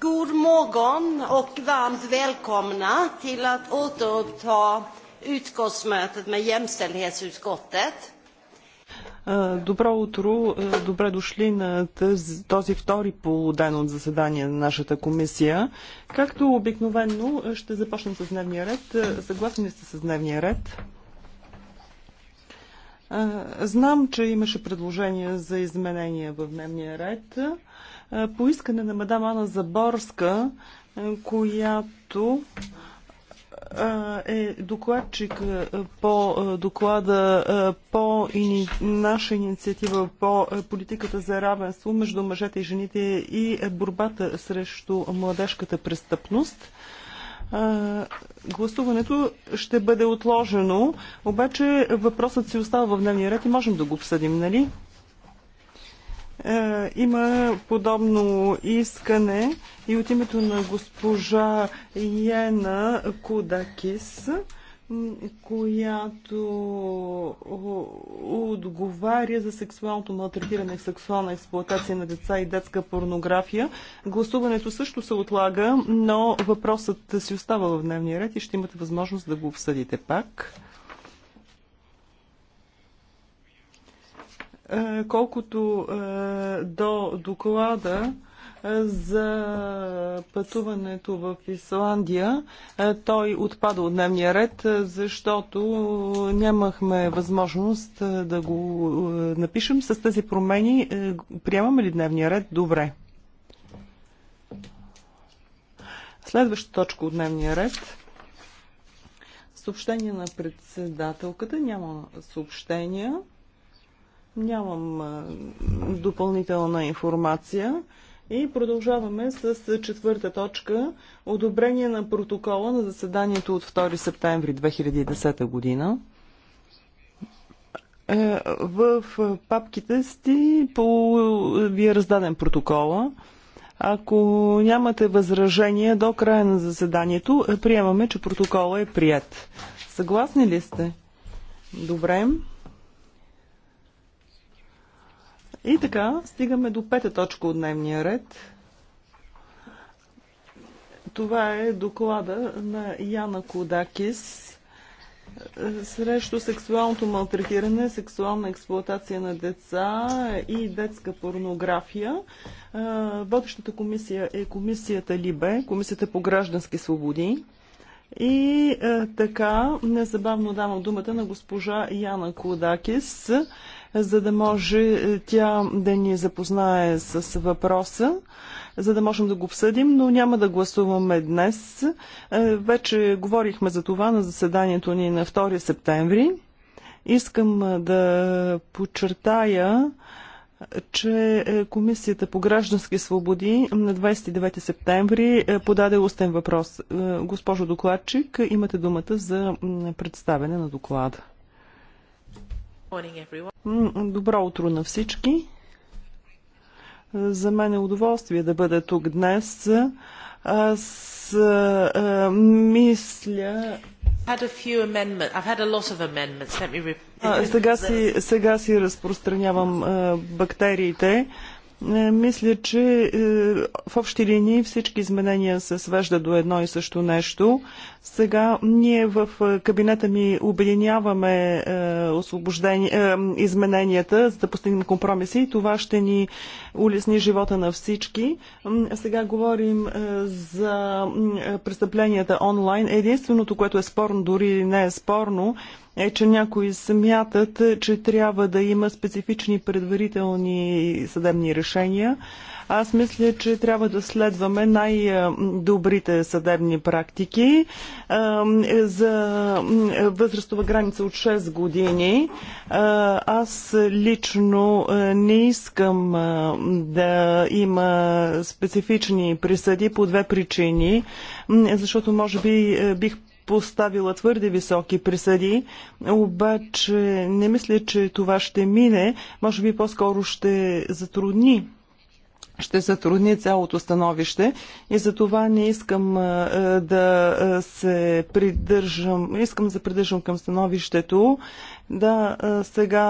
God morgon och varmt välkomna till att återuppta utskottsmötet med jämställdhetsutskottet. Е, добро утро! Е, добре дошли на този, този втори полуден от заседание на нашата комисия. Както обикновено ще започнем с дневния ред. Е, съгласни сте с дневния ред? Знам, че имаше предложения за изменения в дневния ред. По искане на мадам Ана Заборска, която е докладчик по доклада по наша инициатива по политиката за равенство между мъжете и жените и борбата срещу младежката престъпност гласуването ще бъде отложено, обаче въпросът си остава в дневния ред и можем да го обсъдим, нали? Е, има подобно искане и от името на госпожа Йена Кудакис която отговаря за сексуалното малтретиране, сексуална експлуатация на деца и детска порнография. Гласуването също се отлага, но въпросът си остава в дневния ред и ще имате възможност да го обсъдите пак. Е, колкото е, до доклада, за пътуването в Исландия. Е, той отпада от дневния ред, е, защото нямахме възможност е, да го напишем. С тези промени приемаме ли дневния ред? Добре. Следваща точка от дневния ред. Съобщение на председателката. Няма съобщения. Нямам допълнителна информация. И продължаваме с четвърта точка – одобрение на протокола на заседанието от 2 септември 2010 година. Е, в папките сте по... ви е раздаден протокола. Ако нямате възражения до края на заседанието, е, приемаме, че протокола е прият. Съгласни ли сте? Добре. И така, стигаме до пета точка от дневния ред. Това е доклада на Яна Кодакис е, срещу сексуалното малтретиране, сексуална експлуатация на деца и детска порнография. Е, Водещата комисия е комисията Либе, комисията по граждански свободи. И е, така, незабавно давам думата на госпожа Яна Кодакис за да може е, тя да ни запознае с въпроса, за да можем да го обсъдим, но няма да гласуваме днес. Е, вече говорихме за това на заседанието ни на 2 септември. Искам е, да подчертая, че Комисията по граждански свободи на 29 септември подаде устен въпрос. Госпожо докладчик, имате думата за представяне на доклада. Добро утро на всички. За мен е удоволствие да бъда тук днес. Аз а, а, мисля. сега, си, сега си разпространявам а, бактериите. Е, мисля, че е, в общи линии всички изменения се свежда до едно и също нещо. Сега ние в е, кабинета ми обединяваме измененията, за да постигнем компромиси и това ще ни улесни живота на всички. Сега говорим за престъпленията онлайн. Единственото, което е спорно, дори не е спорно, е, че някои смятат, че трябва да има специфични предварителни съдебни решения. Аз мисля, че трябва да следваме най-добрите съдебни практики за възрастова граница от 6 години. Аз лично не искам да има специфични присъди по две причини, защото може би бих поставила твърде високи присъди, обаче не мисля, че това ще мине. Може би по-скоро ще затрудни ще затрудни цялото становище и за това не искам да се придържам, искам да се придържам към становището. Да, сега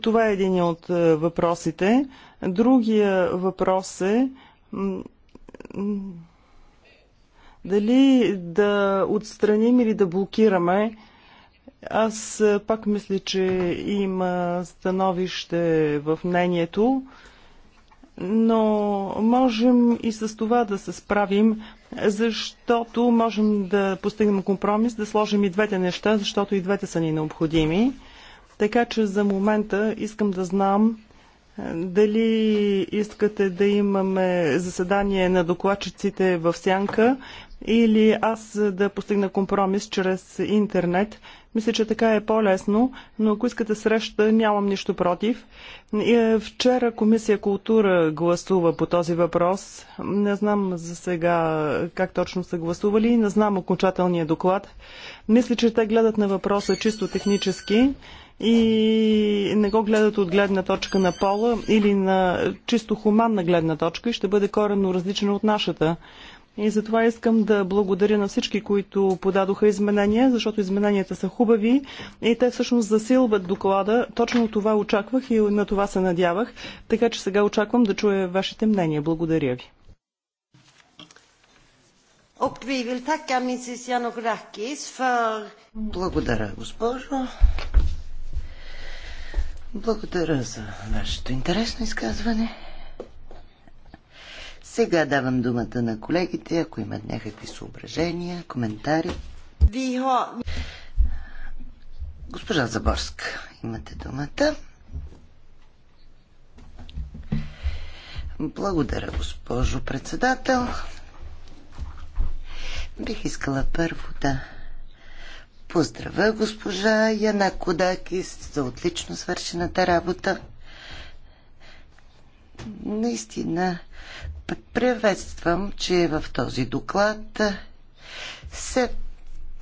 това е един от въпросите. Другия въпрос е дали да отстраним или да блокираме? Аз пак мисля, че има становище в мнението, но можем и с това да се справим, защото можем да постигнем компромис, да сложим и двете неща, защото и двете са ни необходими. Така че за момента искам да знам дали искате да имаме заседание на докладчиците в сянка или аз да постигна компромис чрез интернет. Мисля, че така е по-лесно, но ако искате среща, нямам нищо против. Е, вчера Комисия култура гласува по този въпрос. Не знам за сега как точно са гласували, не знам окончателния доклад. Мисля, че те гледат на въпроса чисто технически и не го гледат от гледна точка на пола или на чисто хуманна гледна точка и ще бъде коренно различна от нашата. И затова искам да благодаря на всички, които подадоха изменения, защото измененията са хубави и те всъщност засилват доклада. Точно това очаквах и на това се надявах. Така че сега очаквам да чуя вашите мнения. Благодаря ви. Благодаря, госпожо. Благодаря за вашето интересно изказване. Сега давам думата на колегите, ако имат някакви съображения, коментари. Госпожа Заборска, имате думата. Благодаря, госпожо председател. Бих искала първо да Поздравя госпожа Яна Кодакис за отлично свършената работа. Наистина, приветствам, че в този доклад се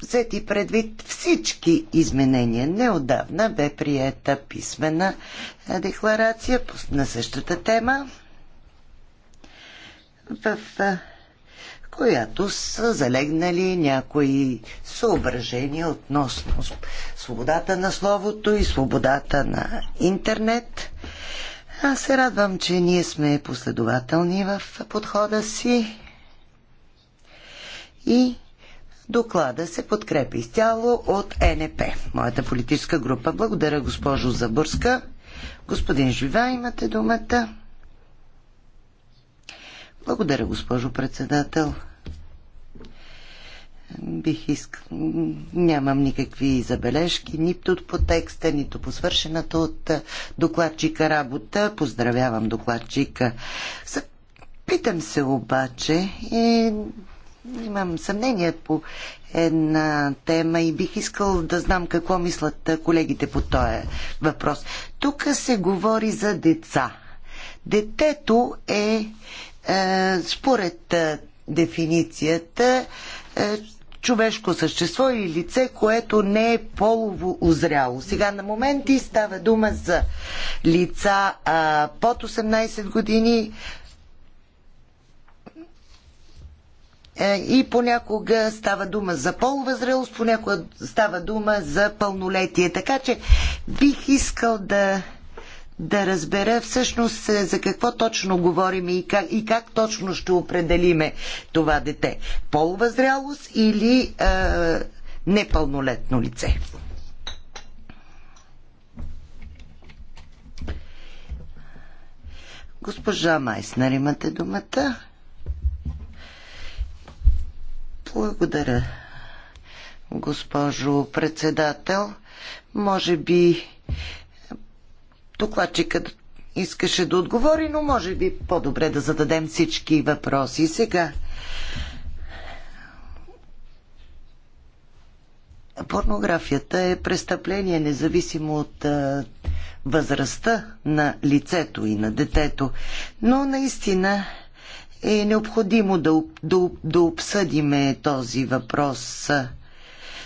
взети предвид всички изменения. Неодавна бе приета писмена декларация на същата тема. В която са залегнали някои съображения относно свободата на словото и свободата на интернет. Аз се радвам, че ние сме последователни в подхода си и доклада се подкрепи изцяло от НП, моята политическа група. Благодаря, госпожо Забърска. Господин Жива, имате думата. Благодаря, госпожо председател бих искал. Нямам никакви забележки, нито по текста, нито по свършената от докладчика работа. Поздравявам докладчика. Питам се обаче и имам съмнение по една тема и бих искал да знам какво мислят колегите по този въпрос. Тук се говори за деца. Детето е, е според е, дефиницията е, човешко същество и лице, което не е полово озряло. Сега на моменти става дума за лица а, под 18 години а, е, и понякога става дума за полувъзрелост, понякога става дума за пълнолетие. Така че бих искал да да разбера всъщност е, за какво точно говорим и как, и как точно ще определиме това дете. Полувъзрялост или е, непълнолетно лице. Госпожа Майснер, имате думата. Благодаря, госпожо председател. Може би докладчикът искаше да отговори, но може би по-добре да зададем всички въпроси. Сега порнографията е престъпление, независимо от а, възрастта на лицето и на детето. Но наистина е необходимо да, да, да обсъдиме този въпрос.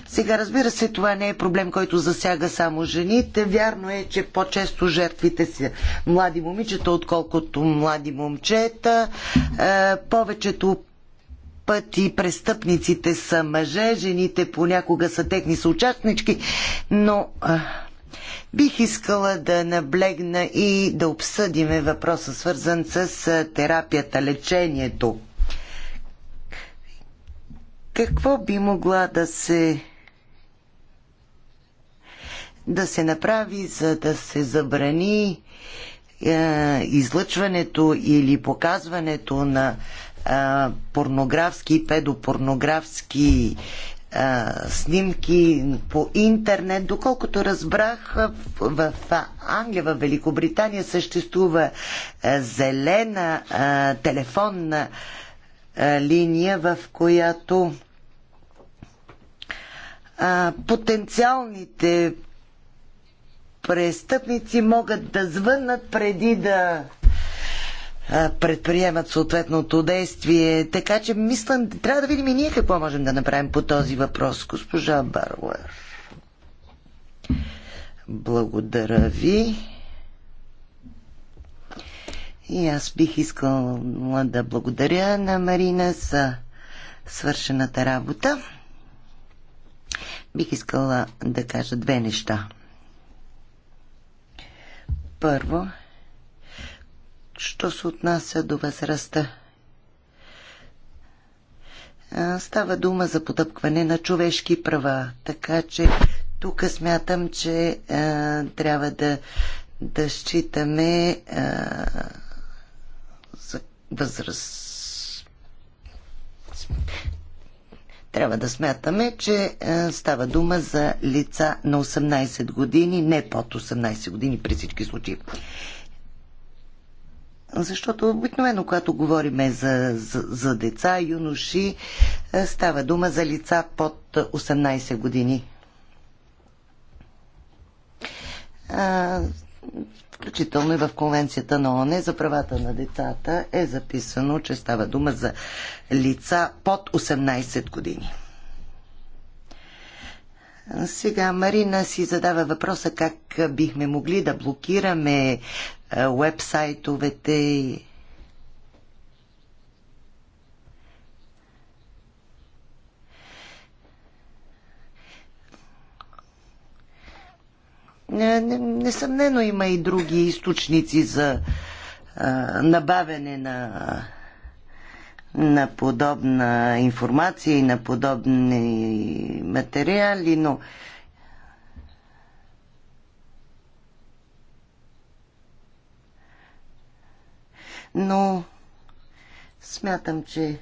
Сега, разбира се, това не е проблем, който засяга само жените. Вярно е, че по-често жертвите са млади момичета, отколкото млади момчета. Е, повечето пъти престъпниците са мъже, жените понякога са техни съучастнички, но е, бих искала да наблегна и да обсъдиме въпроса, свързан с е, терапията, лечението. Какво би могла да се да се направи, за да се забрани е, излъчването или показването на е, порнографски и педопорнографски е, снимки по интернет. Доколкото разбрах, в, Англия, в Великобритания съществува е, зелена е, телефонна линия, в която потенциалните престъпници могат да звъннат преди да предприемат съответното действие. Така че, мисля, трябва да видим и ние какво можем да направим по този въпрос, госпожа Барлер. Благодаря ви. И аз бих искала да благодаря на Марина за свършената работа. Бих искала да кажа две неща. Първо, що се отнася до възрастта. Става дума за потъпкване на човешки права, така че тук смятам, че а, трябва да, да считаме а, за възраст трябва да смятаме, че е, става дума за лица на 18 години, не под 18 години при всички случаи. Защото обикновено, когато говорим за, за, за деца, юноши, е, става дума за лица под 18 години. А, включително и в Конвенцията на ОНЕ за правата на децата е записано, че става дума за лица под 18 години. Сега Марина си задава въпроса как бихме могли да блокираме вебсайтовете е, и Несъмнено има и други източници за набавяне на, на подобна информация и на подобни материали, но но смятам, че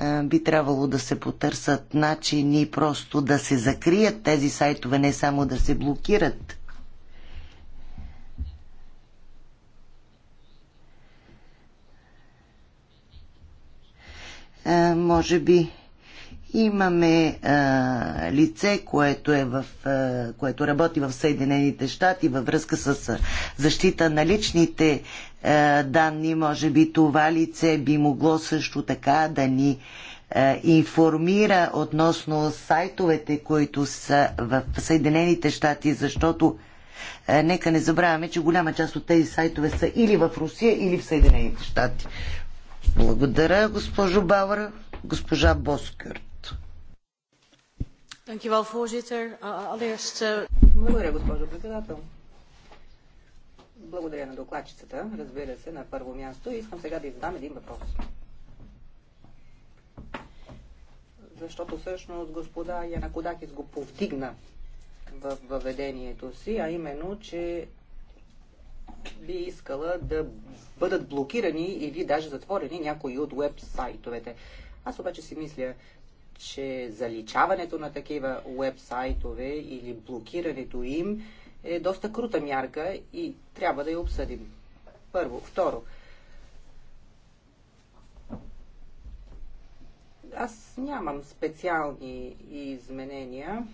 е, би трябвало да се потърсят начини просто да се закрият тези сайтове, не само да се блокират. Е, може би Имаме а, лице, което, е в, а, което работи в Съединените щати във връзка с защита на личните а, данни. Може би това лице би могло също така да ни а, информира относно сайтовете, които са в Съединените щати, защото а, нека не забравяме, че голяма част от тези сайтове са или в Русия, или в Съединените щати. Благодаря, госпожо Бавара, Госпожа Боскюр. Eh, Благодаря, госпожо председател. Благодаря на докладчицата, разбира се, на първо място. И искам сега да издам един въпрос. Защото всъщност господа Янакодакис го повдигна в въведението си, а именно, че би искала да бъдат блокирани или даже затворени някои от веб-сайтовете. Аз обаче си мисля, че заличаването на такива уебсайтове или блокирането им е доста крута мярка и трябва да я обсъдим. Първо. Второ. Аз нямам специални изменения.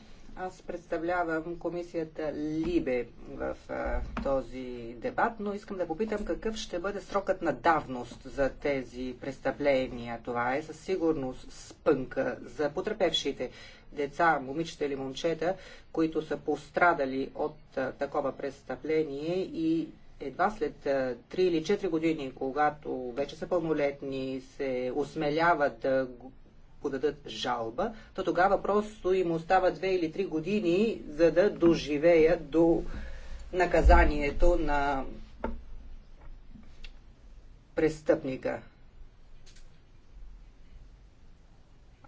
Аз представлявам комисията Либе в а, този дебат, но искам да попитам какъв ще бъде срокът на давност за тези престъпления. Това е със сигурност спънка за потрепевшите деца, момичета или момчета, които са пострадали от а, такова престъпление и едва след 3 или 4 години, когато вече са пълнолетни, се осмеляват да подадат жалба, то тогава просто им остава две или три години, за да доживеят до наказанието на престъпника.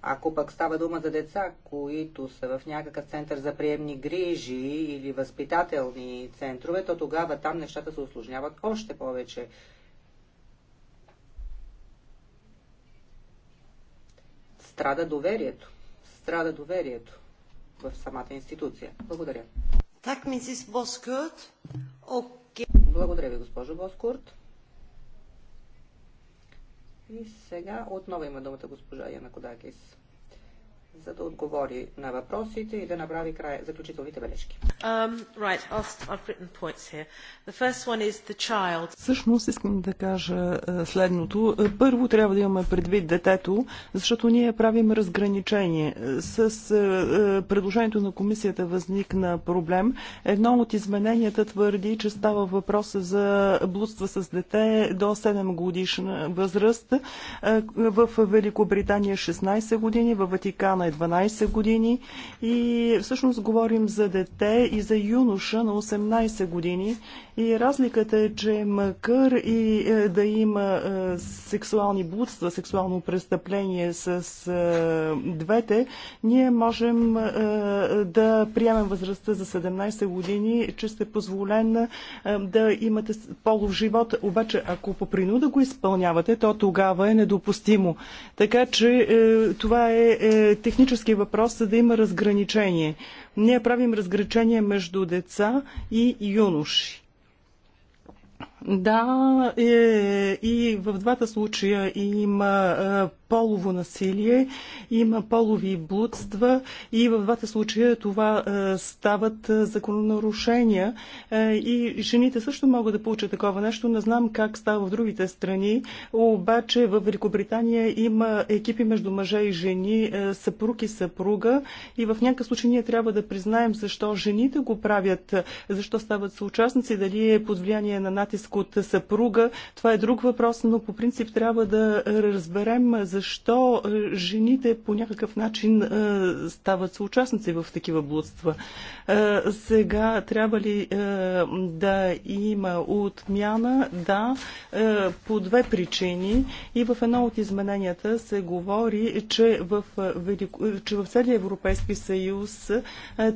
Ако пък става дума за деца, които са в някакъв център за приемни грижи или възпитателни центрове, то тогава там нещата се осложняват още повече. страда доверието. Страда доверието в самата институция. Благодаря. Так, мисис Боскурт. Окей. Благодаря ви, госпожо Боскурт. И сега отново има думата госпожа Яна Кодакис за да отговори на въпросите и да направи края заключителните бележки. Um, right, I've, I've Всъщност искам да кажа е, следното. Е, първо трябва да имаме предвид детето, защото ние правим разграничение. Е, с предложението на комисията възникна проблем. Едно от измененията твърди, че става въпрос за блудства с дете до 7 годишна възраст. В Великобритания 16 години, в Ватикана на 12 години и всъщност говорим за дете и за юноша на 18 години. И разликата е, че макар и е, да има е, сексуални блудства, сексуално престъпление с е, двете, ние можем да приемем възрастта за 17 години, че сте позволен да имате полов живот. Обаче, ако по принуда го изпълнявате, то тогава е недопустимо. Така че това е, е технически въпрос, за да има разграничение. Ние правим разграничение между деца и юноши. Да, е, и в двата случая има е, полово насилие, има полови блудства и в двата случая това е, стават е, закононарушения. Е, и жените също могат да получат такова нещо. Не знам как става в другите страни, обаче в Великобритания има екипи между мъже и жени, е, съпруг и съпруга. И в някакъв случай ние трябва да признаем защо жените го правят, защо стават съучастници, дали е под влияние на натиск риск от съпруга. Това е друг въпрос, но по принцип трябва да разберем защо е, жените по някакъв начин е, стават съучастници в такива блудства. Е, сега трябва ли да има отмяна? Да, по две причини. И в едно от измененията се говори, че в, Велико... че в целия Европейски съюз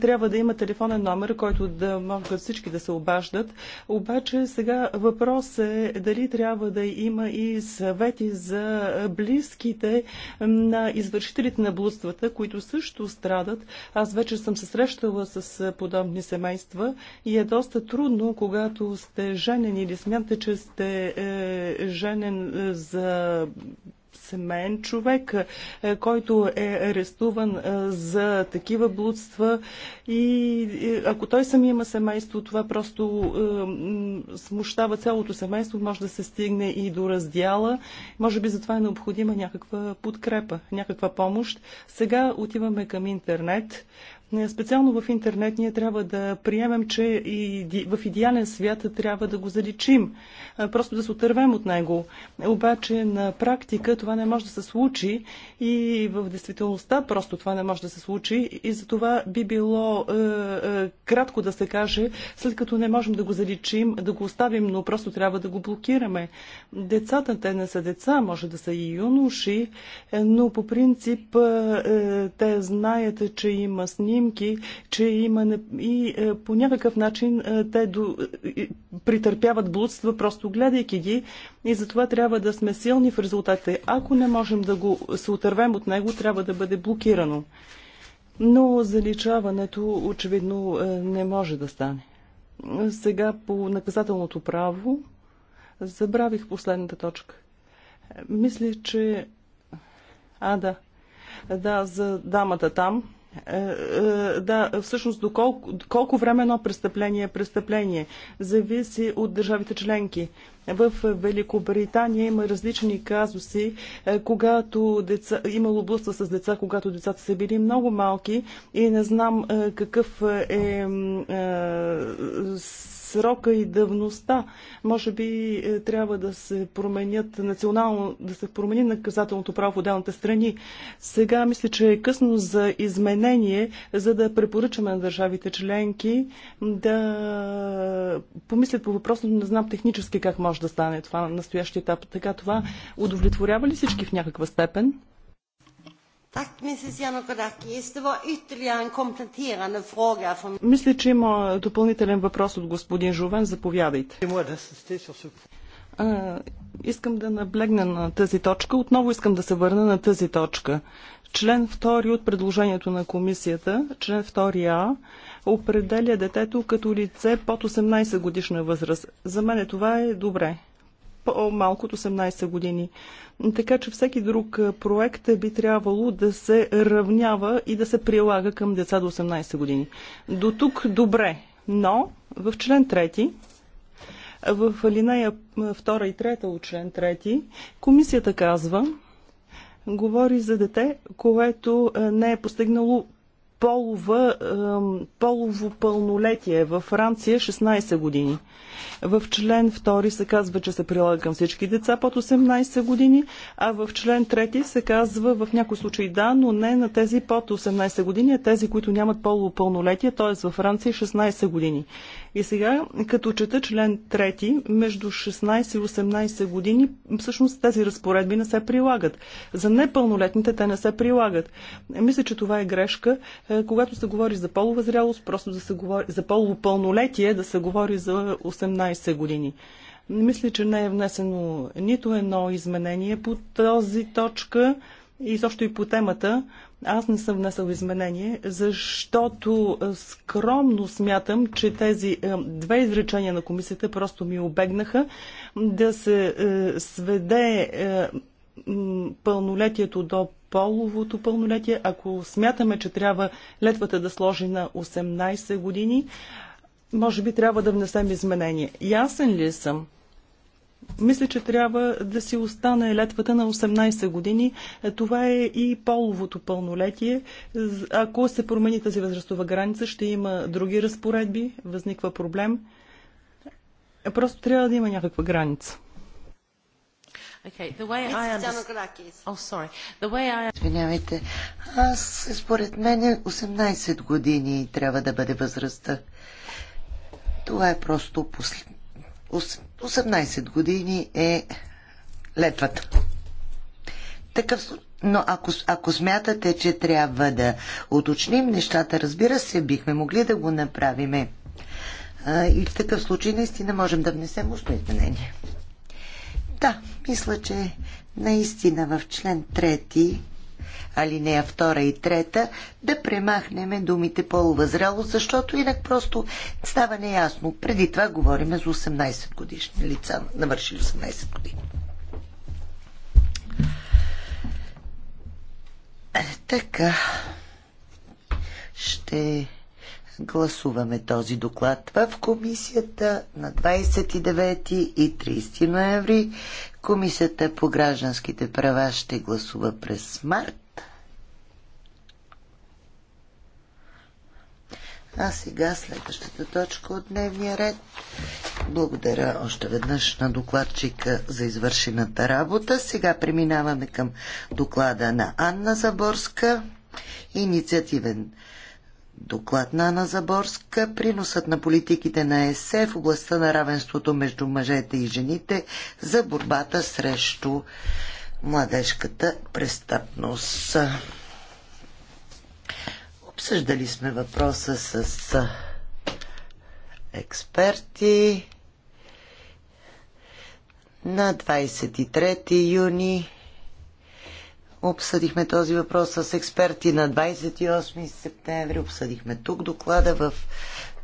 трябва да има телефонен номер, който да могат всички да се обаждат. Обаче сега в Въпрос е дали трябва да има и съвети за близките на извършителите на блудствата, които също страдат. Аз вече съм се срещала с подобни семейства и е доста трудно, когато сте женен или смятате, че сте е, женен за семейен човек, е, който е арестуван е, за такива блудства и ако той сам има семейство, това просто е, смущава цялото семейство, може да се стигне и до раздяла. Може би затова е необходима някаква подкрепа, някаква помощ. Сега отиваме към интернет. Специално в интернет ние трябва да приемем, че и в идеален свят трябва да го заличим, просто да се отървем от него. Обаче на практика това не може да се случи и в действителността просто това не може да се случи и за това би било е, е, кратко да се каже, след като не можем да го заличим, да го оставим, но просто трябва да го блокираме. Децата, те не са деца, може да са и юноши, е, но по принцип е, е, те знаят, че има сни снимки, че има и е, по някакъв начин е, те до... Е, притърпяват блудства, просто гледайки ги. И затова трябва да сме силни в резултатите. Ако не можем да го се отървем от него, трябва да бъде блокирано. Но заличаването очевидно не може да стане. Сега по наказателното право забравих последната точка. Мисля, че... А, да. Да, за дамата там. Е, е, да, всъщност доколко, колко време едно престъпление е престъпление, зависи от държавите членки. В Великобритания има различни казуси, е, когато деца, имало лобуста с деца, когато децата са били много малки и не знам какъв е, е срока и давността. Може би е, трябва да се променят национално, да се промени наказателното право в отделните страни. Сега мисля, че е късно за изменение, за да препоръчаме на държавите членки да помислят по въпроса, но не знам технически как може да стане това на настоящия етап. Така това удовлетворява ли всички в някаква степен? Мисля, че има допълнителен въпрос от господин Жовен. Заповядайте. Искам да наблегна на тази точка. Отново искам да се върна на тази точка. Член 2 от предложението на комисията, член 2а, определя детето като лице под 18 годишна възраст. За мен това е добре по-малко от 18 години. Така че всеки друг проект би трябвало да се равнява и да се прилага към деца до 18 години. До тук добре, но в член 3 в алинея 2 и 3 от член 3 комисията казва, говори за дете, което не е постигнало полова, полово пълнолетие. Във Франция 16 години. В член 2 се казва, че се прилага към всички деца под 18 години, а в член 3 се казва в някои случаи да, но не на тези под 18 години, а тези, които нямат полово пълнолетие, т.е. във Франция 16 години. И сега, като чета член 3, между 16 и 18 години, всъщност тези разпоредби не се прилагат. За непълнолетните те не се прилагат. Мисля, че това е грешка. Е, когато се говори за полова зрялост, просто да се говори за полово пълнолетие, да се говори за 18 години. Мисля, че не е внесено нито едно изменение по този точка и също и по темата. Аз не съм внесъл изменение, защото е, скромно смятам, че тези е, две изречения на комисията просто ми обегнаха да се е, сведе пълнолетието до половото пълнолетие. Ако смятаме, че трябва летвата да сложи на 18 години, може би трябва да внесем изменение. Ясен ли съм? Мисля, че трябва да си остане летвата на 18 години. Е, това е и половото пълнолетие. Ако се промени тази възрастова граница, ще има други разпоредби, възниква проблем. Е, просто трябва да има някаква граница. Oh, Извинявайте. Аз, според мен, 18 години трябва да бъде възрастта. Това е просто послед... 18 години е летвата. Такъв, но ако, ако смятате, че трябва да уточним нещата, разбира се, бихме могли да го направиме. И в такъв случай наистина можем да внесем устно изменение. Да, мисля, че наистина в член 3 алинея 2 и 3, да премахнем думите полова зрялост, защото инак просто става неясно. Преди това говорим за 18 годишни лица, навършили 18 години. Е, така. Ще гласуваме този доклад в комисията на 29 и 30 ноември. Комисията по гражданските права ще гласува през март. А сега следващата точка от дневния ред. Благодаря още веднъж на докладчика за извършената работа. Сега преминаваме към доклада на Анна Заборска. Инициативен Доклад на Ана Заборска приносът на политиките на ЕСЕ в областта на равенството между мъжете и жените за борбата срещу младежката престъпност. Обсъждали сме въпроса с експерти на 23 юни Обсъдихме този въпрос с експерти на 28 септември. Обсъдихме тук доклада в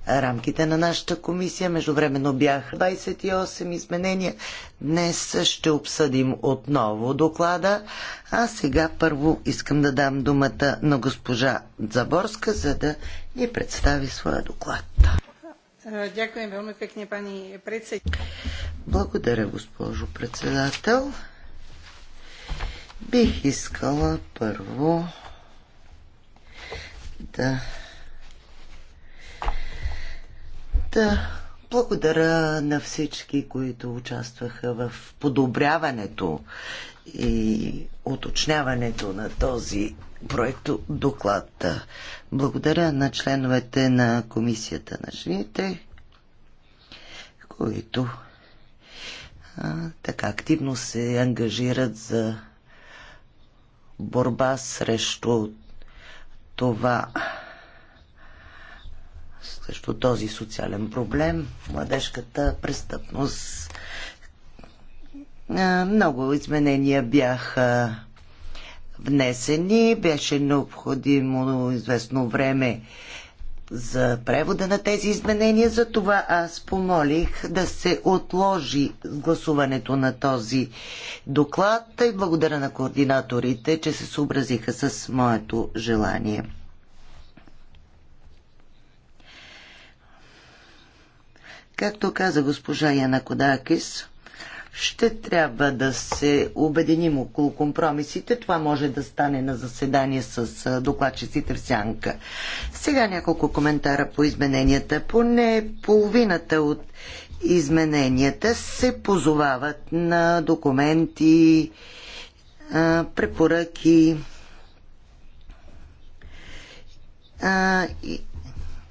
рамките на нашата комисия. Междувременно бях 28 изменения. Днес ще обсъдим отново доклада. А сега първо искам да дам думата на госпожа Заборска, за да ни представи своя доклад. Благодаря, госпожо председател. Бих искала първо да да благодаря на всички, които участваха в подобряването и уточняването на този проект доклад. Благодаря на членовете на Комисията на жените, които а, така активно се ангажират за борба срещу това срещу този социален проблем, младежката престъпност. Много изменения бяха внесени, беше необходимо известно време за превода на тези изменения. Затова аз помолих да се отложи гласуването на този доклад и благодаря на координаторите, че се съобразиха с моето желание. Както каза госпожа Яна Кодакис, ще трябва да се обединим около компромисите. Това може да стане на заседание с докладчиците в сянка. Сега няколко коментара по измененията. Поне половината от измененията се позовават на документи, препоръки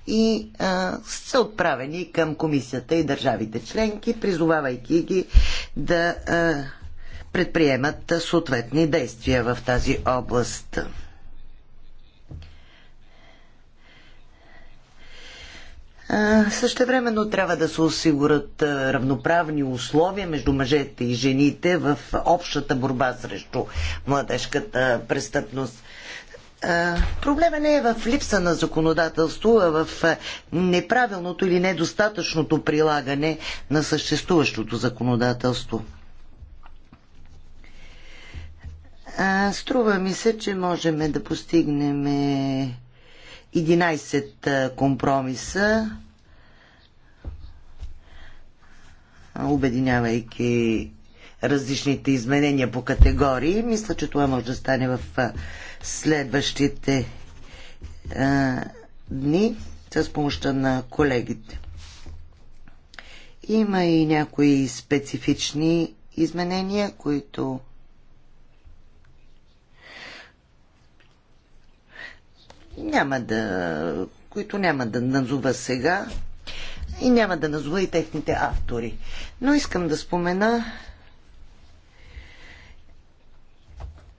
и а, са отправени към комисията и държавите членки, призовавайки ги да а, предприемат съответни действия в тази област. Същевременно трябва да се осигурят равноправни условия между мъжете и жените в общата борба срещу младежката престъпност. Проблема не е в липса на законодателство, а в неправилното или недостатъчното прилагане на съществуващото законодателство. Струва ми се, че можем да постигнем 11 е, компромиса, обединявайки различните изменения по категории. Мисля, че това може да стане в следващите а, дни с помощта на колегите. Има и някои специфични изменения, които няма да, които няма да назова сега и няма да назова и техните автори. Но искам да спомена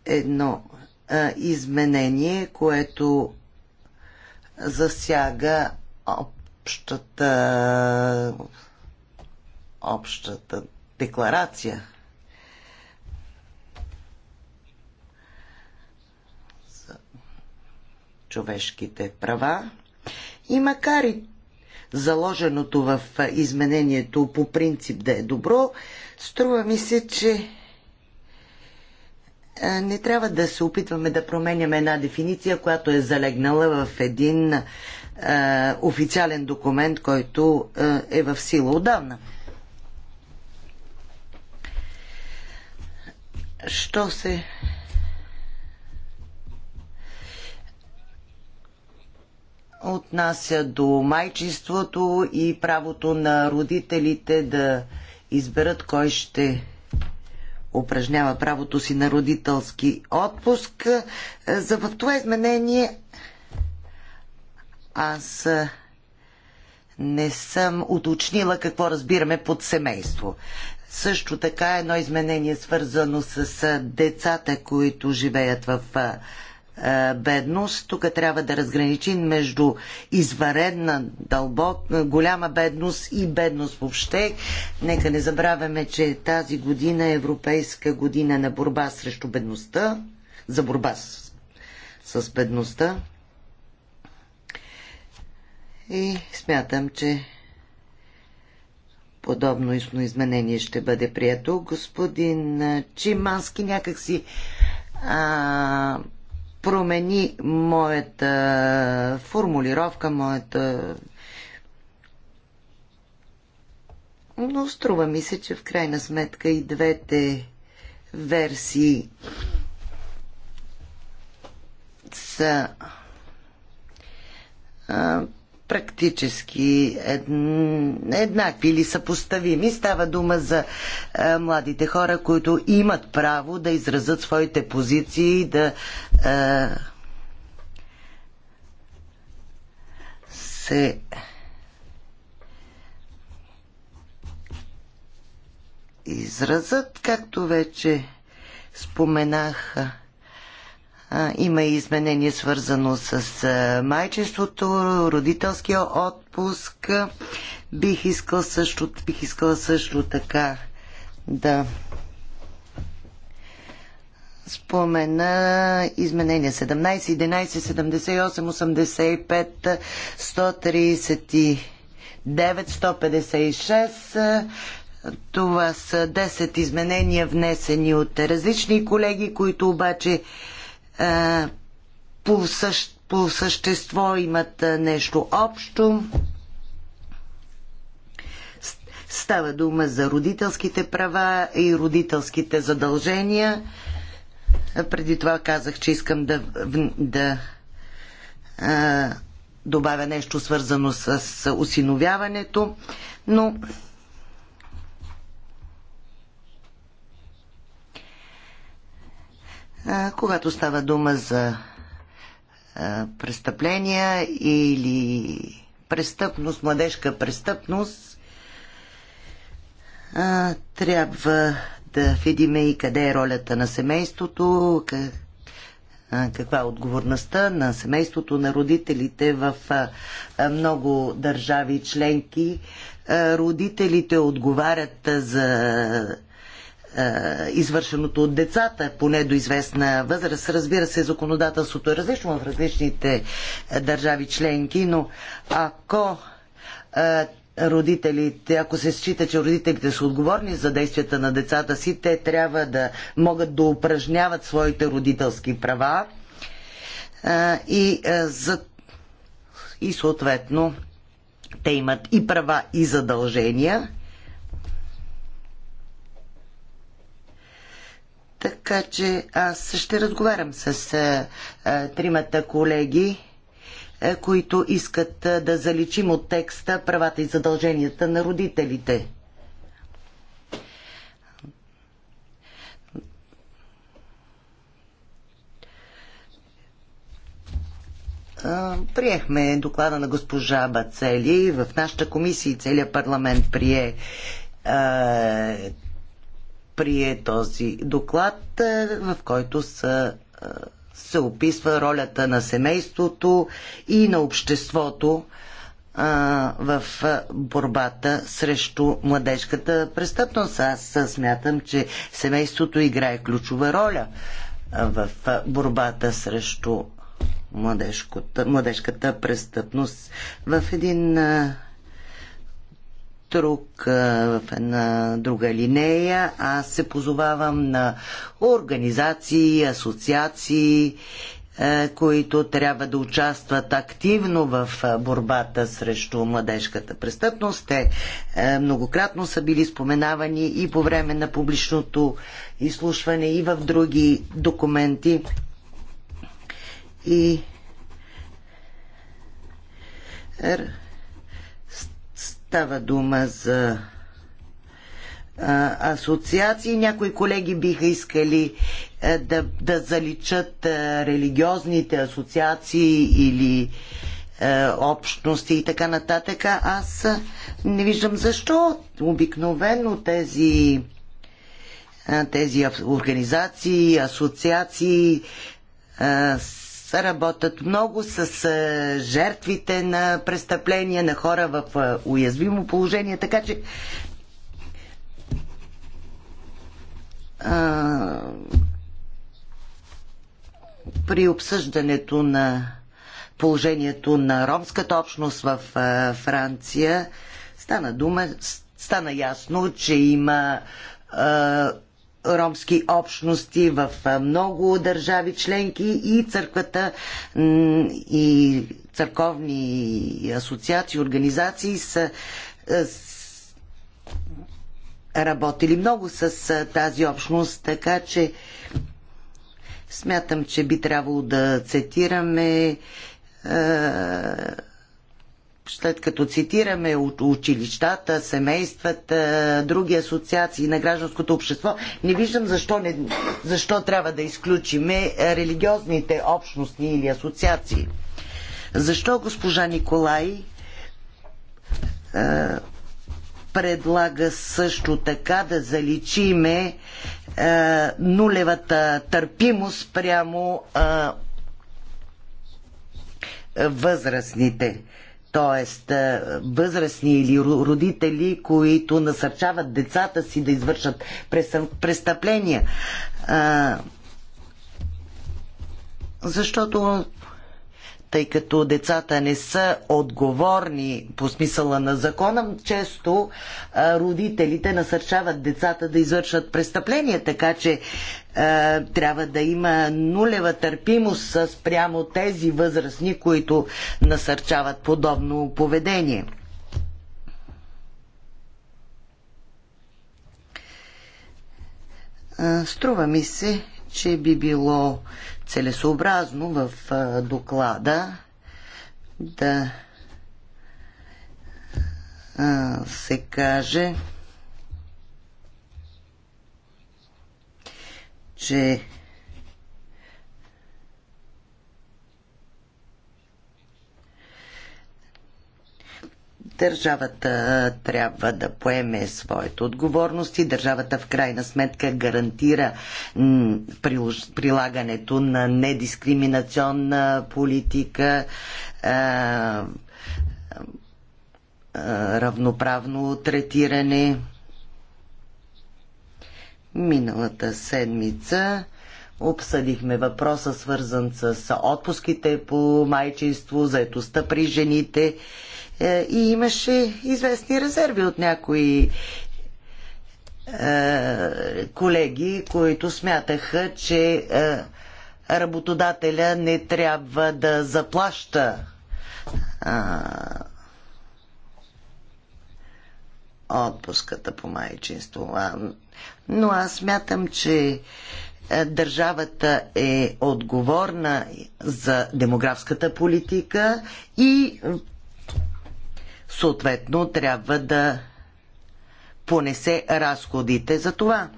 едно изменение, което засяга общата общата декларация. за човешките права. И макар и заложеното в изменението по принцип да е добро, струва ми се, че е, не трябва да се опитваме да променяме една дефиниция, която е залегнала в един е, официален документ, който е, е в сила отдавна. Що се. Отнася до майчеството и правото на родителите да изберат кой ще упражнява правото си на родителски отпуск. Е, за в това изменение аз е, не съм уточнила какво разбираме под семейство. Също така едно изменение свързано с е, децата, които живеят в е, бедност. Тук трябва да разграничим между изваредна, дълбок, голяма бедност и бедност въобще. Нека не забравяме, че тази година е Европейска година на борба срещу бедността, за борба с, с бедността. И смятам, че подобно изменение ще бъде прието. Господин Чимански някакси а, промени моята формулировка, моята... Но струва ми се, че в крайна сметка и двете версии са практически еднакви или съпоставими. Става дума за е, младите хора, които имат право да изразят своите позиции и да е, се изразят, както вече споменаха има и изменение свързано с майчеството, родителския отпуск. Бих, искала също, бих искала също така да спомена изменения 17, 11, 78, 85, 139, 156. Това са 10 изменения, внесени от различни колеги, които обаче е, по, същ, по същество имат е, нещо общо. Става дума за родителските права и родителските задължения. Е, преди това казах, че искам да, да а, добавя нещо свързано с, с осиновяването, но когато става дума за престъпления или престъпност, младежка престъпност, трябва да видим и къде е ролята на семейството, каква е отговорността на семейството, на родителите в много държави членки. Родителите отговарят за е, извършеното от децата, поне до известна възраст. Разбира се, законодателството е различно в различните е, държави членки, но ако е, родителите, ако се счита, че родителите са отговорни за действията на децата си, те трябва да могат да упражняват своите родителски права и, за, и съответно те имат и права и задължения Така че аз ще разговарям с а, а, тримата колеги, а, които искат а, да заличим от текста правата и задълженията на родителите. приехме доклада на госпожа Бацели. В нашата комисия и целият парламент прие прие този доклад, е, в който са, е, се описва ролята на семейството и на обществото е, в борбата срещу младежката престъпност. Аз смятам, че семейството играе ключова роля в борбата срещу младежката престъпност. В един друг, в една друга линея. Аз се позовавам на организации, асоциации, които трябва да участват активно в борбата срещу младежката престъпност. Те многократно са били споменавани и по време на публичното изслушване, и в други документи. И Става дума за а, асоциации. Някои колеги биха искали а, да, да заличат а, религиозните асоциации или общности и така нататък. Аз не виждам защо обикновено тези тези организации, асоциации работят много с е, жертвите на престъпления, на хора в е, уязвимо положение, така че а, при обсъждането на положението на ромската общност в а, е, Франция стана дума, стана ясно, че има а, ромски общности в много държави членки и църквата и църковни асоциации, организации са работили много с тази общност, така че смятам, че би трябвало да цитираме след като цитираме училищата, семействата, други асоциации на гражданското общество, не виждам защо, не, защо трябва да изключиме е, религиозните общности или асоциации. Защо госпожа Николай е, предлага също така да заличиме е, нулевата търпимост прямо е, възрастните? т.е. възрастни или родители, които насърчават децата си да извършат престъпления. Защото тъй като децата не са отговорни по смисъла на закона, често родителите насърчават децата да извършват престъпления, така че трябва да има нулева търпимост спрямо тези възрастни, които насърчават подобно поведение. Струва ми се, че би било целесообразно в доклада да се каже, че Държавата трябва да поеме своите отговорности. Държавата в крайна сметка гарантира прилагането на недискриминационна политика, равноправно третиране. Миналата седмица Обсъдихме въпроса свързан с отпуските по майчинство, заетостта при жените е, и имаше известни резерви от някои е, колеги, които смятаха, че е, работодателя не трябва да заплаща отпуската по майчинство. но аз смятам, че държавата е отговорна за демографската политика и съответно трябва да понесе разходите за това.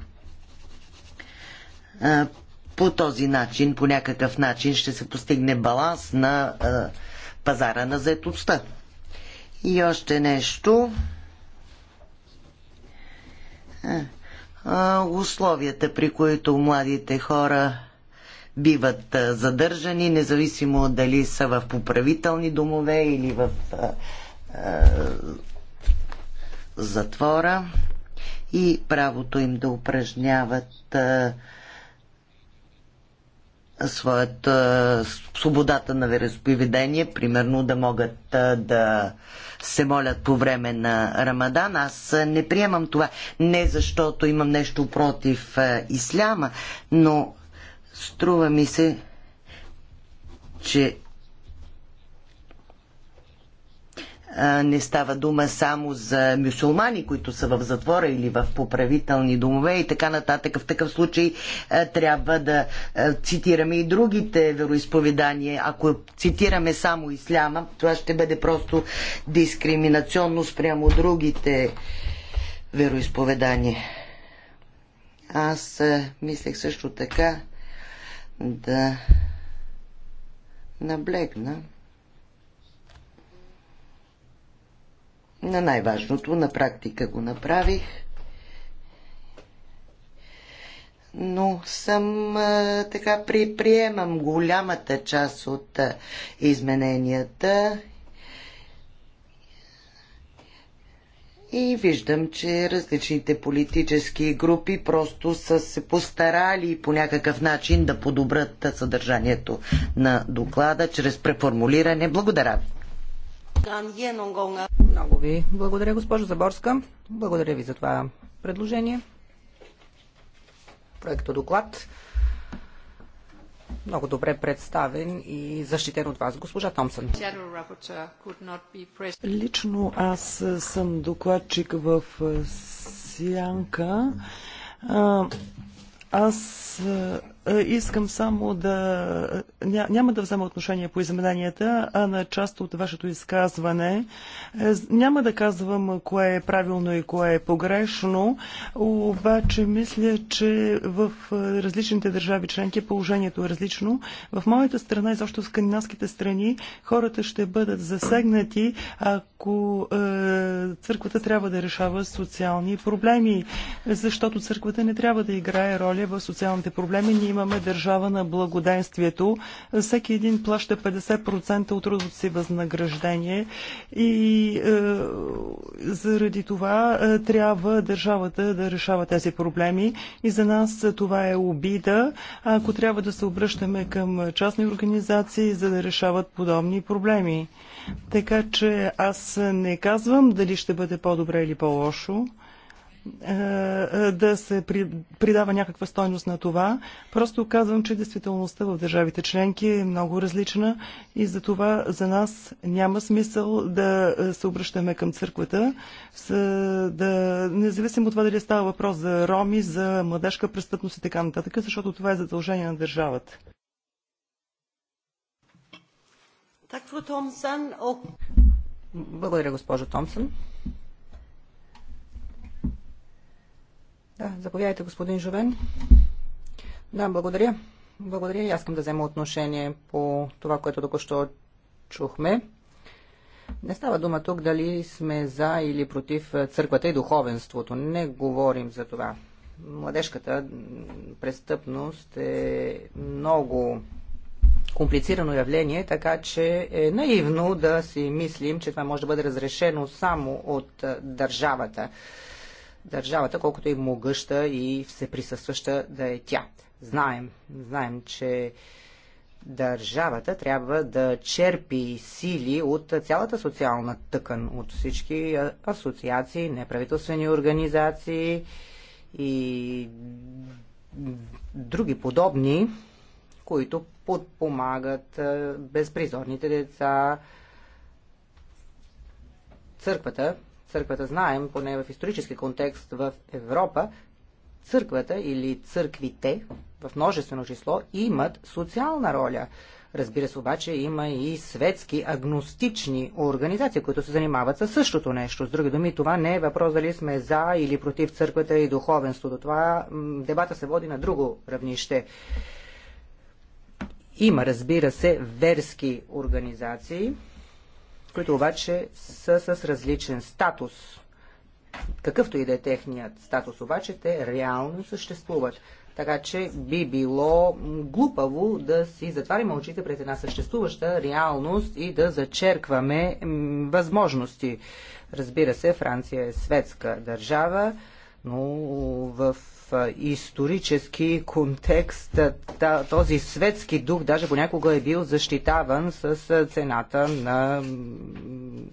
По този начин, по някакъв начин ще се постигне баланс на пазара на заетостта. И още нещо. Условията, при които младите хора биват задържани, независимо дали са в поправителни домове или в е, затвора и правото им да упражняват е, своята е, свободата на вероисповедение, примерно да могат да се молят по време на Рамадан. Аз не приемам това не защото имам нещо против исляма, но струва ми се, че не става дума само за мюсюлмани, които са в затвора или в поправителни домове и така нататък. В такъв случай трябва да цитираме и другите вероисповедания. Ако цитираме само исляма, това ще бъде просто дискриминационно спрямо другите вероисповедания. Аз мислех също така да наблегна на най-важното. На практика го направих. Но съм така приемам голямата част от измененията И виждам, че различните политически групи просто са се постарали по някакъв начин да подобрат съдържанието на доклада чрез преформулиране. Благодаря ви. Много ви благодаря, госпожо Заборска. Благодаря ви за това предложение. Проекто доклад много добре представен и защитен от вас, госпожа Томсън. Лично аз съм докладчик в Сянка. Аз е, искам само да... Е, няма да взема отношение по измененията, а на част от вашето изказване. Е, няма да казвам кое е правилно и кое е погрешно, обаче мисля, че в различните държави членки положението е различно. В моята страна и защо в скандинавските страни хората ще бъдат засегнати, ако църквата трябва да решава социални проблеми, защото църквата не трябва да играе роля в социалните проблеми. Ние имаме държава на благоденствието. Всеки един плаща 50% от трудното си възнаграждение и е, заради това е, трябва държавата да решава тези проблеми и за нас това е обида, ако трябва да се обръщаме към частни организации, за да решават подобни проблеми. Така че аз не казвам дали ще бъде по-добре или по-лошо. Е, е, да се придава някаква стойност на това. Просто казвам, че действителността в държавите членки е много различна и за това за нас няма смисъл да е, се обръщаме към църквата, да, независимо от това дали става въпрос за роми, за младежка престъпност и така нататък, защото това е задължение на държавата. Благодаря, госпожо Томсън. Да, заповядайте, господин Жовен. Да, благодаря. Благодаря и аз искам да взема отношение по това, което току-що чухме. Не става дума тук дали сме за или против църквата и духовенството. Не говорим за това. Младежката престъпност е много комплицирано явление, така че е наивно да си мислим, че това може да бъде разрешено само от държавата държавата, колкото и могъща и всеприсъстваща да е тя. Знаем, знаем, че държавата трябва да черпи сили от цялата социална тъкан, от всички асоциации, неправителствени организации и други подобни, които подпомагат безпризорните деца, църквата църквата, знаем, поне в исторически контекст в Европа, църквата или църквите в множествено число имат социална роля. Разбира се, обаче има и светски агностични организации, които се занимават със същото нещо. С други думи, това не е въпрос дали сме за или против църквата и духовенството. Това дебата се води на друго равнище. Има, разбира се, верски организации, които обаче са с различен статус. Какъвто и да е техният статус, обаче те реално съществуват. Така че би било глупаво да си затварим очите пред една съществуваща реалност и да зачеркваме възможности. Разбира се, Франция е светска държава но в исторически контекст този светски дух даже понякога е бил защитаван с цената на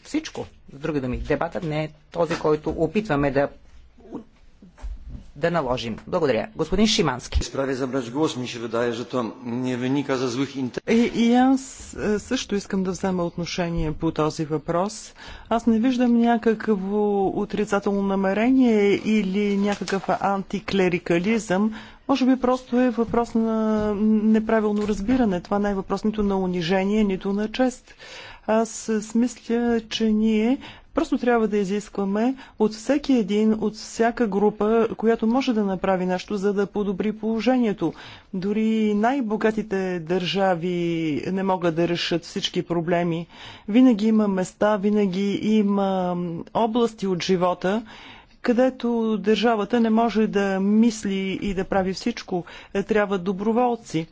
всичко. С други думи, дебатът не е този, който опитваме да да наложим. Благодаря. Господин Шимански. за глас, ми не за злых И аз е, също искам да взема отношение по този въпрос. Аз не виждам някакво отрицателно намерение или някакъв антиклерикализъм. Може би просто е въпрос на неправилно разбиране. Това не е въпрос нито на унижение, нито на чест. Аз смисля, че ние Просто трябва да изискваме от всеки един, от всяка група, която може да направи нещо, за да подобри положението. Дори най-богатите държави не могат да решат всички проблеми. Винаги има места, винаги има области от живота, където държавата не може да мисли и да прави всичко. Трябва доброволци.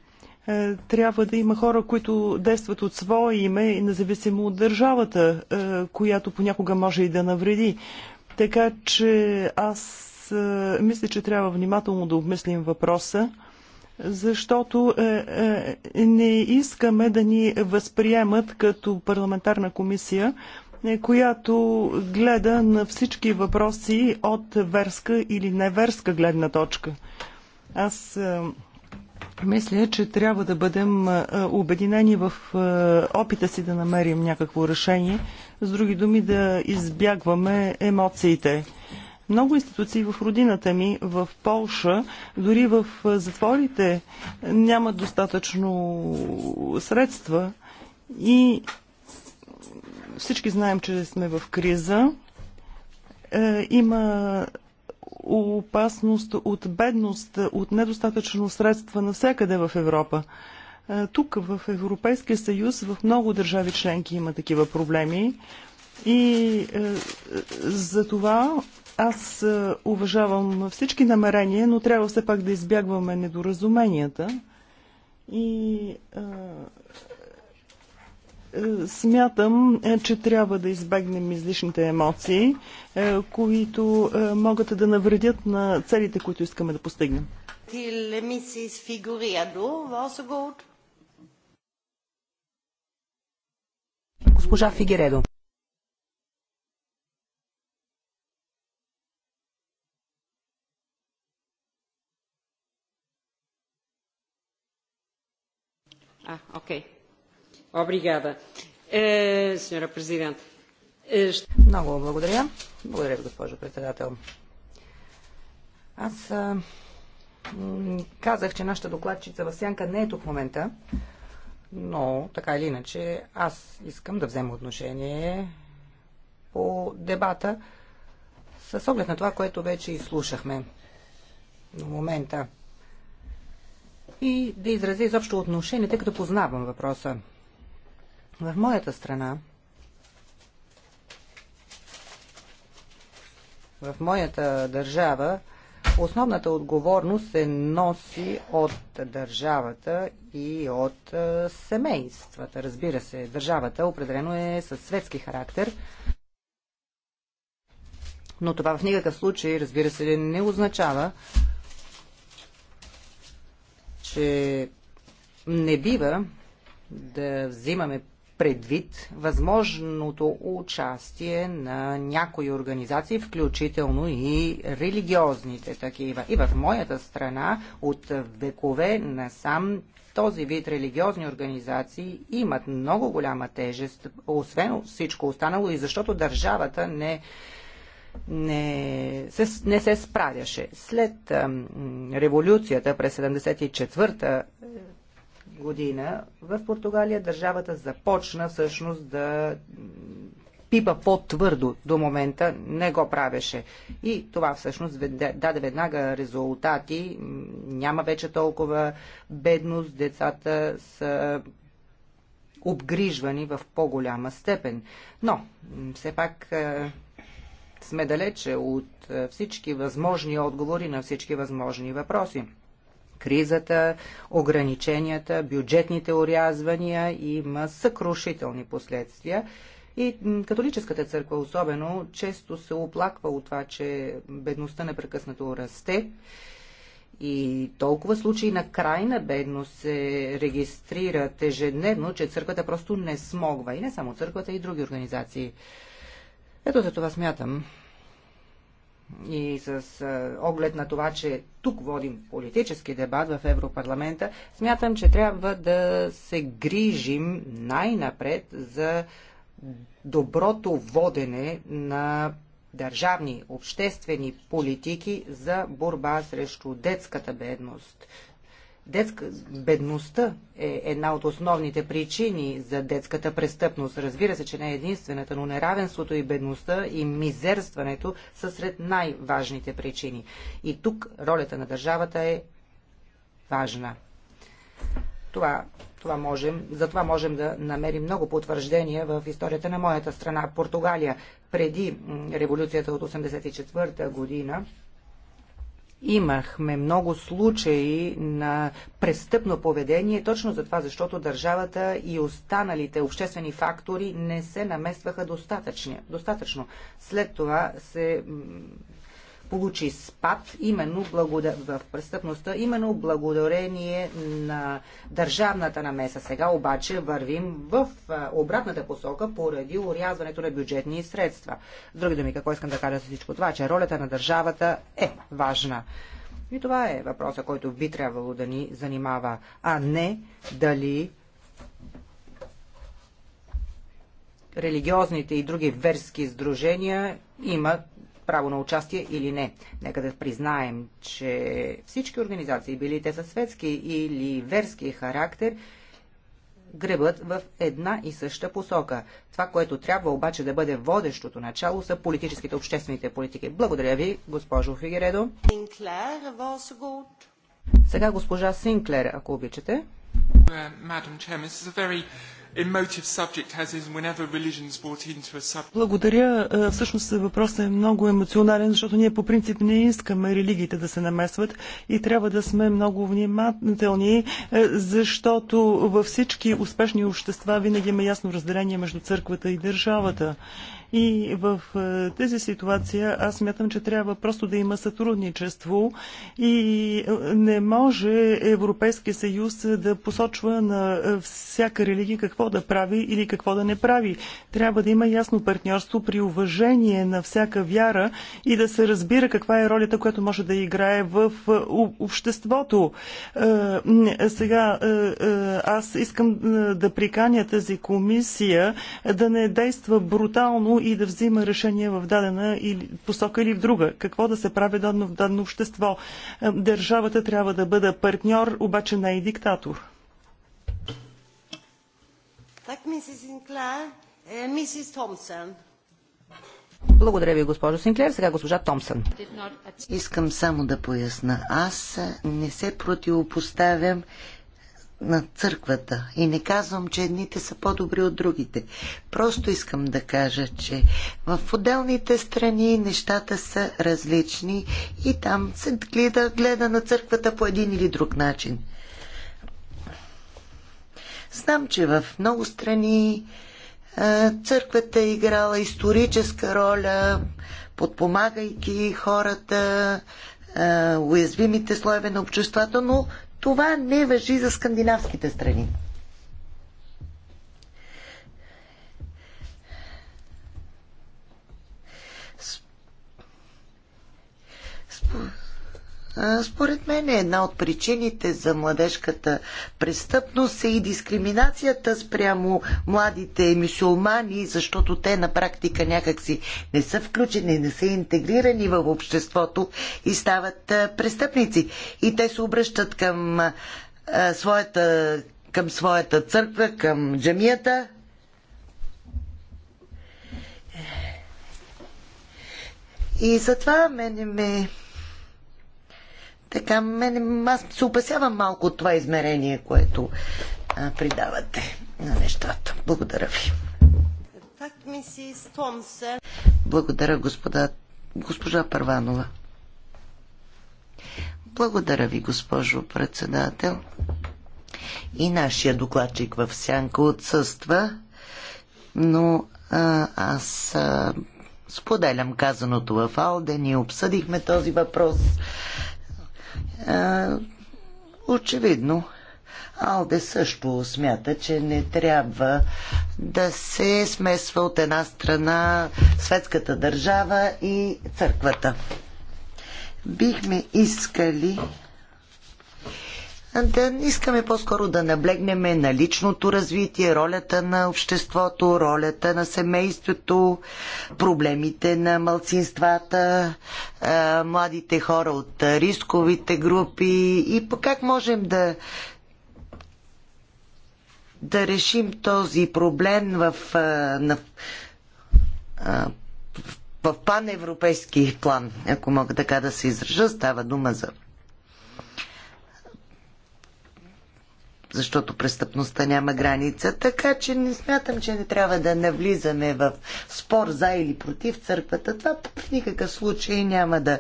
Е, трябва да има хора, които действат от свое име, независимо от държавата, е, която понякога може и да навреди. Така че аз е, мисля, че трябва внимателно да обмислим въпроса, защото не искаме да ни възприемат като парламентарна комисия, която гледа на всички въпроси от верска или неверска гледна точка. Аз мисля, че трябва да бъдем обединени в опита си да намерим някакво решение. С други думи, да избягваме емоциите. Много институции в родината ми, в Полша, дори в затворите нямат достатъчно средства и всички знаем, че сме в криза. Е, има опасност от бедност, от недостатъчно средства навсякъде в Европа. Е, тук в Европейския съюз в много държави членки има такива проблеми и е, за това аз е, уважавам всички намерения, но трябва все пак да избягваме недоразуменията. И е, е, смятам, е, че трябва да избегнем излишните емоции, е, които могат да навредят на целите, които искаме да постигнем. Mrs. Figuredo, varsågod. Госпожа Фигередо. А, ah, окей. Okay. Президент. Много благодаря. Благодаря ви, госпожо председател. Аз казах, че нашата докладчица в Сянка не е тук в момента, но така или иначе аз искам да взема отношение по дебата с оглед на това, което вече изслушахме до момента. И да изразя изобщо отношение, тъй като познавам въпроса. В моята страна, в моята държава, основната отговорност се носи от държавата и от семействата. Разбира се, държавата определено е със светски характер. Но това в никакъв случай, разбира се, не означава, че не бива да взимаме предвид възможното участие на някои организации, включително и религиозните такива. И в моята страна от векове насам този вид религиозни организации имат много голяма тежест, освен всичко останало и защото държавата не не се, не се справяше. След а, революцията през 74-та година в Португалия държавата започна всъщност да пипа по-твърдо до момента, не го правеше. И това всъщност даде веднага резултати. Няма вече толкова бедност, децата са обгрижвани в по-голяма степен. Но, все пак е, сме далече от е, всички възможни отговори на всички възможни въпроси кризата, ограниченията, бюджетните орязвания има съкрушителни последствия. И католическата църква особено често се оплаква от това, че бедността непрекъснато расте. И толкова случаи на крайна бедност се регистрират ежедневно, че църквата просто не смогва. И не само църквата, и други организации. Ето за това смятам, и с а, оглед на това, че тук водим политически дебат в Европарламента, смятам, че трябва да се грижим най-напред за доброто водене на държавни, обществени политики за борба срещу детската бедност Детска бедността е една от основните причини за детската престъпност. Разбира се, че не е единствената, но неравенството и бедността и мизерстването са сред най-важните причини. И тук ролята на държавата е важна. Това, това можем, за това можем да намерим много потвърждения в историята на моята страна, Португалия. Преди революцията от 1984 година, Имахме много случаи на престъпно поведение, точно за това, защото държавата и останалите обществени фактори не се наместваха достатъчно. След това се получи спад именно в престъпността, именно благодарение на държавната намеса. Сега обаче вървим в обратната посока поради урязването на бюджетни средства. С други думи, какво искам да кажа с всичко това, че ролята на държавата е важна. И това е въпроса, който би трябвало да ни занимава, а не дали религиозните и други верски сдружения имат право на участие или не. Нека да признаем, че всички организации, били те са светски или верски характер, гребат в една и съща посока. Това, което трябва обаче да бъде водещото начало са политическите, обществените политики. Благодаря ви, госпожо Фигередо. Е Сега госпожа Синклер, ако обичате. Uh, благодаря. Е, всъщност е, въпросът е много емоционален, защото ние по принцип не искаме религиите да се намесват и трябва да сме много внимателни, е, защото във всички успешни общества винаги има ясно разделение между църквата и държавата. И в е, тази ситуация аз смятам, че трябва просто да има сътрудничество и е, не може Европейския съюз да посочва на е, всяка религия какво да прави или какво да не прави. Трябва да има ясно партньорство при уважение на всяка вяра и да се разбира каква е ролята, която може да играе в обществото. Сега аз искам да приканя тази комисия да не действа брутално и да взима решения в дадена или посока или в друга. Какво да се прави дадено в дадено общество? Е, държавата трябва да бъде партньор, обаче не и диктатор. Е, Благодаря ви, госпожо Синклер. Сега госпожа Томсън. Искам само да поясна. Аз не се противопоставям на църквата. И не казвам, че едните са по-добри от другите. Просто искам да кажа, че в отделните страни нещата са различни и там се гледа, гледа на църквата по един или друг начин. Знам, че в много страни църквата е играла историческа роля, подпомагайки хората, уязвимите слоеве на обществото, но това не въжи за скандинавските страни. Според мен е една от причините за младежката престъпност е и дискриминацията спрямо младите мусулмани, защото те на практика някакси не са включени, не са интегрирани в обществото и стават престъпници. И те се обръщат към своята, към своята църква, към джамията. И затова мене ме така, мен, аз се опасявам малко от това измерение, което а, придавате на нещата. Благодаря ви. Благодаря, господа, госпожа Първанова. Благодаря ви, госпожо председател. И нашия докладчик в сянка отсъства, но а, аз а, споделям казаното в Алден и обсъдихме този въпрос е, очевидно Алде също смята, че не трябва да се смесва от една страна светската държава и църквата. Бихме искали да искаме по-скоро да наблегнем на личното развитие, ролята на обществото, ролята на семейството, проблемите на малцинствата, младите хора от рисковите групи и по как можем да да решим този проблем в, на, в паневропейски план, ако мога така да се изража. Става дума за защото престъпността няма граница, така че не смятам, че не трябва да навлизаме в спор за или против църквата. Това в никакъв случай няма да,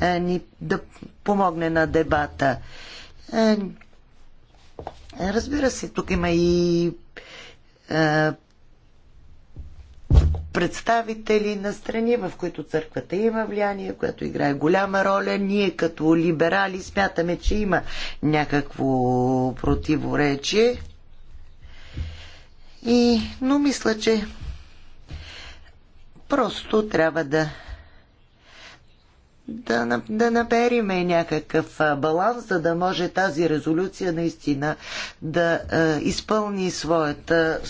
а, е, ни, да помогне на дебата. А, е, разбира се, тук има и е, представители на страни, в които църквата има влияние, която играе голяма роля. Ние като либерали смятаме, че има някакво противоречие. И, но мисля, че просто трябва да да, да набериме някакъв баланс, за да може тази резолюция наистина да е, изпълни своята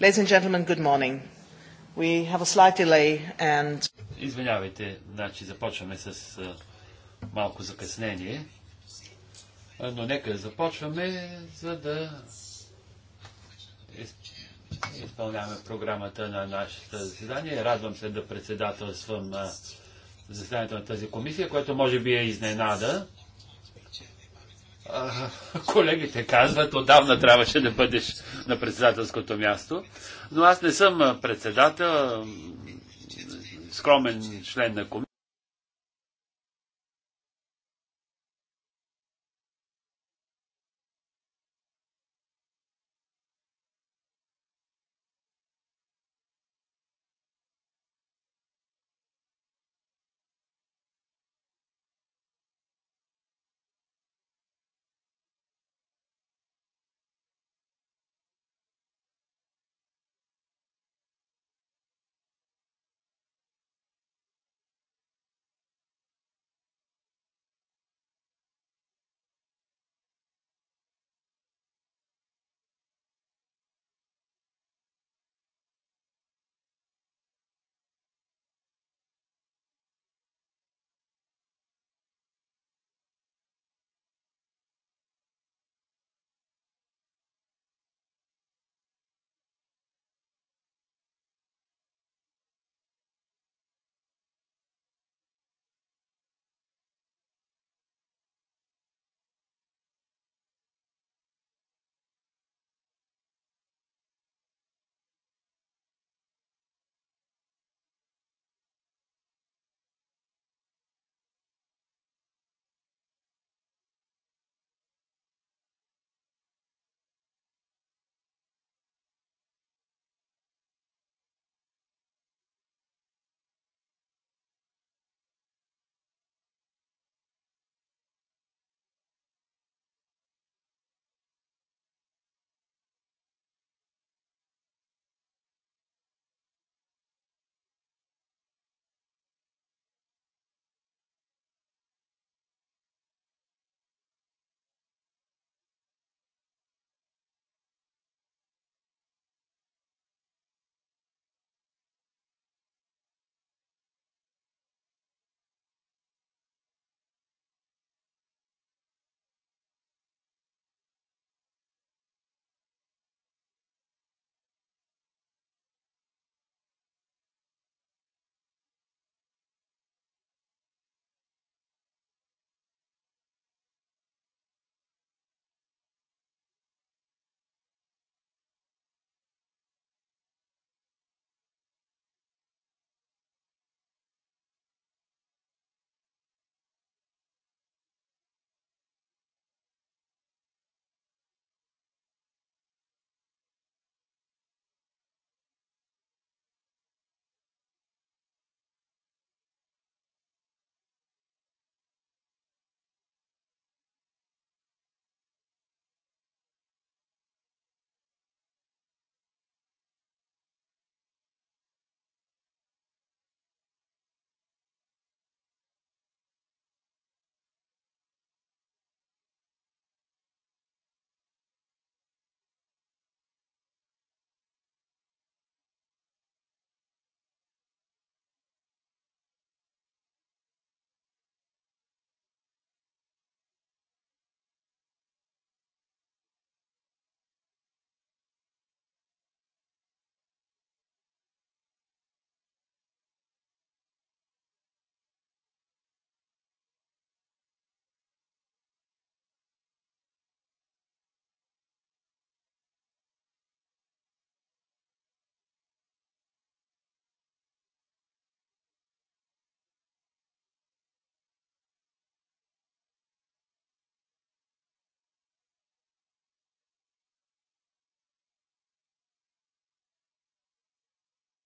Ladies and gentlemen, good morning. We have a slight delay and... Извинявайте, значи започваме с малко закъснение, но нека започваме, за да изпълняваме програмата на нашето заседание. Радвам се да председателствам заседанието на тази комисия, което може би е изненада. колегите казват, отдавна трябваше да бъдеш на председателското място, но аз не съм председател, скромен член на комисията.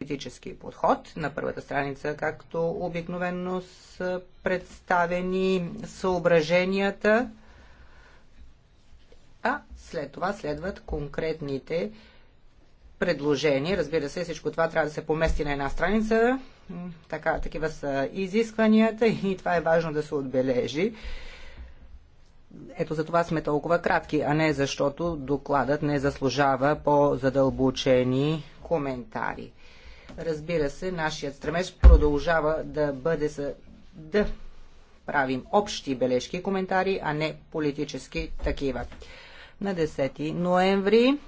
политически подход. На първата страница, както обикновено са представени съображенията, а след това следват конкретните предложения. Разбира се, всичко това трябва да се помести на една страница. Така, такива са изискванията и това е важно да се отбележи. Ето за това сме толкова кратки, а не защото докладът не заслужава по-задълбочени коментари. Разбира се, нашият стремеж продължава да бъде за да правим общи бележки и коментари, а не политически такива. На 10 ноември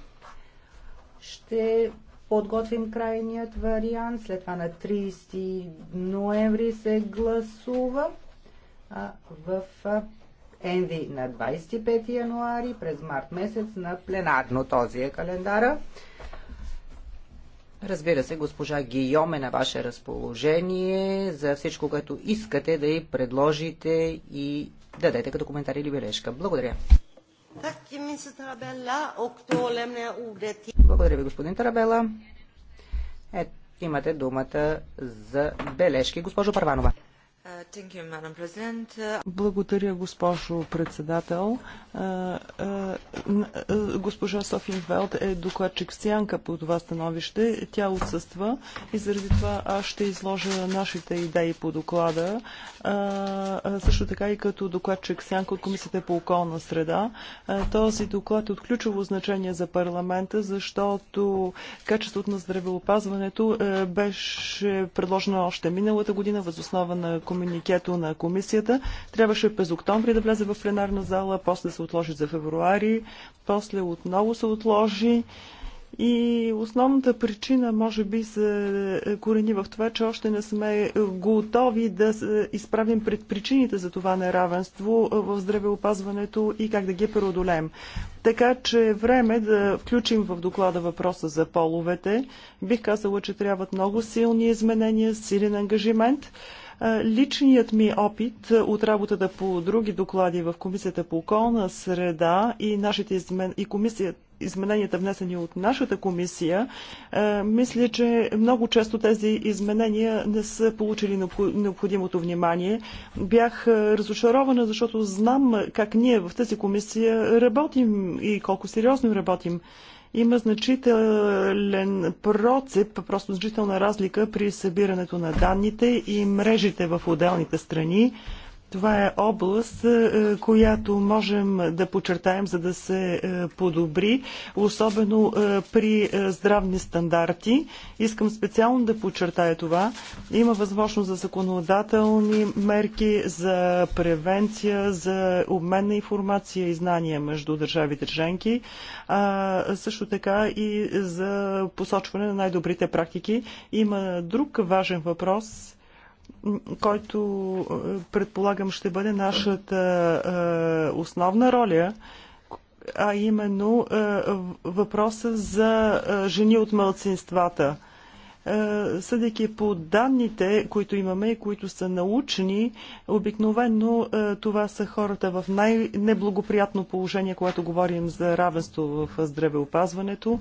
ще подготвим крайният вариант. След това на 30 ноември се гласува а, в Енви на 25 януари, през март месец на пленарно. Този е календара. Разбира се, госпожа Гийом е на ваше разположение за всичко, което искате да й предложите и дадете като коментар или бележка. Благодаря. Благодаря ви, господин Тарабела. Е, имате думата за бележки. Госпожо Парванова. Благодаря, госпожо председател. Госпожа Софин Велт е докладчик Сянка по това становище. Тя отсъства и заради това аз ще изложа нашите идеи по доклада. Също така и като докладчик Сянка от Комисията по околна среда. Този доклад е от ключово значение за парламента, защото качеството на здравеопазването беше предложено още миналата година възоснова на Комисията комуникето на комисията. Трябваше през октомври да влезе в пленарна зала, после се отложи за февруари, после отново се отложи. И основната причина, може би, се корени в това, че още не сме готови да изправим пред причините за това неравенство в здравеопазването и как да ги преодолеем. Така че е време да включим в доклада въпроса за половете. Бих казала, че трябват много силни изменения, силен ангажимент. Личният ми опит от работата по други доклади в Комисията по околна среда и, нашите измен... и комисията измененията внесени от нашата комисия, мисля, че много често тези изменения не са получили необходимото внимание. Бях разочарована, защото знам как ние в тази комисия работим и колко сериозно работим. Има значителен процеп, просто значителна разлика при събирането на данните и мрежите в отделните страни. Това е област, е, е, която можем да подчертаем, за да се е, подобри, особено при здравни стандарти. Искам специално да подчертая това. Има възможност за законодателни мерки, за превенция, за обмен на информация и знания между държавите членки, а също така и за посочване на най-добрите практики. Има друг важен въпрос който е, предполагам ще бъде нашата е, основна роля, а именно е, въпроса за жени от мълцинствата. Съдейки по данните, които имаме и които са научни, обикновено това са хората в най-неблагоприятно положение, когато говорим за равенство в здравеопазването.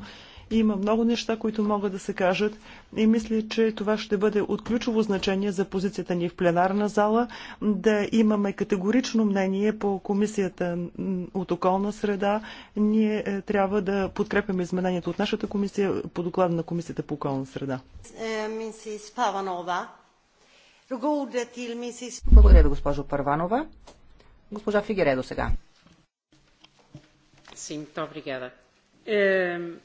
Има много неща, които могат да се кажат и мисля, че това ще бъде от ключово значение за позицията ни в пленарна зала, да имаме категорично мнение по комисията от околна среда. Ние е, трябва да подкрепяме изменението от нашата комисия по доклада на комисията по околна среда. Е, Благодаря ви, госпожо Парванова. Госпожа Фигередо сега. Sim, muito obrigada. Uh,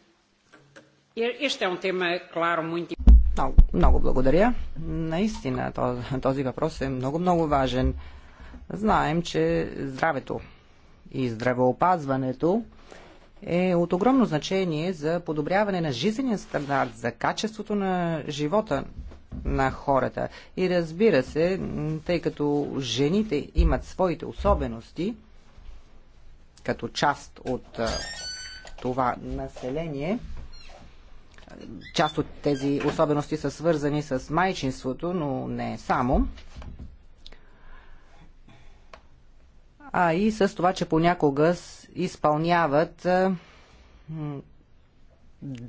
много, много благодаря. Наистина този въпрос е много-много важен. Знаем, че здравето и здравеопазването е от огромно значение за подобряване на жизнения стандарт, за качеството на живота на хората. И разбира се, тъй като жените имат своите особености, като част от това население, Част от тези особености са свързани с майчинството, но не само. А и с това, че понякога изпълняват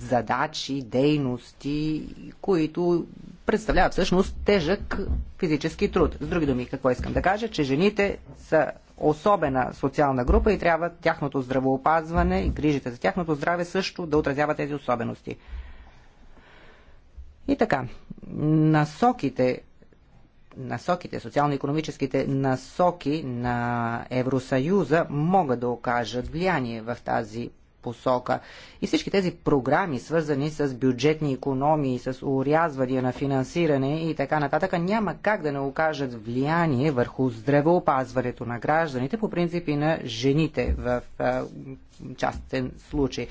задачи, дейности, които представляват всъщност тежък физически труд. С други думи, какво искам да кажа, че жените са особена социална група и трябва тяхното здравоопазване и грижите за тяхното здраве също да отразяват тези особености. И така, насоките насоките, социално-економическите насоки на Евросъюза могат да окажат влияние в тази посока. И всички тези програми, свързани с бюджетни економии, с урязвания на финансиране и така нататък, няма как да не окажат влияние върху здравеопазването на гражданите по принципи на жените в а, частен случай.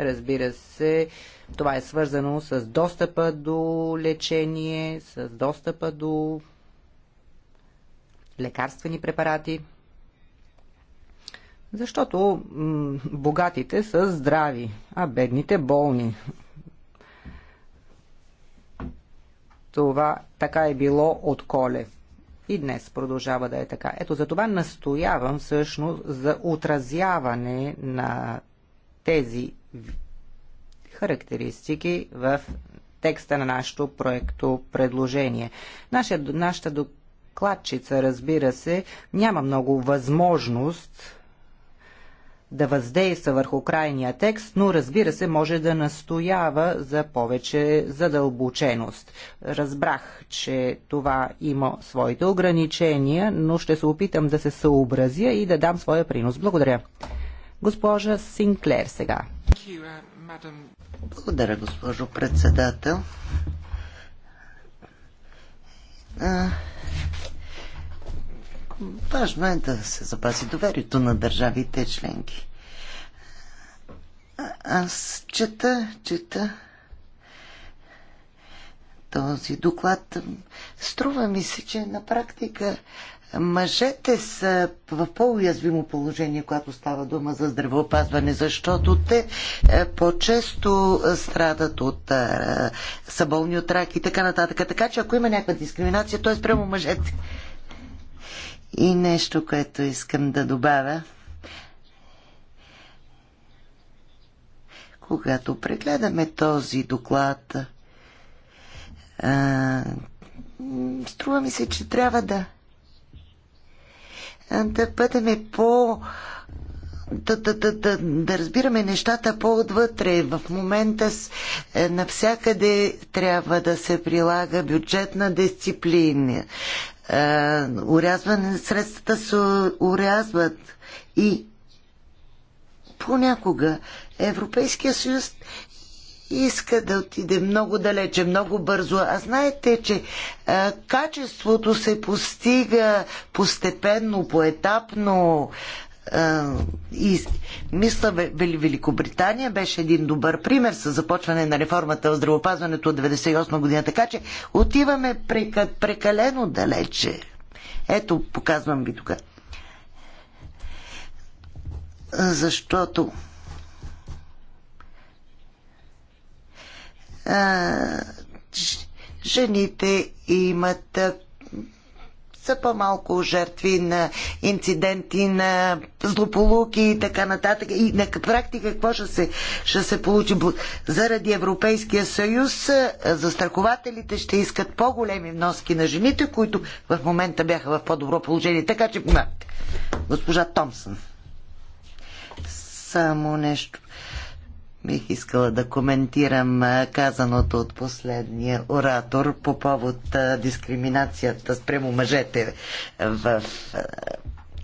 Разбира се, това е свързано с достъпа до лечение, с достъпа до лекарствени препарати. Защото богатите са здрави, а бедните болни. Това така е било от Колев. И днес продължава да е така. Ето за това настоявам всъщност за отразяване на тези характеристики в текста на нашето проекто предложение. нашата докладчица, разбира се, няма много възможност да въздейства върху крайния текст, но разбира се може да настоява за повече задълбоченост. Разбрах, че това има своите ограничения, но ще се опитам да се съобразя и да дам своя принос. Благодаря. Госпожа Синклер сега. Благодаря, госпожо председател. Важно е да се запази доверието на държавите членки. аз чета, чета този доклад. Струва ми се, че на практика мъжете са в по-уязвимо положение, когато става дума за здравеопазване, защото те е, по-често е, страдат от е, са болни от рак и така нататък. Така че ако има някаква дискриминация, то е спрямо мъжете. И нещо, което искам да добавя. Когато прегледаме този доклад, а, струва ми се, че трябва да да бъдеме по да, да, да, да, да разбираме нещата по-отвътре. В момента с, е, навсякъде трябва да се прилага бюджетна дисциплина, е, урязване, средствата се урязват и понякога Европейския съюз иска да отиде много далече, много бързо. А знаете, че а, е, качеството се постига постепенно, поетапно и мисля, Великобритания беше един добър пример с започване на реформата в здравопазването от 1998 година. Така че отиваме прекалено далече. Ето, показвам ви тук. Защото жените имат са по-малко жертви на инциденти, на злополуки и така нататък. И на практика какво ще се, ще се получи? Заради Европейския съюз застрахователите ще искат по-големи вноски на жените, които в момента бяха в по-добро положение. Така че, Госпожа Томсън. Само нещо. Бих искала да коментирам казаното от последния оратор по повод дискриминацията спрямо мъжете в,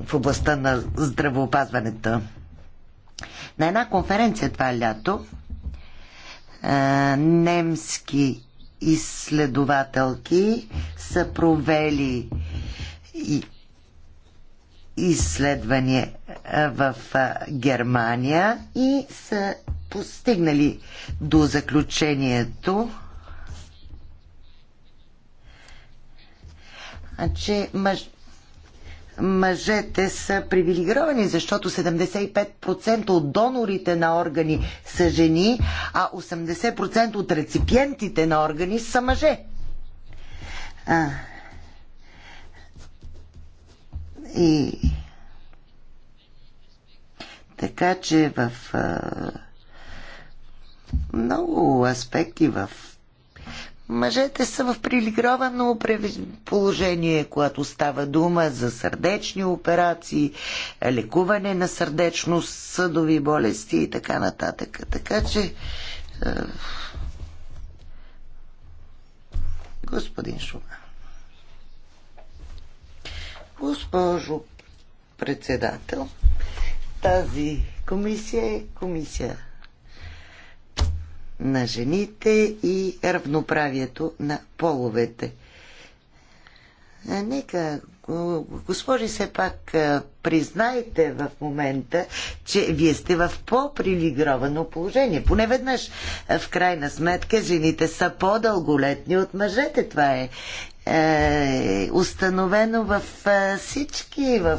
в областта на здравеопазването. На една конференция това лято немски изследователки са провели и изследвания в Германия и са постигнали до заключението, че мъж, мъжете са привилегировани, защото 75% от донорите на органи са жени, а 80% от реципиентите на органи са мъже. А. И така че в а, много аспекти в Мъжете са в прилигровано положение, когато става дума за сърдечни операции, лекуване на сърдечно-съдови болести и така нататък. Така че. Е... Господин Шума. Госпожо председател, тази комисия е комисия на жените и равноправието на половете. Е, нека, госпожи, все пак е, признайте в момента, че вие сте в по-привилегировано положение. Поне веднъж, е, в крайна сметка, жените са по-дълголетни от мъжете. Това е, е установено в е, всички, в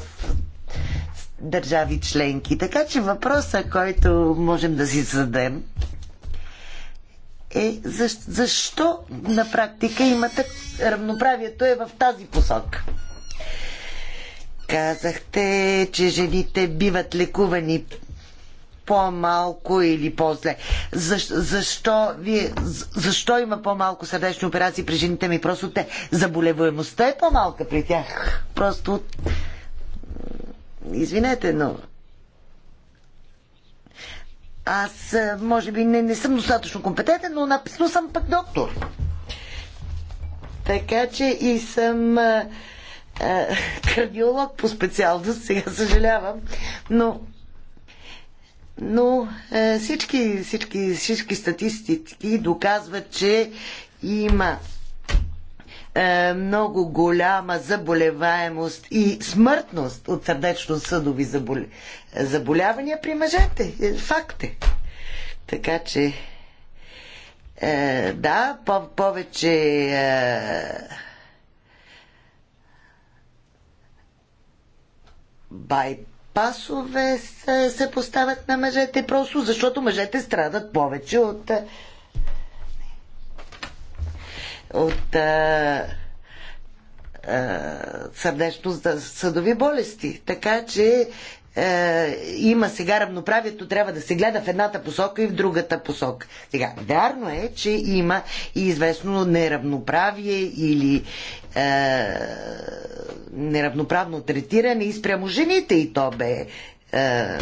държави членки. Така че въпроса, който можем да си зададем, е защо, защо на практика имате равноправието е в тази посока. Казахте, че жените биват лекувани по-малко или по-зле. Защо, защо, вие, защо има по-малко сърдечни операции при жените ми? Просто те заболеваемостта е по-малка при тях. Просто. Извинете, но аз, е, може би, не, не съм достатъчно компетентен, но, написано съм пък доктор. Така че и съм а, е, а, е, кардиолог по специалност, сега съжалявам, но но а, всички, всички, всички статистики доказват, че има е, много голяма заболеваемост и смъртност от сърдечно-съдови забол... заболявания при мъжете. Е, факт е. Така че, е, да, по- повече. Е, байпасове се, се поставят на мъжете, просто защото мъжете страдат повече от е, от а, а, сърдечно съдови болести. Така че а, има сега равноправието, трябва да се гледа в едната посока и в другата посока. Сега, вярно е, че има и известно неравноправие или а, неравноправно третиране и спрямо жените и то бе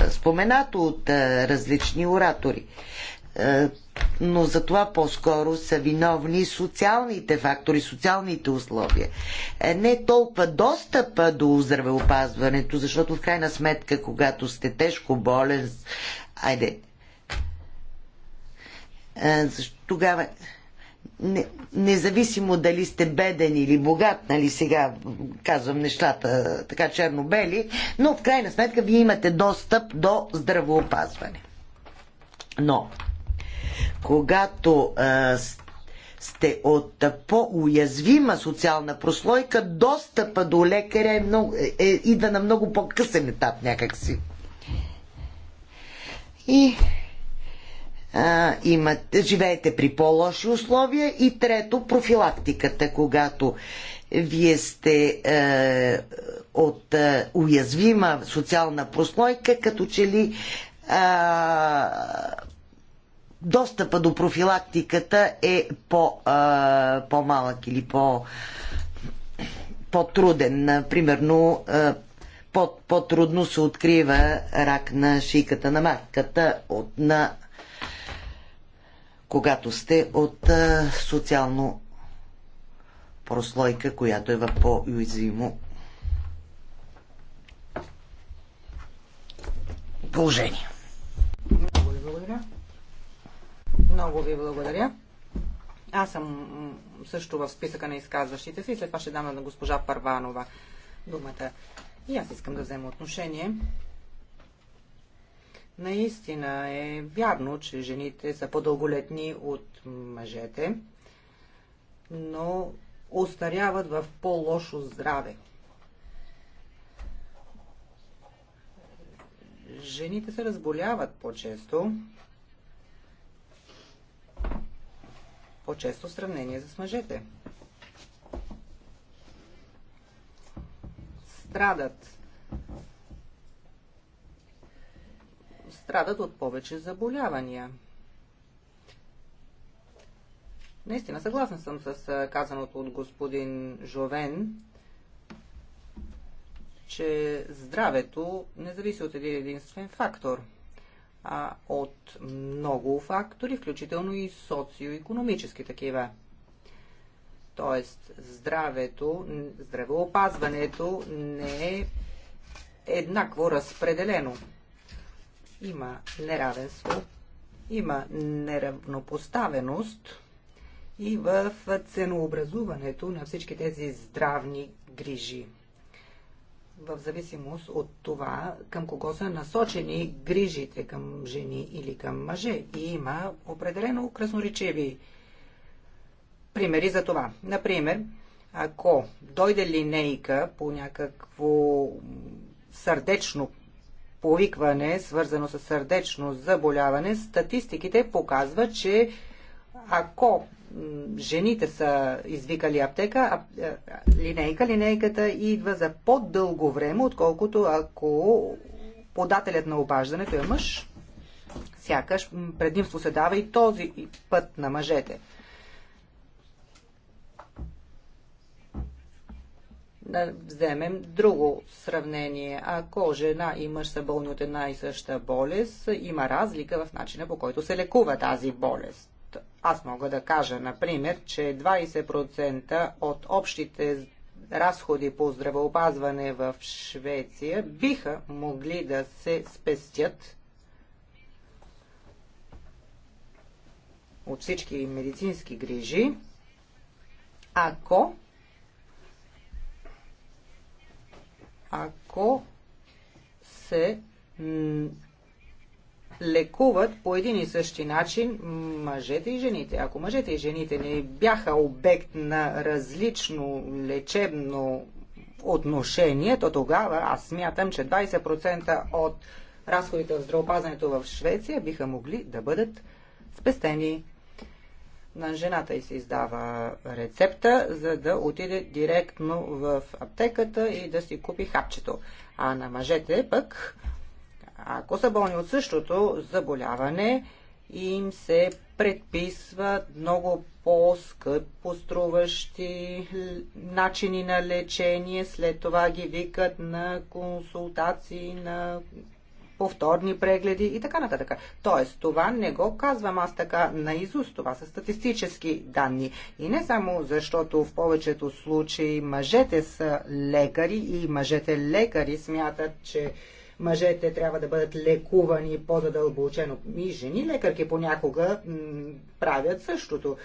споменато от различни оратори но за това по-скоро са виновни социалните фактори, социалните условия. Е, не толкова достъпа до здравеопазването, защото в крайна сметка, когато сте тежко болен, айде, е, тогава не, независимо дали сте беден или богат, нали сега казвам нещата така черно-бели, но в крайна сметка вие имате достъп до здравоопазване. Но когато а, сте от по-уязвима социална прослойка, достъпа до лекаря е много, е, е, идва на много по-късен етап някакси. И а, имат, живеете при по-лоши условия. И трето, профилактиката, когато вие сте е, от е, уязвима социална прослойка, като че ли достъпа до профилактиката е по, а, по-малък или по, по-труден. Примерно, а, по, трудно се открива рак на шийката на матката от на когато сте от а, социално прослойка, която е в по-уязвимо положение. Много ви благодаря. Аз съм също в списъка на изказващите си, след това ще дам на госпожа Парванова думата. И аз искам да взема отношение. Наистина е вярно, че жените са по-дълголетни от мъжете, но остаряват в по-лошо здраве. Жените се разболяват по-често по-често в сравнение с мъжете. Страдат. Страдат от повече заболявания. Наистина, съгласна съм с казаното от господин Жовен, че здравето не зависи от един единствен фактор – а от много фактори, включително и социо-економически такива. Тоест, здравето, здравеопазването не е еднакво разпределено. Има неравенство, има неравнопоставеност и в ценообразуването на всички тези здравни грижи в зависимост от това към кого са насочени грижите към жени или към мъже. И има определено красноречиви примери за това. Например, ако дойде линейка по някакво сърдечно повикване, свързано с сърдечно заболяване, статистиките показват, че ако жените са извикали аптека, а, линейка, линейката идва за по-дълго време, отколкото ако подателят на обаждането е мъж. Сякаш предимство се дава и този път на мъжете. Да вземем друго сравнение. Ако жена и мъж са болни от една и съща болест, има разлика в начина по който се лекува тази болест. Аз мога да кажа, например, че 20% от общите разходи по здравеопазване в Швеция биха могли да се спестят от всички медицински грижи, ако ако се лекуват по един и същи начин мъжете и жените. Ако мъжете и жените не бяха обект на различно лечебно отношение, то тогава аз смятам, че 20% от разходите в здравопазването в Швеция биха могли да бъдат спестени. На жената и се издава рецепта, за да отиде директно в аптеката и да си купи хапчето. А на мъжете пък ако са болни от същото заболяване, им се предписват много по-скъпо струващи начини на лечение, след това ги викат на консултации, на повторни прегледи и така нататък. Тоест, това не го казвам аз така на Изуст, това са статистически данни. И не само защото в повечето случаи мъжете са лекари и мъжете лекари смятат, че мъжете трябва да бъдат лекувани по-задълбочено. И жени лекарки понякога правят същото.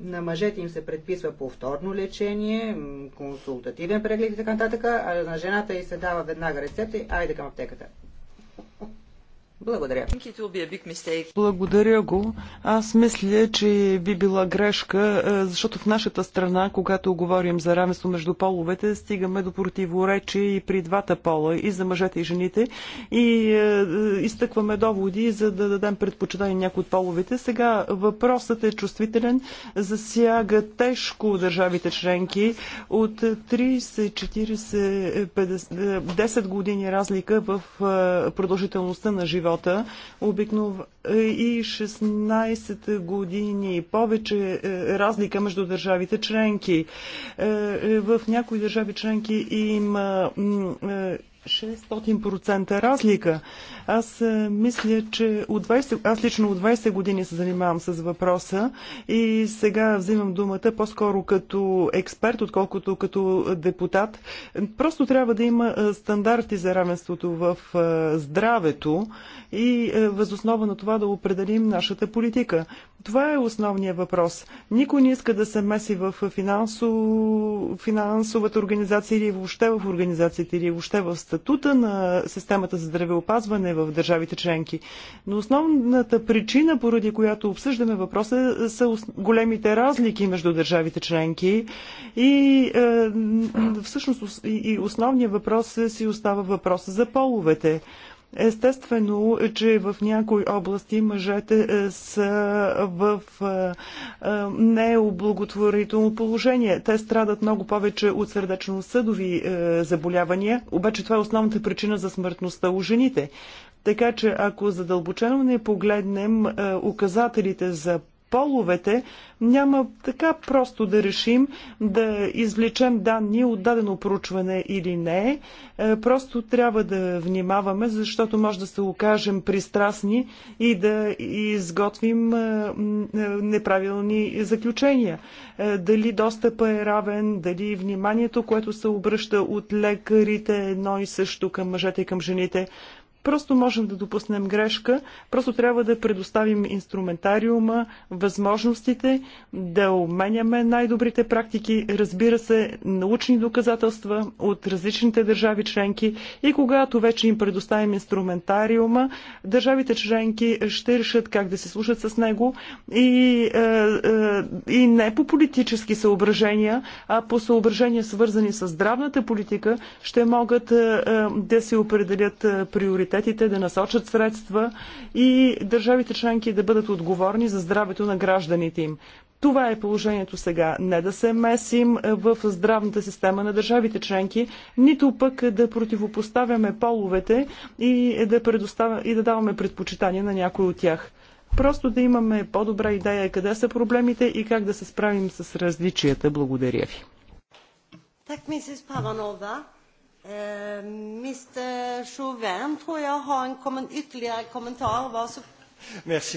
На мъжете им се предписва повторно лечение, консултативен преглед и така нататък, а на жената й се дава веднага рецепта и айде към аптеката. Благодаря. Благодаря го. Аз мисля, че би била грешка, е, защото в нашата страна, когато говорим за равенство между половете, стигаме до противоречи и при двата пола, и за мъжете и жените, и е, е, изтъкваме доводи, за да дадем предпочитание някои от половете. Сега въпросът е чувствителен, засяга тежко държавите членки от 30, 40, 50, 10 години разлика в продължителността на живота живота обикнов... и 16 години повече е, разлика между държавите членки. Е, е, в някои държави членки има 600% разлика. Аз е, мисля, че от 20, аз лично от 20 години се занимавам с въпроса и сега взимам думата по-скоро като експерт, отколкото като депутат. Просто трябва да има е, стандарти за равенството в е, здравето и възоснова на това да определим нашата политика. Това е основният въпрос. Никой не иска да се меси в финансов, финансовата организация или въобще в организацията или въобще в страната статута на системата за здравеопазване в държавите членки. Но основната причина, поради която обсъждаме въпроса, са големите разлики между държавите членки и е, всъщност и основният въпрос си остава въпроса за половете. Естествено, че в някои области мъжете е, са в е, е, необлаготворително положение. Те страдат много повече от сърдечно-съдови заболявания, обаче това е основната причина за смъртността у жените. Така че ако задълбочено не погледнем указателите за половете, няма така просто да решим да извлечем данни от дадено проучване или не. Е, просто трябва да внимаваме, защото може да се окажем пристрастни и да изготвим е, е, неправилни заключения. Дали достъпа е равен, дали вниманието, което се обръща от лекарите едно и също към мъжете и към жените, Просто можем да допуснем грешка, просто трябва да предоставим инструментариума, възможностите, да обменяме най-добрите практики, разбира се, научни доказателства от различните държави членки и когато вече им предоставим инструментариума, държавите членки ще решат как да се слушат с него и, е, е, и не по политически съображения, а по съображения свързани с здравната политика, ще могат е, да се определят приоритети приоритетите, да насочат средства и държавите членки да бъдат отговорни за здравето на гражданите им. Това е положението сега. Не да се месим в здравната система на държавите членки, нито пък да противопоставяме половете и да, и да даваме предпочитания на някой от тях. Просто да имаме по-добра идея къде са проблемите и как да се справим с различията. Благодаря ви. Так, мисис Паванова. Mr. Chauvin tror jag har en ytterligare kommentar. Varsågod.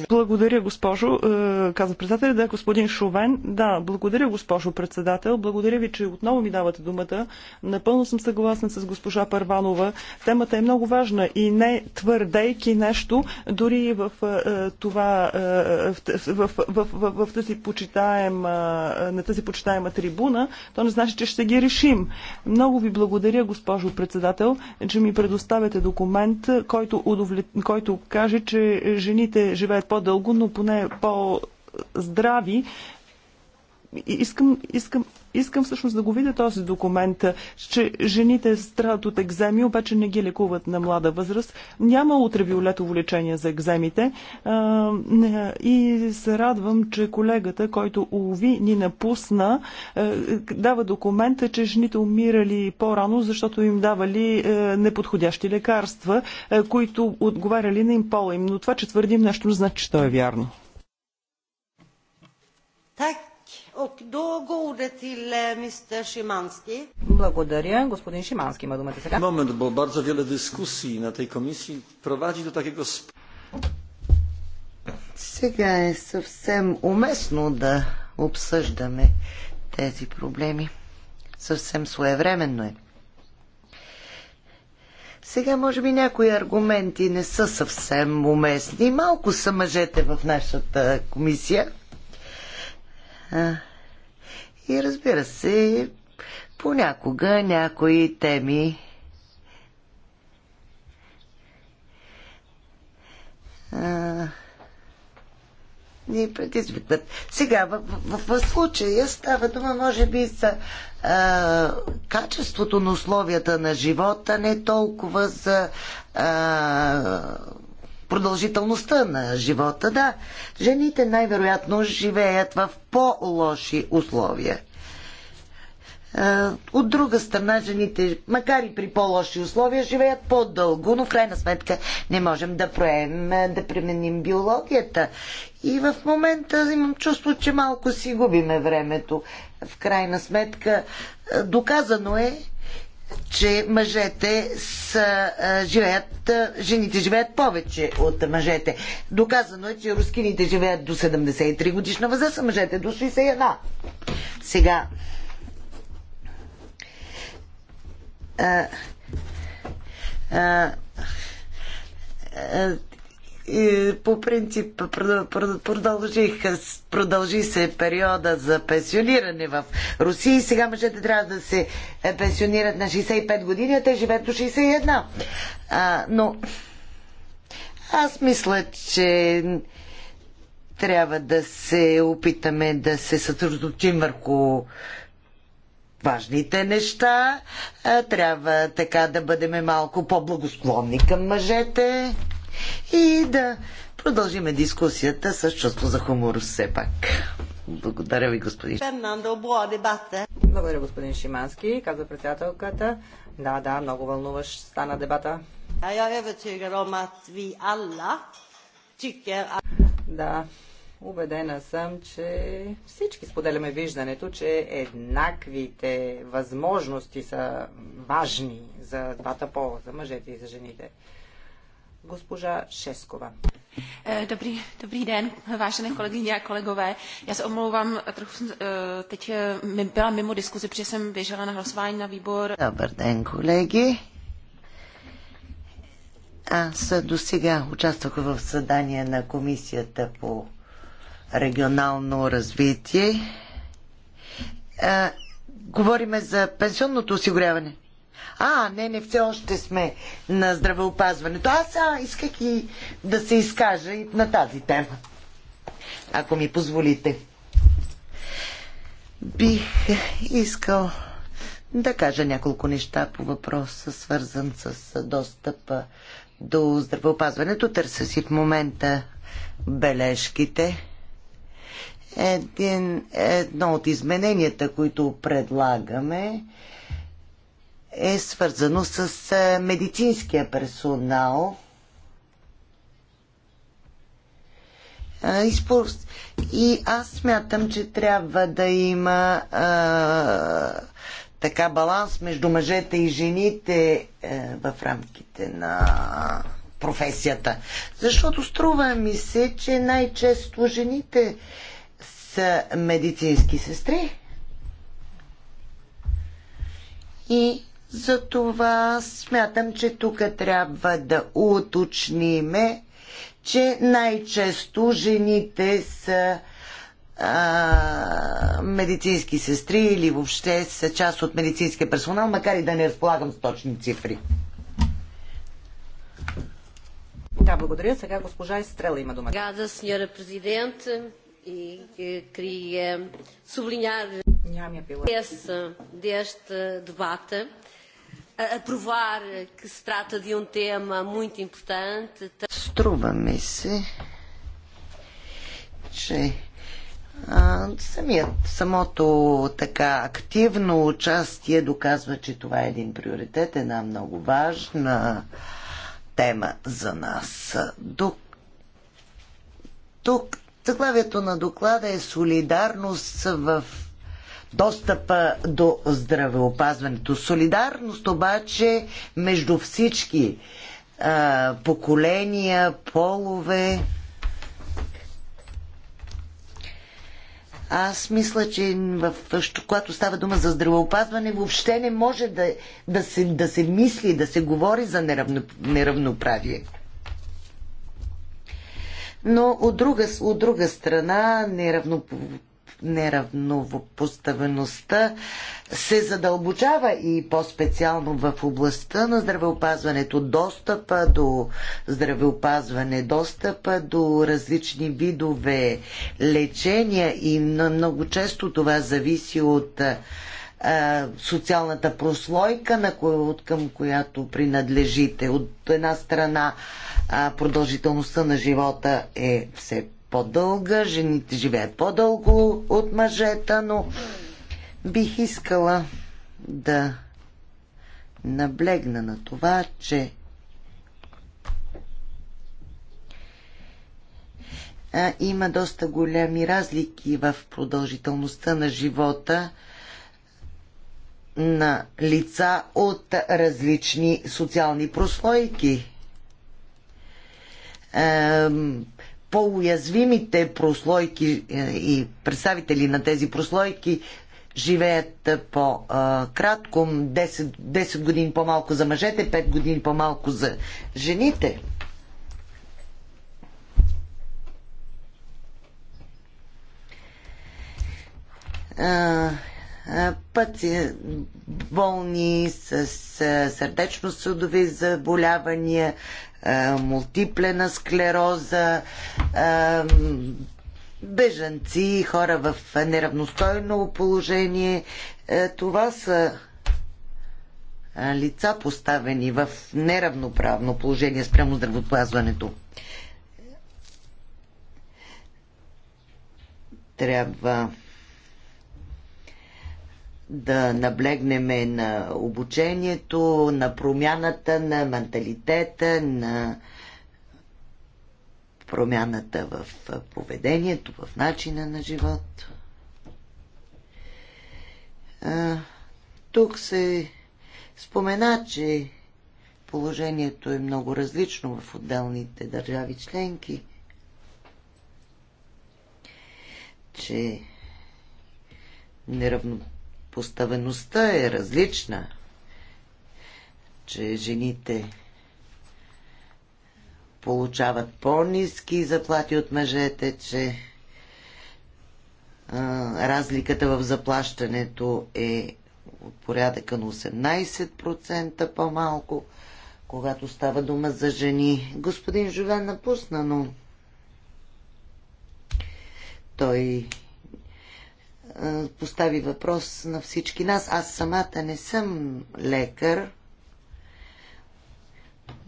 Благодаря, госпожо, е, каза Да, господин Шовен. Да, благодаря, госпожо председател. Благодаря ви, че отново ми давате думата. Напълно съм съгласна с госпожа Парванова. Темата е много важна и не твърдейки нещо, дори в е, това, е, в, в, в, в, в тази почитаема, на тази почитаема трибуна, то не значи, че ще ги решим. Много ви благодаря, госпожо председател, че ми предоставяте документ, който, удовлет... който каже, че жените жените живеят по-дълго, но поне по-здрави, искам, искам, искам всъщност да го видя този документ, че жените страдат от екземи, обаче не ги лекуват на млада възраст. Няма ултравиолетово лечение за екземите. И се радвам, че колегата, който улови ни напусна, дава документа, че жените умирали по-рано, защото им давали неподходящи лекарства, които отговаряли на им пола им. Но това, че твърдим нещо, значи, че то е вярно. Так, Eh, Благодаря. Господин Шимански има думата сега. Момент, bo bardzo wiele dyskusji na tej komisji prowadzi do takiego... Сега е съвсем уместно да обсъждаме тези проблеми. Съвсем своевременно е. Сега може би някои аргументи не са съвсем уместни. Малко са мъжете в нашата комисия и разбира се, понякога някои теми а, ни предизвикват. Сега, в, в, в, в случая става дума, може би, за а, качеството на условията на живота, не толкова за а, продължителността на живота. Да, жените най-вероятно живеят в по-лоши условия. Е, от друга страна, жените, макар и при по-лоши условия, живеят по-дълго, но в крайна сметка не можем да, проем, да пременим биологията. И в момента имам чувство, че малко си губиме времето. В крайна сметка, е, доказано е, че мъжете са, живеят, жените живеят повече от мъжете. Доказано е, че рускините живеят до 73 годишна възраст, а мъжете до 61. Сега. а, а, по принцип продължих, продължи се периода за пенсиониране в Русия и сега мъжете трябва да се е, пенсионират на 65 години, а те живеят до 61. А, но аз мисля, че трябва да се опитаме да се съсредоточим върху важните неща. Трябва така да бъдем малко по-благосклонни към мъжете и да продължиме дискусията с чувство за хумор все пак. Благодаря ви, господин. Фернандо, Благодаря, господин Шимански, каза председателката. Да, да, много вълнуваш стана дебата. А я е om att vi Да, убедена съм, че всички споделяме виждането, че еднаквите възможности са важни за двата пола, за мъжете и за жените госпожа Шескова. Dobrý, е, dobrý den, vážené kolegyně a kolegové. Já se omlouvám, trochu e, teď e, byla mimo diskuzi, protože jsem běžela na hlasování na výbor. Добър ден, колеги. Аз до сега участвах в съдание на Комисията по регионално развитие. А, е, говориме за пенсионното осигуряване. А, не, не, все още сме на здравеопазването. Аз а, исках и да се изкажа и на тази тема. Ако ми позволите. Бих искал да кажа няколко неща по въпроса, свързан с достъпа до здравеопазването. Търся си в момента бележките. Един, едно от измененията, които предлагаме, е свързано с е, медицинския персонал. Е, и аз смятам, че трябва да има а, е, така баланс между мъжете и жените а, в рамките на професията. Защото струва ми се, че най-често жените са медицински сестри. И затова смятам, че тук трябва да уточниме, че най-често жените са а, медицински сестри или въобще са част от медицинския персонал, макар и да не разполагам с точни цифри. Да, благодаря. Сега госпожа Естрела има дума. Гада, сеньора президент, и queria sublinhar esse, deste дебата a provar que se trata de um tema muito importante. Струва ми се, че а, самият, самото така активно участие доказва, че това е един приоритет, една много важна тема за нас. Док... тук заглавието на доклада е солидарност в достъпа до здравеопазването. Солидарност обаче между всички а, поколения, полове. Аз мисля, че в, когато става дума за здравеопазване, въобще не може да, да, се, да се мисли, да се говори за неравно, неравноправие. Но от друга, от друга страна, неравноправие неравнопоставеността се задълбочава и по-специално в областта на здравеопазването, достъпа до здравеопазване, достъпа до различни видове лечения и много често това зависи от социалната прослойка, на кое, от към която принадлежите. От една страна продължителността на живота е все по-дълга, жените живеят по-дълго от мъжета, но бих искала да наблегна на това, че има доста големи разлики в продължителността на живота на лица от различни социални прослойки по-уязвимите прослойки е, и представители на тези прослойки живеят е, по-кратко, 10, 10 години по-малко за мъжете, 5 години по-малко за жените. Е, пъти болни с сърдечно-съдови заболявания, е, мултиплена склероза, е, бежанци, хора в неравностойно положение. Е, това са лица поставени в неравноправно положение спрямо здравоопазването. Трябва да наблегнем на обучението, на промяната на менталитета, на промяната в поведението, в начина на живот. тук се спомена, че положението е много различно в отделните държави членки, че неравнопоставеността Поставеността е различна, че жените получават по-низки заплати от мъжете, че а, разликата в заплащането е от порядъка на 18% по-малко, когато става дума за жени. Господин Жовен напусна, но той постави въпрос на всички нас. Аз самата не съм лекар,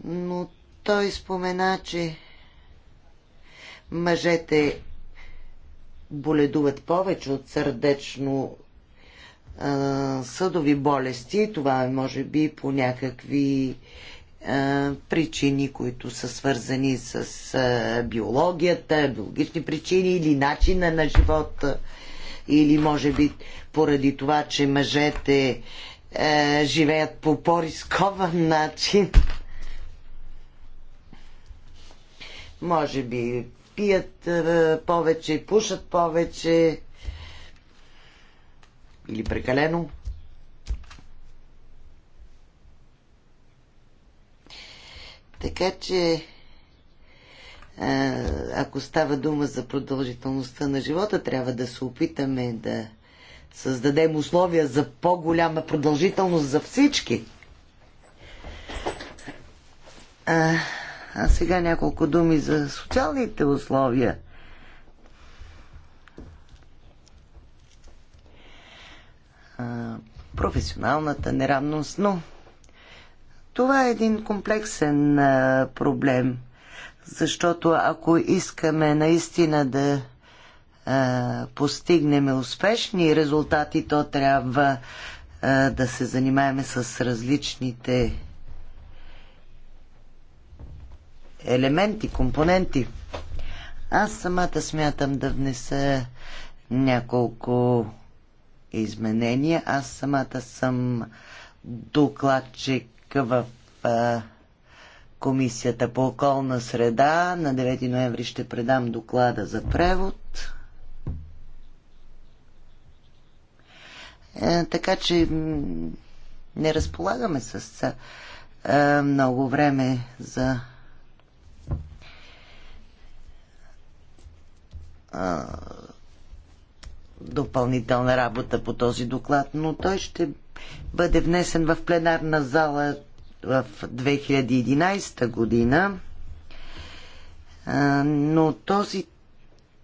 но той спомена, че мъжете боледуват повече от сърдечно съдови болести. Това е, може би, по някакви причини, които са свързани с биологията, биологични причини или начина на живота или може би поради това, че мъжете е, живеят по по-рискован начин. Може би пият е, повече, пушат повече или прекалено. Така че ако става дума за продължителността на живота, трябва да се опитаме да създадем условия за по-голяма продължителност за всички. А, а сега няколко думи за социалните условия. А, професионалната неравност, но това е един комплексен а, проблем – защото ако искаме наистина да а, постигнем успешни резултати, то трябва а, да се занимаваме с различните елементи, компоненти. Аз самата смятам да внеса няколко изменения. Аз самата съм докладчик в а, Комисията по околна среда. На 9 ноември ще предам доклада за превод. Е, така че не разполагаме с е, много време за е, допълнителна работа по този доклад, но той ще бъде внесен в пленарна зала в 2011 година, но този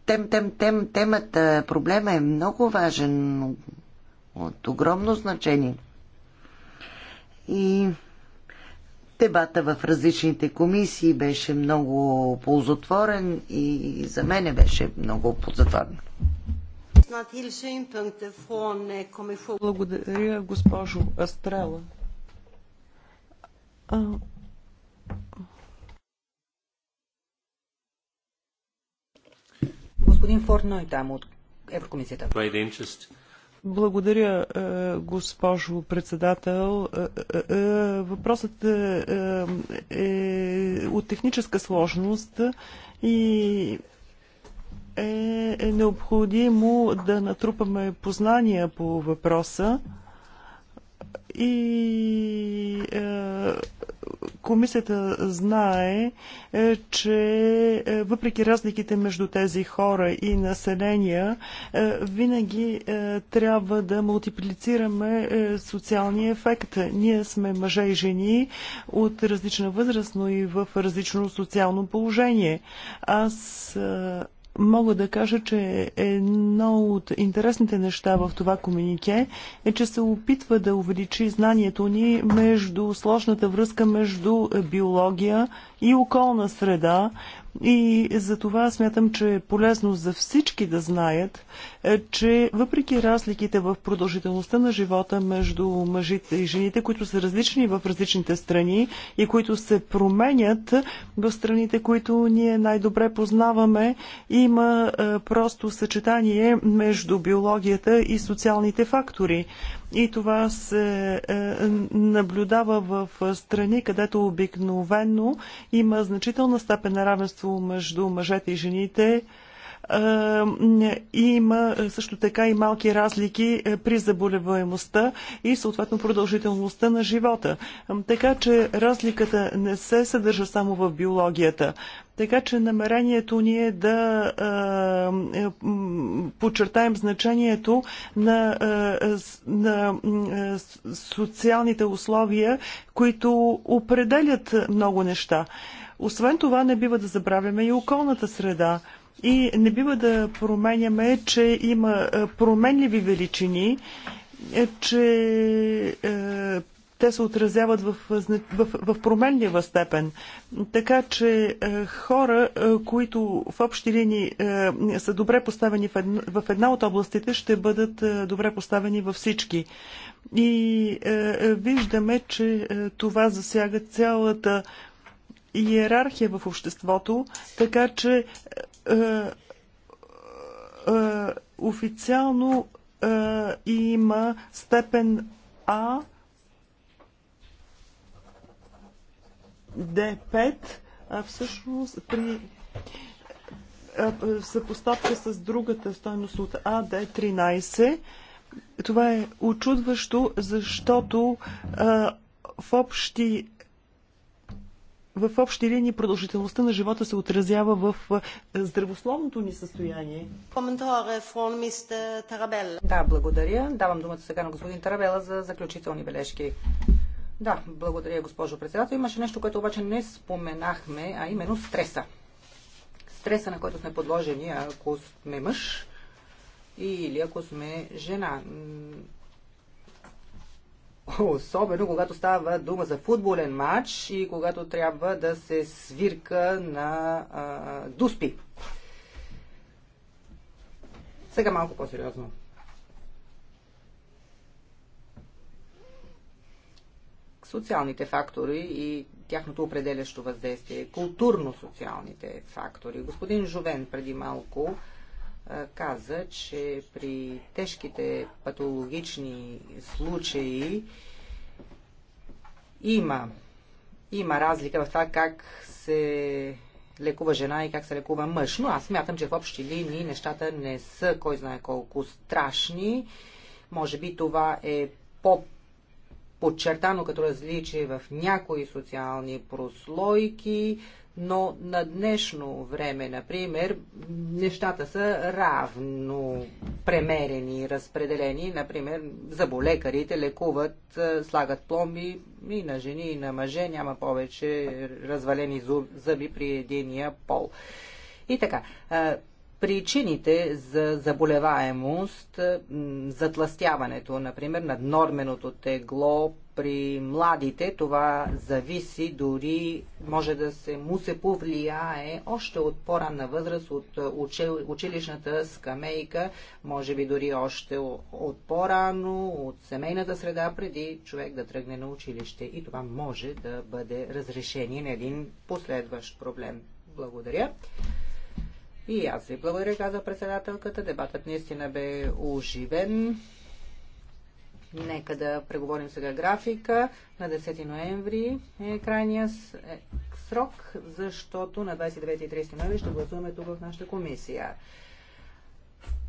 тем, тем, тем, темата, проблема е много важен, от огромно значение. И дебата в различните комисии беше много ползотворен и за мене беше много ползотворен. Благодаря, госпожо Астрела. Господин Форной там от Еврокомисията. Благодаря, е, госпожо председател. Е, е, въпросът е от техническа сложност и е необходимо да натрупаме познания по въпроса и Комисията знае, е, че е, въпреки разликите между тези хора и населения, е, винаги трябва да мултиплицираме социалния ефект. Ние сме мъже и жени от различна възраст, но и в различно социално положение. Аз мога да кажа, че едно от интересните неща в това комунике е, че се опитва да увеличи знанието ни между сложната връзка между биология и околна среда, и за това смятам, че е полезно за всички да знаят, е, че въпреки разликите в продължителността на живота между мъжите и жените, които са различни в различните страни и които се променят в страните, които ние най-добре познаваме, има е, просто съчетание между биологията и социалните фактори. И това се е, наблюдава в страни, където обикновено има значителна степен на равенство между мъжете и жените, е, има е, също така и малки разлики е, при заболеваемостта и съответно продължителността на живота. Така че разликата не се съдържа само в биологията. Така че намерението ни е да е, е, подчертаем значението на, е, на е, социалните условия, които определят много неща. Освен това, не бива да забравяме и околната среда. И не бива да променяме, че има е, променливи величини, е, че е, те се отразяват в, в, в променлива степен. Така че е, хора, е, които в общи линии е, са добре поставени в една, в една от областите, ще бъдат е, добре поставени във всички. И е, е, виждаме, че е, това засяга цялата иерархия в обществото, така че е, е, официално е, има степен А Д, 5 а всъщност при съпоставка с другата стойност от А, Д 13 това е очудващо, защото а, в общи в общи линии продължителността на живота се отразява в здравословното ни състояние. Да, благодаря. Давам думата сега на господин Тарабела за заключителни бележки. Да, благодаря, госпожо председател. Имаше нещо, което обаче не споменахме, а именно стреса. Стреса, на който сме подложени, ако сме мъж или ако сме жена. Особено когато става дума за футболен матч и когато трябва да се свирка на а, дуспи. Сега малко по-сериозно. Социалните фактори и тяхното определящо въздействие, културно-социалните фактори. Господин Жовен преди малко каза, че при тежките патологични случаи има, има разлика в това как се лекува жена и как се лекува мъж. Но аз смятам, че в общи линии нещата не са кой знае колко страшни. Може би това е по подчертано като различие в някои социални прослойки, но на днешно време, например, нещата са равно премерени, разпределени. Например, заболекарите лекуват, е, слагат пломби и на жени, и на мъже. Няма повече развалени зъби при единия пол. И така, е, причините за заболеваемост, затластяването, например, наднорменото тегло, при младите това зависи дори, може да се му се повлияе още от по-ранна възраст, от е, училищната скамейка, може би дори още от по-рано, от семейната среда, преди човек да тръгне на училище. И това може да бъде разрешение на един последващ проблем. Благодаря. И аз ви благодаря, каза председателката. Дебатът наистина бе оживен. Нека да преговорим сега графика. На 10 ноември е крайния е, срок, защото на 29 и 30 ноември ще гласуваме тук в нашата комисия.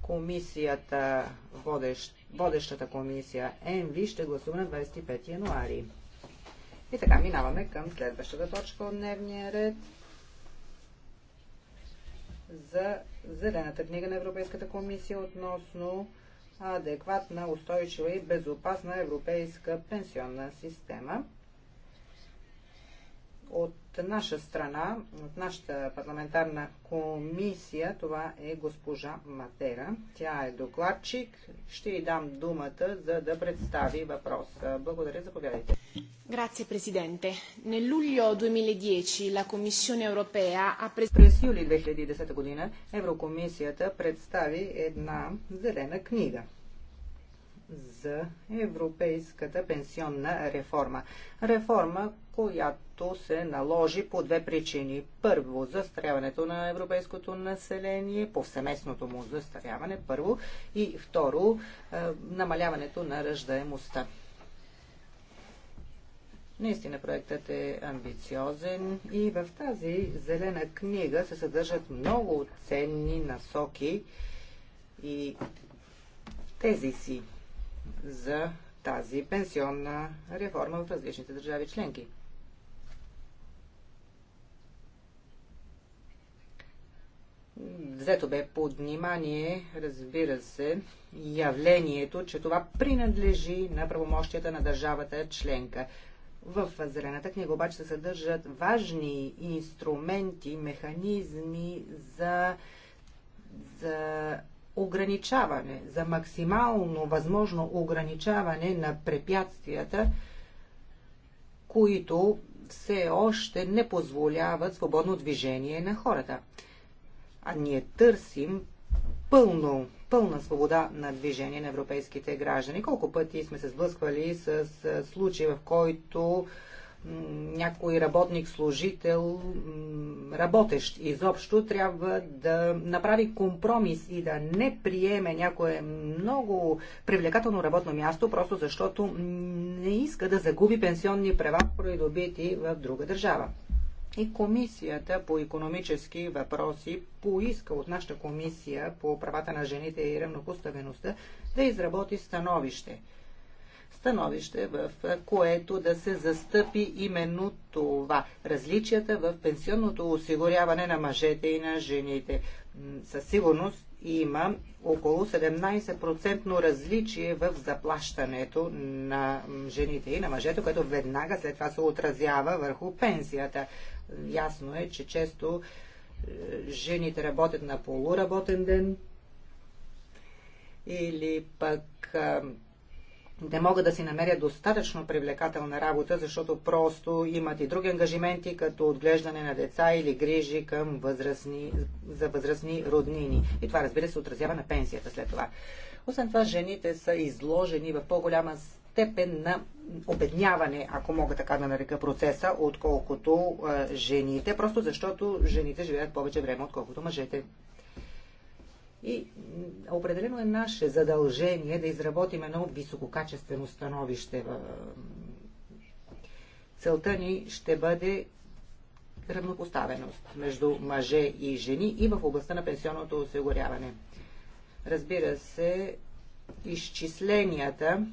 Комисията, водещ, водещата комисия ЕМВИ ще гласува на 25 януари. И така минаваме към следващата точка от дневния ред за Зелената книга на Европейската комисия относно адекватна, устойчива и безопасна европейска пенсионна система. От от наша страна, от нашата парламентарна комисия, това е госпожа Матера. Тя е докладчик. Ще й дам думата, за да представи въпроса. Благодаря, заповядайте. Grazie Presidente. Nel luglio 2010 la Commissione europea ha pres... През юли 2010 година Еврокомисията представи една зелена книга за европейската пенсионна реформа. Реформа, която се наложи по две причини. Първо, застаряването на европейското население, повсеместното му застаряване, първо, и второ, е, намаляването на ръждаемостта. Наистина проектът е амбициозен и в тази зелена книга се съдържат много ценни насоки и тези си за тази пенсионна реформа в различните държави членки. взето бе под внимание, разбира се, явлението, че това принадлежи на правомощията на държавата членка. В Зелената книга обаче се съдържат важни инструменти, механизми за, за ограничаване, за максимално възможно ограничаване на препятствията, които все още не позволяват свободно движение на хората а ние търсим пълно, пълна свобода на движение на европейските граждани. Колко пъти сме се сблъсквали с случаи, в който някой работник, служител, работещ изобщо, трябва да направи компромис и да не приеме някое много привлекателно работно място, просто защото не иска да загуби пенсионни права, придобити в друга държава. И Комисията по економически въпроси поиска от нашата комисия по правата на жените и равнопоставеността да изработи становище. Становище, в което да се застъпи именно това – различията в пенсионното осигуряване на мъжете и на жените. Със сигурност има около 17% различие в заплащането на жените и на мъжето, което веднага след това се отразява върху пенсията. Ясно е, че често е, жените работят на полуработен ден или пък е, не могат да си намерят достатъчно привлекателна работа, защото просто имат и други ангажименти, като отглеждане на деца или грижи към възрастни, за възрастни роднини. И това, разбира се, отразява на пенсията след това. Освен това, жените са изложени в по-голяма степен на обедняване, ако мога така да нарека процеса, отколкото жените, просто защото жените живеят повече време, отколкото мъжете. И определено е наше задължение да изработим едно висококачествено становище. Целта ни ще бъде равнопоставеност между мъже и жени и в областта на пенсионното осигуряване. Разбира се, изчисленията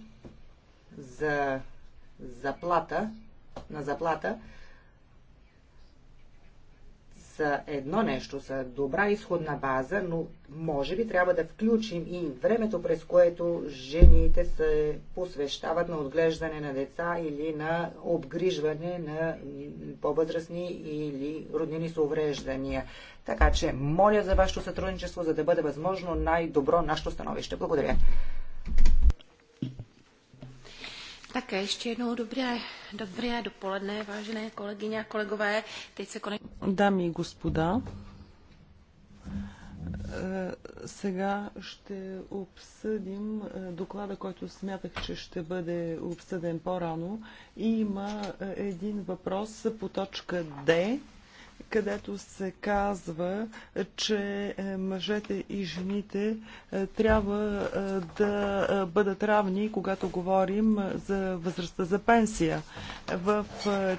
за заплата, на заплата са едно нещо, са добра изходна база, но може би трябва да включим и времето, през което жените се посвещават на отглеждане на деца или на обгрижване на по-възрастни или роднини с увреждания. Така че моля за вашето сътрудничество, за да бъде възможно най-добро нашето становище. Благодаря. Také ještě jednou dobré, dobré dopoledne, vážené kolegyně a kolegové. Teď se konečně... Дами и господа, сега ще обсъдим eh, доклада, който смятах, че ще бъде обсъден по-рано. Има eh, един въпрос по точка Д където се казва, че е, мъжете и жените е, трябва е, да бъдат равни, когато говорим за възрастта за пенсия. В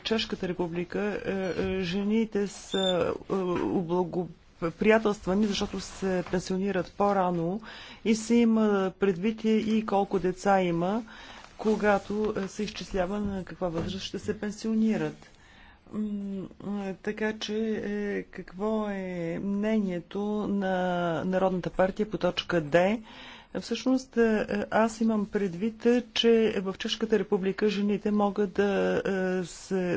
Чешката република жените са облагополучни приятелствани, защото се пенсионират по-рано и се има предвид и колко деца има, когато се изчислява на каква възраст ще се пенсионират. Е, така че е, какво е мнението на Народната партия по точка Д? Всъщност е, аз имам предвид, че в Чешката република жените могат да,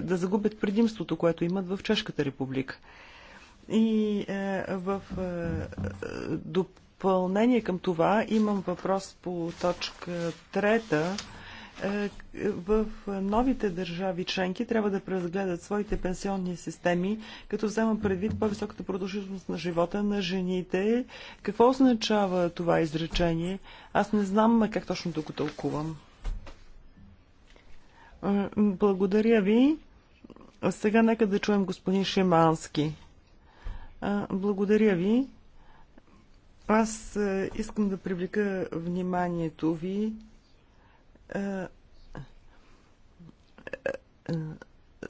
да загубят предимството, което имат в Чешката република. И в допълнение към това имам въпрос по точка трета е, в новите държави членки трябва да преразгледат своите пенсионни системи, като взема предвид по-високата продължителност на живота на жените. Какво означава това изречение? Аз не знам как точно да го тълкувам. Е, благодаря ви. Сега нека да чуем господин Шимански. Е, благодаря ви. Аз искам да привлека вниманието ви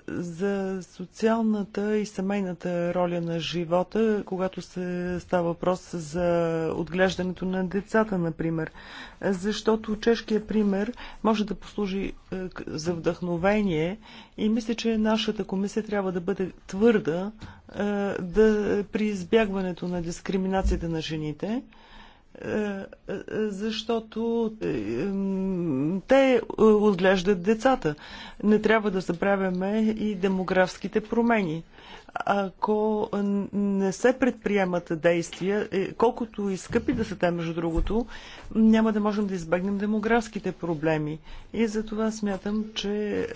за социалната и семейната роля на живота, когато се става въпрос за отглеждането на децата, например. Защото чешкият пример може да послужи е, за вдъхновение и мисля, че нашата комисия трябва да бъде твърда е, да, при избягването на дискриминацията на жените е, е, защото е, те отглеждат децата. Не трябва да забравяме и демографските промени. Ако не се предприемат действия, колкото и скъпи да са те, между другото, няма да можем да избегнем демографските проблеми. И за това смятам, че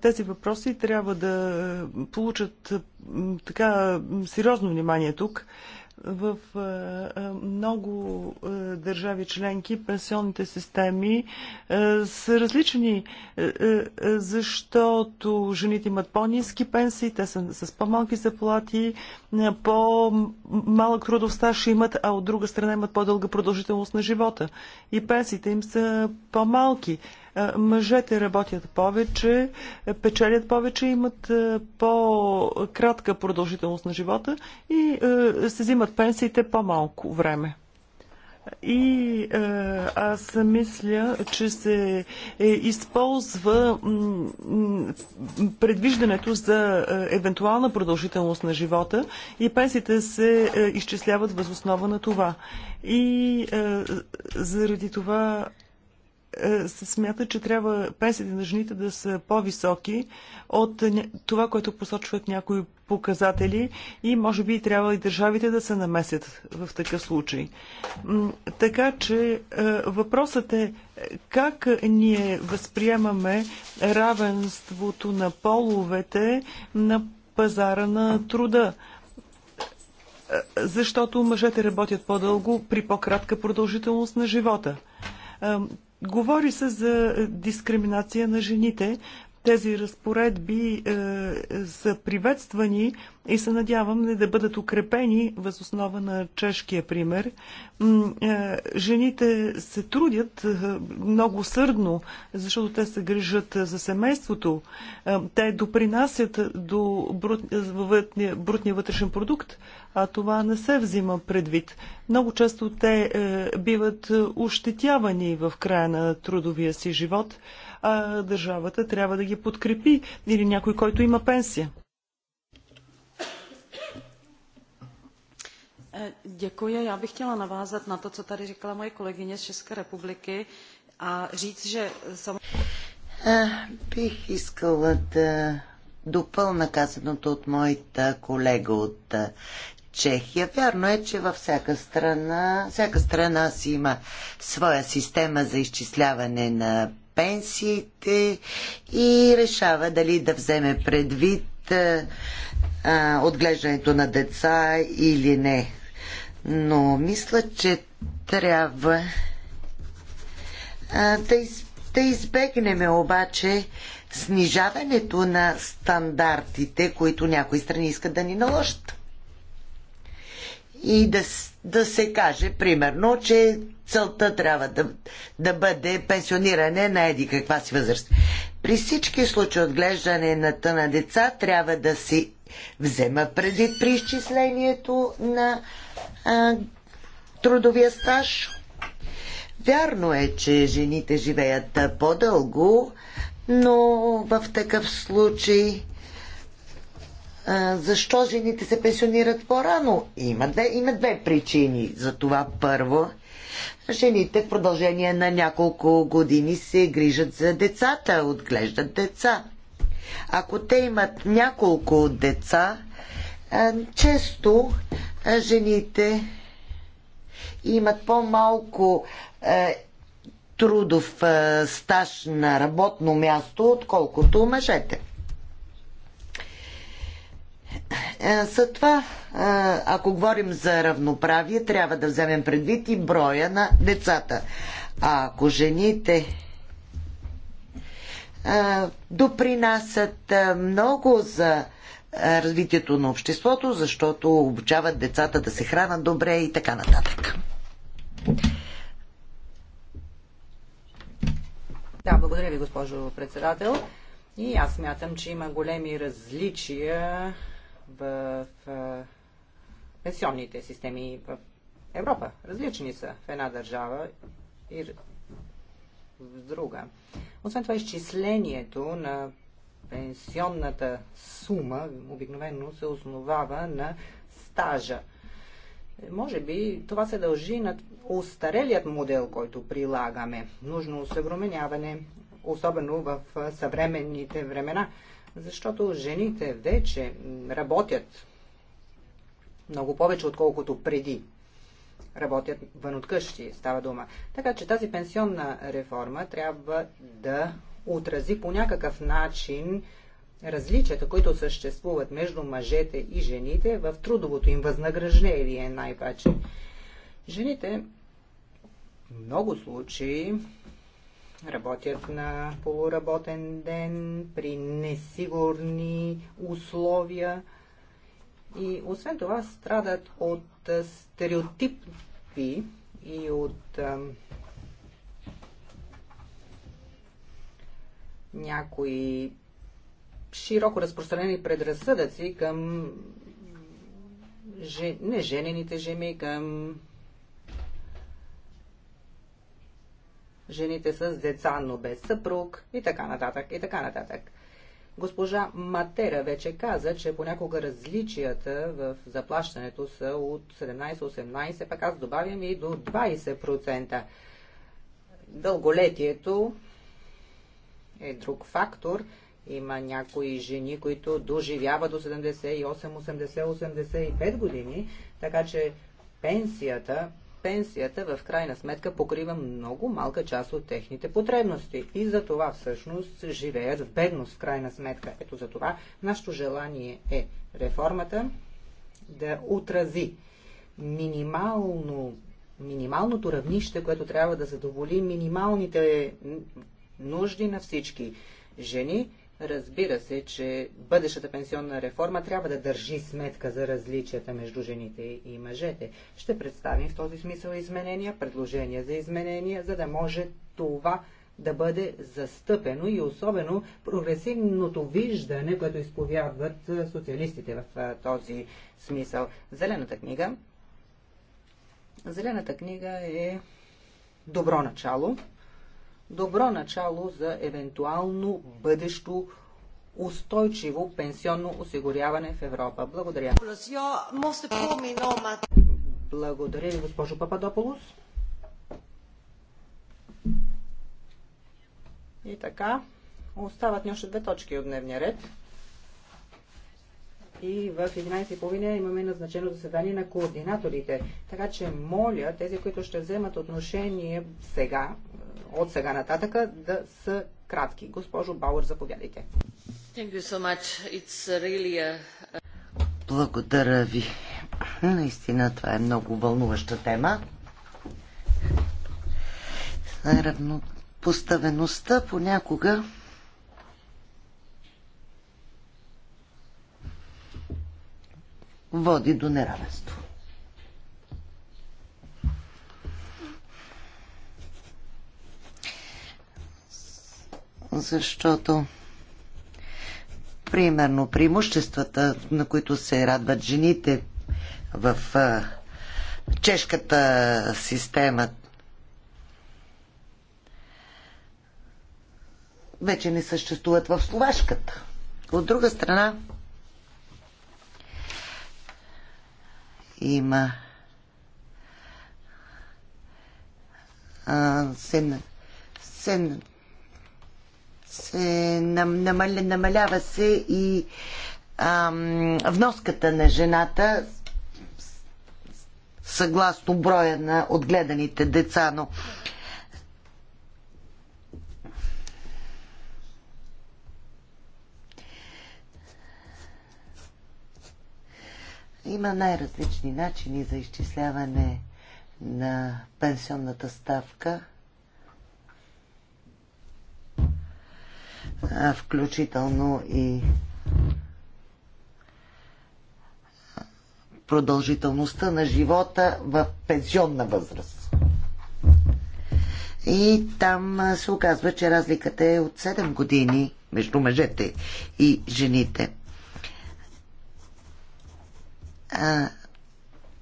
тези въпроси трябва да получат така сериозно внимание тук. В много държави членки пенсионните системи са различни, защото жените имат по-низки пенсии, те са с по-малки заплати, по-малък трудов стаж имат, а от друга страна имат по-дълга продължителност на живота. И пенсиите им са по-малки. Мъжете работят повече, печелят повече, имат по-кратка продължителност на живота и се взимат пенсиите по-малко време. И е, аз мисля, че се е, използва предвиждането за е, евентуална продължителност на живота и пенсиите се е, изчисляват възоснова на това. И е, заради това е, се смята, че трябва пенсиите на жените да са по-високи от това, което посочват някои показатели и може би трябва и държавите да се намесят в такъв случай. Така че е, въпросът е как ние възприемаме равенството на половете на пазара на труда е, защото мъжете работят по-дълго при по-кратка продължителност на живота. Говори се за е, дискриминация на жените. Тези разпоредби е, е, са приветствани и се надявам не да бъдат укрепени въз основа на чешкия пример. Е, жените се трудят много сърдно, защото те се грижат за семейството. Те допринасят до брутния, брутния вътрешен продукт а това не се взима предвид. Много често те е, биват ощетявани в края на трудовия си живот, а държавата трябва да ги подкрепи или някой, който има пенсия. Е, děkuji. Já bych chtěla navázat na to, co tady říkala moje kolegyně z České republiky a říct, že samozřejmě... Bych е, искала da... допълна казаното от моята колега от е, Чехия. Вярно е, че във всяка страна, всяка страна си има своя система за изчисляване на пенсиите и решава дали да вземе предвид а, отглеждането на деца или не. Но мисля, че трябва а, да, из, да избегнем обаче снижаването на стандартите, които някои страни искат да ни наложат и да, да се каже, примерно, че целта трябва да, да бъде пенсиониране на еди каква си възраст. При всички случаи отглеждане на тъна деца трябва да си взема преди при изчислението на а, трудовия стаж. Вярно е, че жените живеят по-дълго, но в такъв случай защо жените се пенсионират по-рано? Има две, има две причини за това. Първо, жените в продължение на няколко години се грижат за децата, отглеждат деца. Ако те имат няколко деца, често жените имат по-малко трудов стаж на работно място, отколкото мъжете. Е, за това, е, ако говорим за равноправие, трябва да вземем предвид и броя на децата. А ако жените е, допринасят много за развитието на обществото, защото обучават децата да се хранат добре и така нататък. Да, благодаря ви, госпожо председател. И аз мятам, че има големи различия в, в пенсионните системи в Европа. Различни са в една държава и в друга. Освен това, изчислението на пенсионната сума обикновено се основава на стажа. Може би това се дължи на устарелият модел, който прилагаме. Нужно съвременяване, особено в съвременните времена защото жените вече работят много повече, отколкото преди. Работят вън от къщи, става дума. Така че тази пенсионна реформа трябва да отрази по някакъв начин различията, които съществуват между мъжете и жените в трудовото им възнаграждение най-паче. Жените в много случаи работят на полуработен ден, при несигурни условия и освен това страдат от стереотипи и от а, някои широко разпространени предразсъдъци към жен... неженените жени, към жените с деца, но без съпруг и така нататък, и така нататък. Госпожа Матера вече каза, че понякога различията в заплащането са от 17-18, пък аз добавям и до 20%. Дълголетието е друг фактор. Има някои жени, които доживяват до 78, 80, 85 години, така че пенсията пенсията в крайна сметка покрива много малка част от техните потребности и за това всъщност живеят в бедност в крайна сметка. Ето за това нашето желание е реформата да отрази минимално, минималното равнище, което трябва да задоволи минималните нужди на всички жени, Разбира се, че бъдещата пенсионна реформа трябва да държи сметка за различията между жените и мъжете. Ще представим в този смисъл изменения, предложения за изменения, за да може това да бъде застъпено и особено прогресивното виждане, което изповядват социалистите в този смисъл. Зелената книга. Зелената книга е добро начало добро начало за евентуално бъдещо устойчиво пенсионно осигуряване в Европа. Благодаря. Благодаря ви, госпожо Пападополос. И така, остават ни още две точки от дневния ред. И в 11.30 имаме назначено заседание на координаторите. Така че моля тези, които ще вземат отношение сега, от сега нататъка да са кратки. Госпожо Бауър, заповядайте. Really a... Благодаря ви. Наистина това е много вълнуваща тема. Равнопоставеността понякога води до неравенство. защото примерно преимуществата, на които се радват жените в а, чешката система, вече не съществуват в словашката. От друга страна, има а, сен, сен, се намаля, намалява се и ам, вноската на жената съгласно броя на отгледаните деца, но Има най-различни начини за изчисляване на пенсионната ставка. включително и продължителността на живота в пенсионна възраст. И там се оказва, че разликата е от 7 години между мъжете и жените. А,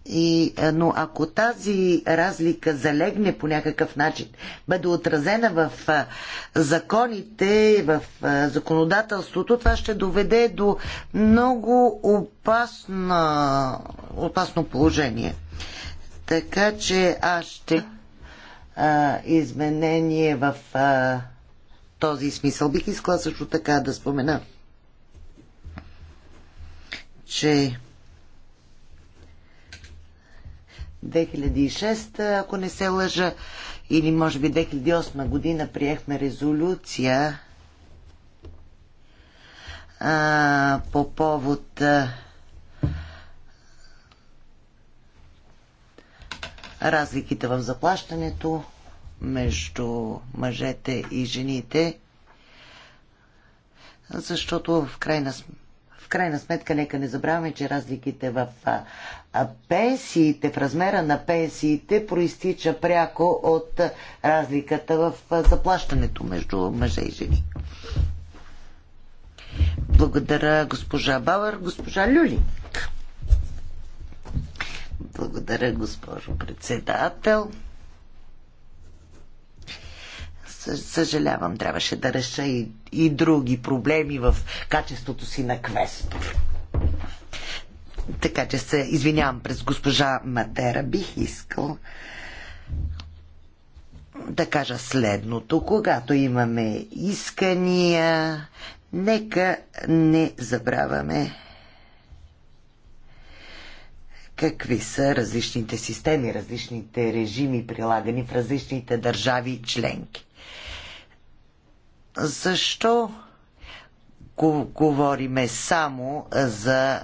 и, е, но ако тази разлика залегне по някакъв начин, бъде отразена в е, законите, в е, законодателството, това ще доведе до много опасна, опасно положение. Така че аз ще а, изменение в а, този смисъл. Бих искала също така да спомена, че 2006, ако не се лъжа, или може би 2008 година приехме резолюция а, по повод а, разликите в заплащането между мъжете и жените, защото в крайна сметка в крайна сметка нека не забравяме, че разликите в пенсиите, в размера на пенсиите проистича пряко от разликата в заплащането между мъже и жени. Благодаря госпожа Бавър, госпожа Люли. Благодаря, госпожо председател съжалявам, трябваше да реша и, и други проблеми в качеството си на квестор. Така че се извинявам през госпожа Матера. Бих искал да кажа следното. Когато имаме искания, нека не забравяме какви са различните системи, различните режими, прилагани в различните държави членки защо говориме само за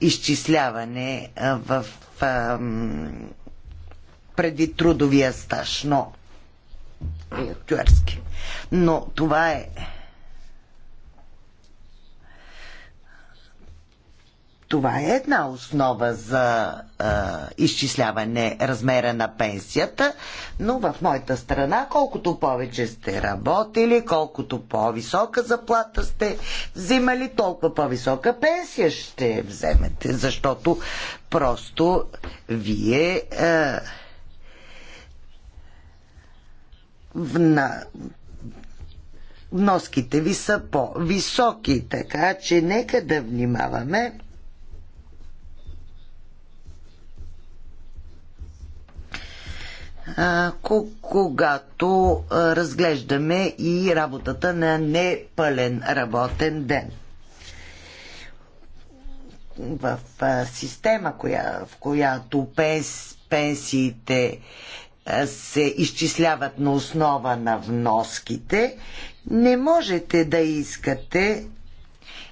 изчисляване в преди трудовия стаж, но актюерски. Е, но това е това е една основа за а, изчисляване размера на пенсията, но в моята страна, колкото повече сте работили, колкото по-висока заплата сте взимали, толкова по-висока пенсия ще вземете, защото просто вие. А, на вноските ви са по-високи, така че нека да внимаваме когато разглеждаме и работата на непълен работен ден. В система, в която пенсиите се изчисляват на основа на вноските, не можете да искате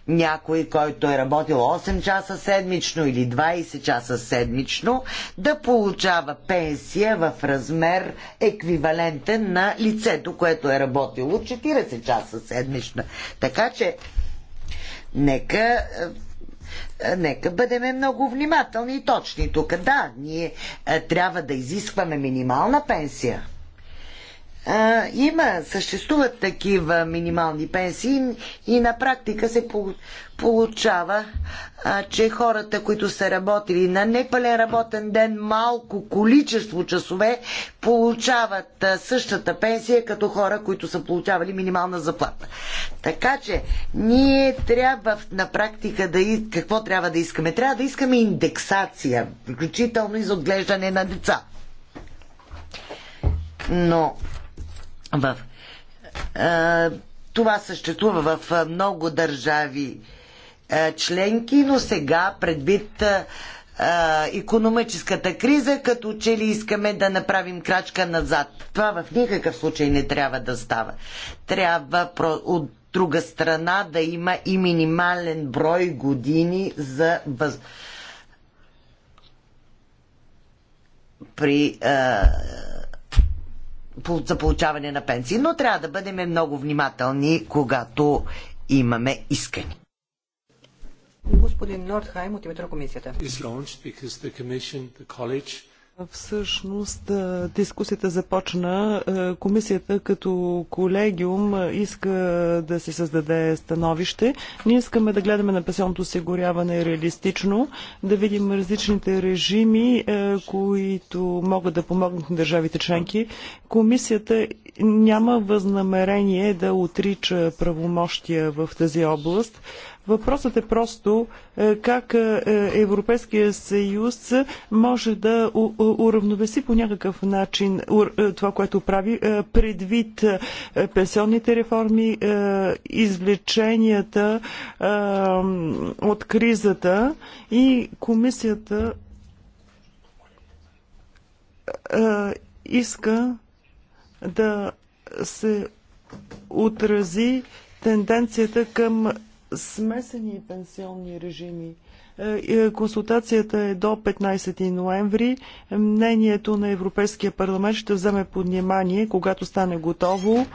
някой, който е работил 8 часа седмично или 20 часа седмично, да получава пенсия в размер еквивалентен на лицето, което е работило 40 часа седмично. Така че, нека е, е, нека бъдем много внимателни и точни тук. Да, ние е, трябва да изискваме минимална пенсия – а, има, съществуват такива минимални пенсии и на практика се получава, а, че хората, които са работили на непълен работен ден, малко количество часове, получават а, същата пенсия като хора, които са получавали минимална заплата. Така че ние трябва на практика да и... какво трябва да искаме? Трябва да искаме индексация, включително и за отглеждане на деца. Но в, а, това съществува в много държави а, членки, но сега предвид а, економическата криза, като че ли искаме да направим крачка назад. Това в никакъв случай не трябва да става. Трябва про, от друга страна да има и минимален брой години за въз... при а, за получаване на пенсии. Но трябва да бъдем много внимателни, когато имаме искане. Господин Нордхайм от името на комисията. Всъщност дискусията започна. Комисията като колегиум иска да се създаде становище. Ние искаме да гледаме на пенсионното осигуряване реалистично, да видим различните режими, които могат да помогнат на държавите членки. Комисията няма възнамерение да отрича правомощия в тази област. Въпросът е просто е, как е, Европейския съюз може да уравновеси по някакъв начин е, това, което прави предвид пенсионните реформи, извлеченията от кризата и комисията иска да се отрази тенденцията към смесени пенсионни режими. Е, е, консултацията е до 15 ноември. Мнението на Европейския парламент ще вземе под внимание, когато стане готово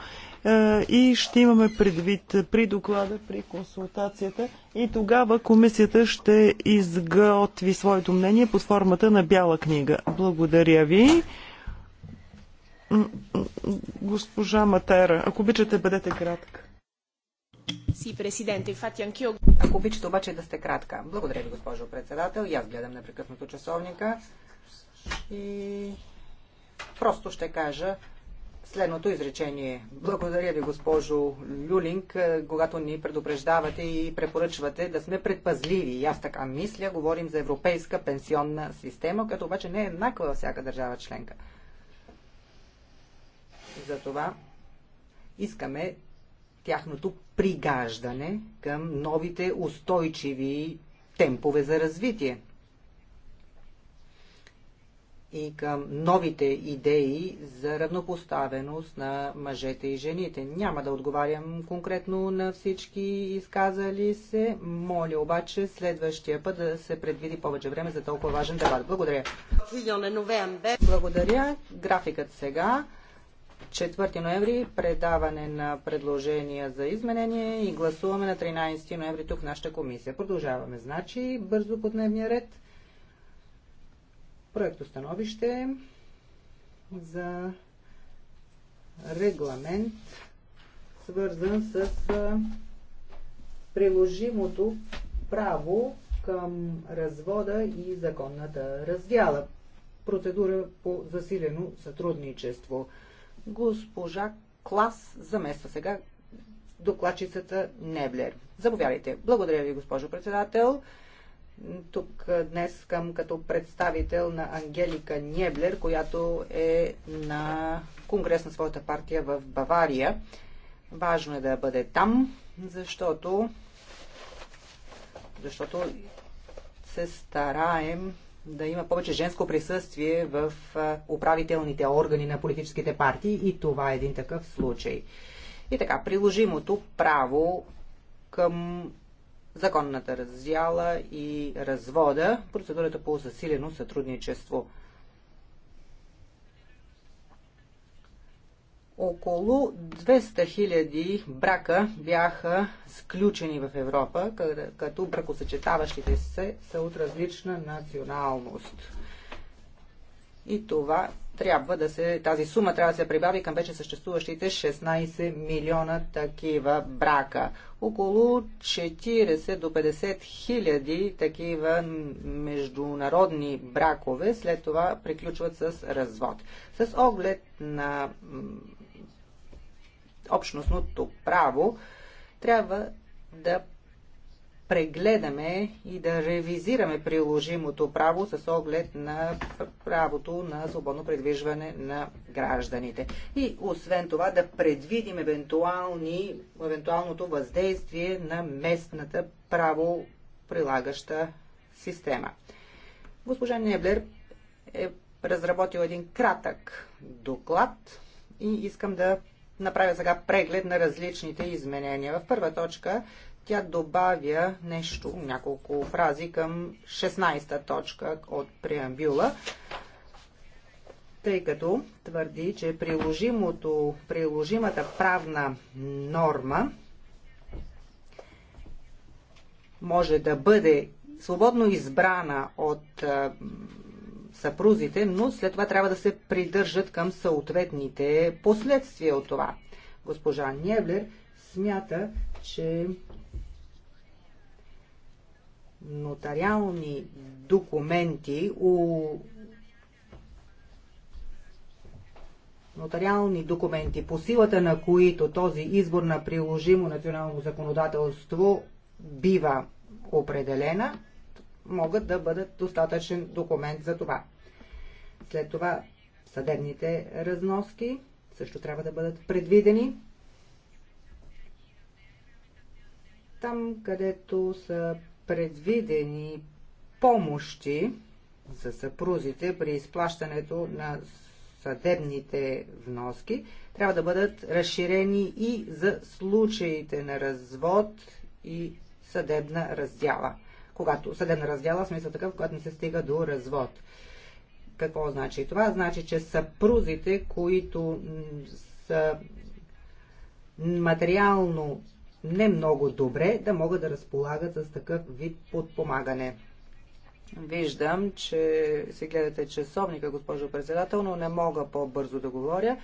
е, и ще имаме предвид при доклада, при консултацията и тогава комисията ще изготви своето мнение под формата на бяла книга. Благодаря ви. Госпожа Матера, ако обичате, бъдете кратка. Си, президент инфати анкио... Ако обичате обаче да сте кратка. Благодаря ви, госпожо председател. И аз гледам непрекъснато часовника. И просто ще кажа следното изречение. Благодаря ви, госпожо Люлинг, когато ни предупреждавате и препоръчвате да сме предпазливи. И аз така мисля, говорим за европейска пенсионна система, като обаче не е еднаква във всяка държава членка. Затова искаме тяхното пригаждане към новите устойчиви темпове за развитие и към новите идеи за равнопоставеност на мъжете и жените. Няма да отговарям конкретно на всички изказали се. Моля обаче следващия път да се предвиди повече време за толкова важен дебат. Благодаря. Благодаря. Графикът сега. 4 ноември предаване на предложения за изменение и гласуваме на 13 ноември тук в нашата комисия. Продължаваме, значи, бързо по дневния ред. проект установище за регламент, свързан с приложимото право към развода и законната раздяла. Процедура по засилено сътрудничество. Госпожа Клас замества сега докладчицата Невлер. Заповядайте. Благодаря ви, госпожо председател. Тук днес към като представител на Ангелика Неблер, която е на конгрес на своята партия в Бавария. Важно е да бъде там, защото, защото се стараем да има повече женско присъствие в управителните органи на политическите партии и това е един такъв случай. И така, приложимото право към законната раздяла и развода, процедурата по засилено сътрудничество. Около 200 000 брака бяха сключени в Европа, като бракосъчетаващите се са от различна националност. И това трябва да се, тази сума трябва да се прибави към вече съществуващите 16 милиона такива брака. Около 40 до 50 хиляди такива международни бракове след това приключват с развод. С оглед на общностното право, трябва да прегледаме и да ревизираме приложимото право с оглед на правото на свободно предвижване на гражданите. И освен това да предвидим евентуални, евентуалното въздействие на местната право прилагаща система. Госпожа Неблер е разработил един кратък доклад и искам да направя сега преглед на различните изменения. В първа точка тя добавя нещо, няколко фрази към 16-та точка от преамбюла, тъй като твърди, че приложимото, приложимата правна норма може да бъде свободно избрана от съпрузите, но след това трябва да се придържат към съответните последствия от това. Госпожа Невлер смята, че нотариални документи у нотариални документи, по силата на които този избор на приложимо национално законодателство бива определена, могат да бъдат достатъчен документ за това. След това съдебните разноски също трябва да бъдат предвидени. Там, където са предвидени помощи за съпрузите при изплащането на съдебните вноски, трябва да бъдат разширени и за случаите на развод и съдебна раздяла когато съдебна раздела в смисъл такъв, когато не се стига до развод. Какво значи това? Значи, че съпрузите, които са материално не много добре, да могат да разполагат с такъв вид подпомагане. Виждам, че си гледате часовника, госпожо председател, но не мога по-бързо да говоря.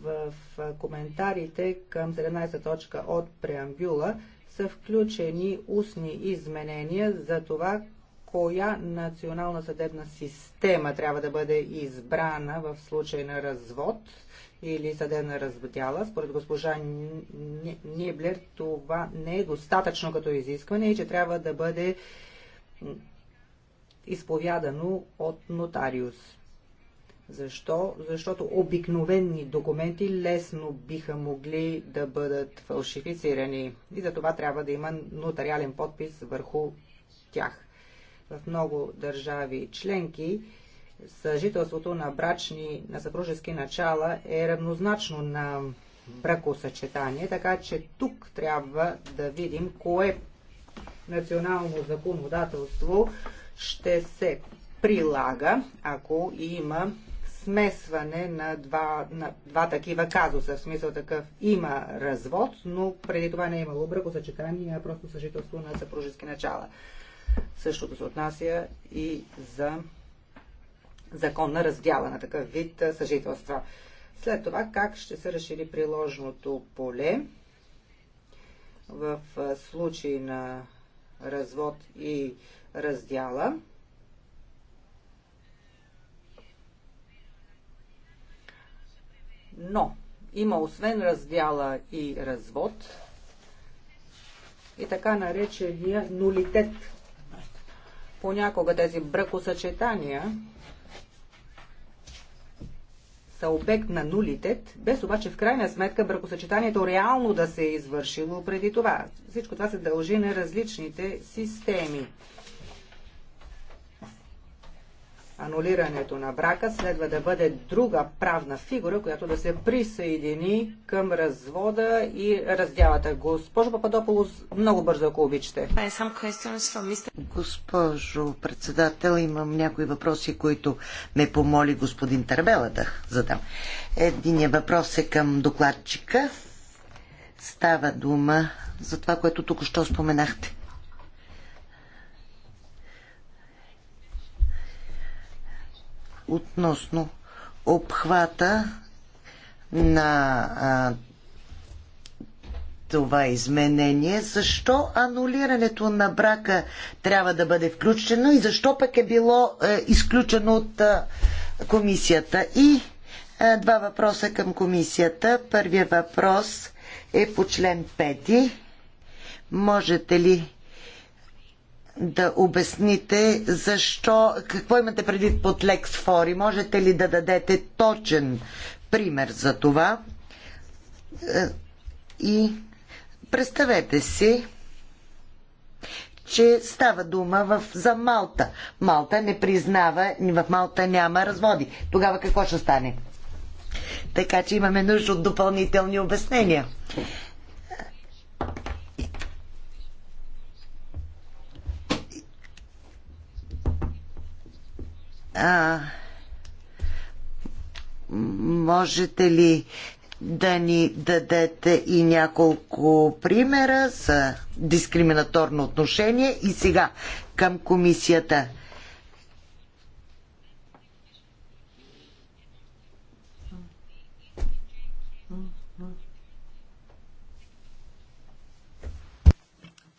В коментарите към 17 точка от преамбюла са включени устни изменения за това, коя национална съдебна система трябва да бъде избрана в случай на развод или съдебна разводяла. Според госпожа Ниблер това не е достатъчно като изискване и че трябва да бъде изповядано от нотариус. Защо? Защото обикновени документи лесно биха могли да бъдат фалшифицирани и за това трябва да има нотариален подпис върху тях. В много държави членки съжителството на брачни, на съпружески начала е равнозначно на бракосъчетание, така че тук трябва да видим кое национално законодателство ще се прилага, ако има смесване на два, на два такива казуса. В смисъл такъв има развод, но преди това не е имало бракосъчетание, а просто съжителство на съпружески начала. Същото се отнася и за законна раздяла на такъв вид съжителства. След това как ще се разшири приложното поле в случай на развод и раздяла Но има освен раздяла и развод и така наречения нулитет. Понякога тези бракосъчетания са обект на нулитет, без обаче в крайна сметка бракосъчетанието реално да се е извършило преди това. Всичко това се дължи на различните системи анулирането на брака следва да бъде друга правна фигура, която да се присъедини към развода и раздялата. Госпожо Пападополос, много бързо, ако обичате. Госпожо председател, имам някои въпроси, които ме помоли господин Тарбела да задам. Единият въпрос е към докладчика. Става дума за това, което тук що споменахте. относно обхвата на а, това изменение. Защо анулирането на брака трябва да бъде включено и защо пък е било е, изключено от а, комисията? И е, два въпроса към комисията. Първият въпрос е по член 5. Можете ли да обясните защо, какво имате предвид под Лекс Фори? Можете ли да дадете точен пример за това? Е, и представете си, че става дума в, за Малта. Малта не признава, в Малта няма разводи. Тогава какво ще стане? Така че имаме нужда от допълнителни обяснения. а, можете ли да ни дадете и няколко примера за дискриминаторно отношение и сега към комисията.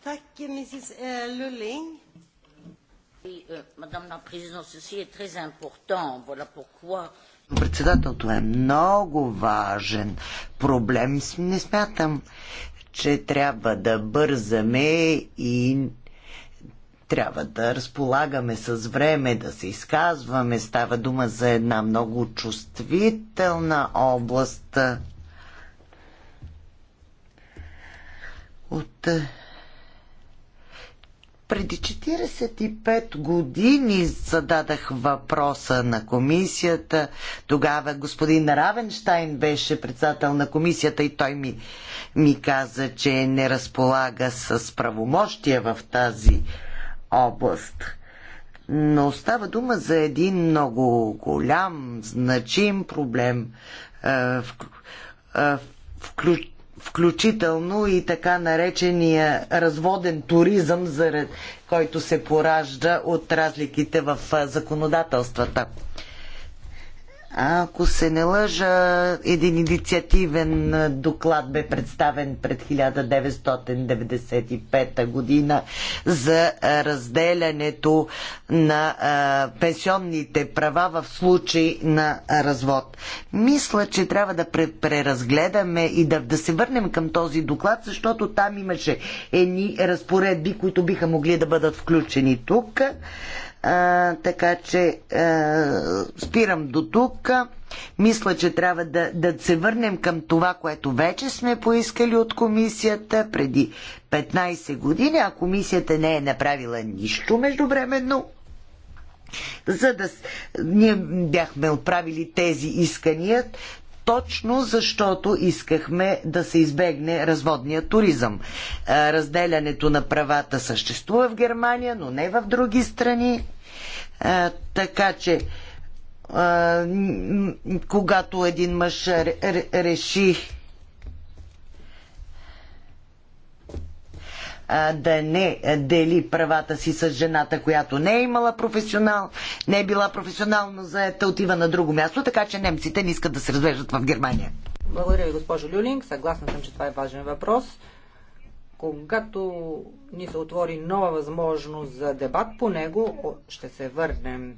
Tack, mrs eh, Lulling. Euh, Председател, това е много важен проблем. Не смятам, че трябва да бързаме и трябва да разполагаме с време, да се изказваме. Става дума за една много чувствителна област. От преди 45 години зададах въпроса на комисията. Тогава господин Равенштайн беше председател на комисията и той ми, ми каза, че не разполага с правомощия в тази област. Но става дума за един много голям, значим проблем, е, в, е, включително включително и така наречения разводен туризъм, който се поражда от разликите в законодателствата. Ако се не лъжа, един инициативен доклад бе представен пред 1995 година за разделянето на пенсионните права в случай на развод. Мисля, че трябва да преразгледаме и да, да се върнем към този доклад, защото там имаше едни разпоредби, които биха могли да бъдат включени тук така че а, спирам до тук. Мисля, че трябва да, да се върнем към това, което вече сме поискали от комисията преди 15 години, а комисията не е направила нищо междувременно. За да ние бяхме отправили тези искания, точно защото искахме да се избегне разводния туризъм. Е, разделянето на правата съществува в Германия, но не в други страни. Е, така че, е, когато един мъж реши да не дели правата си с жената, която не е имала професионал, не е била професионално заета, отива на друго място, така че немците не искат да се развеждат в Германия. Благодаря ви, госпожо Люлинг. Съгласна съм, че това е важен въпрос. Когато ни се отвори нова възможност за дебат по него, ще се върнем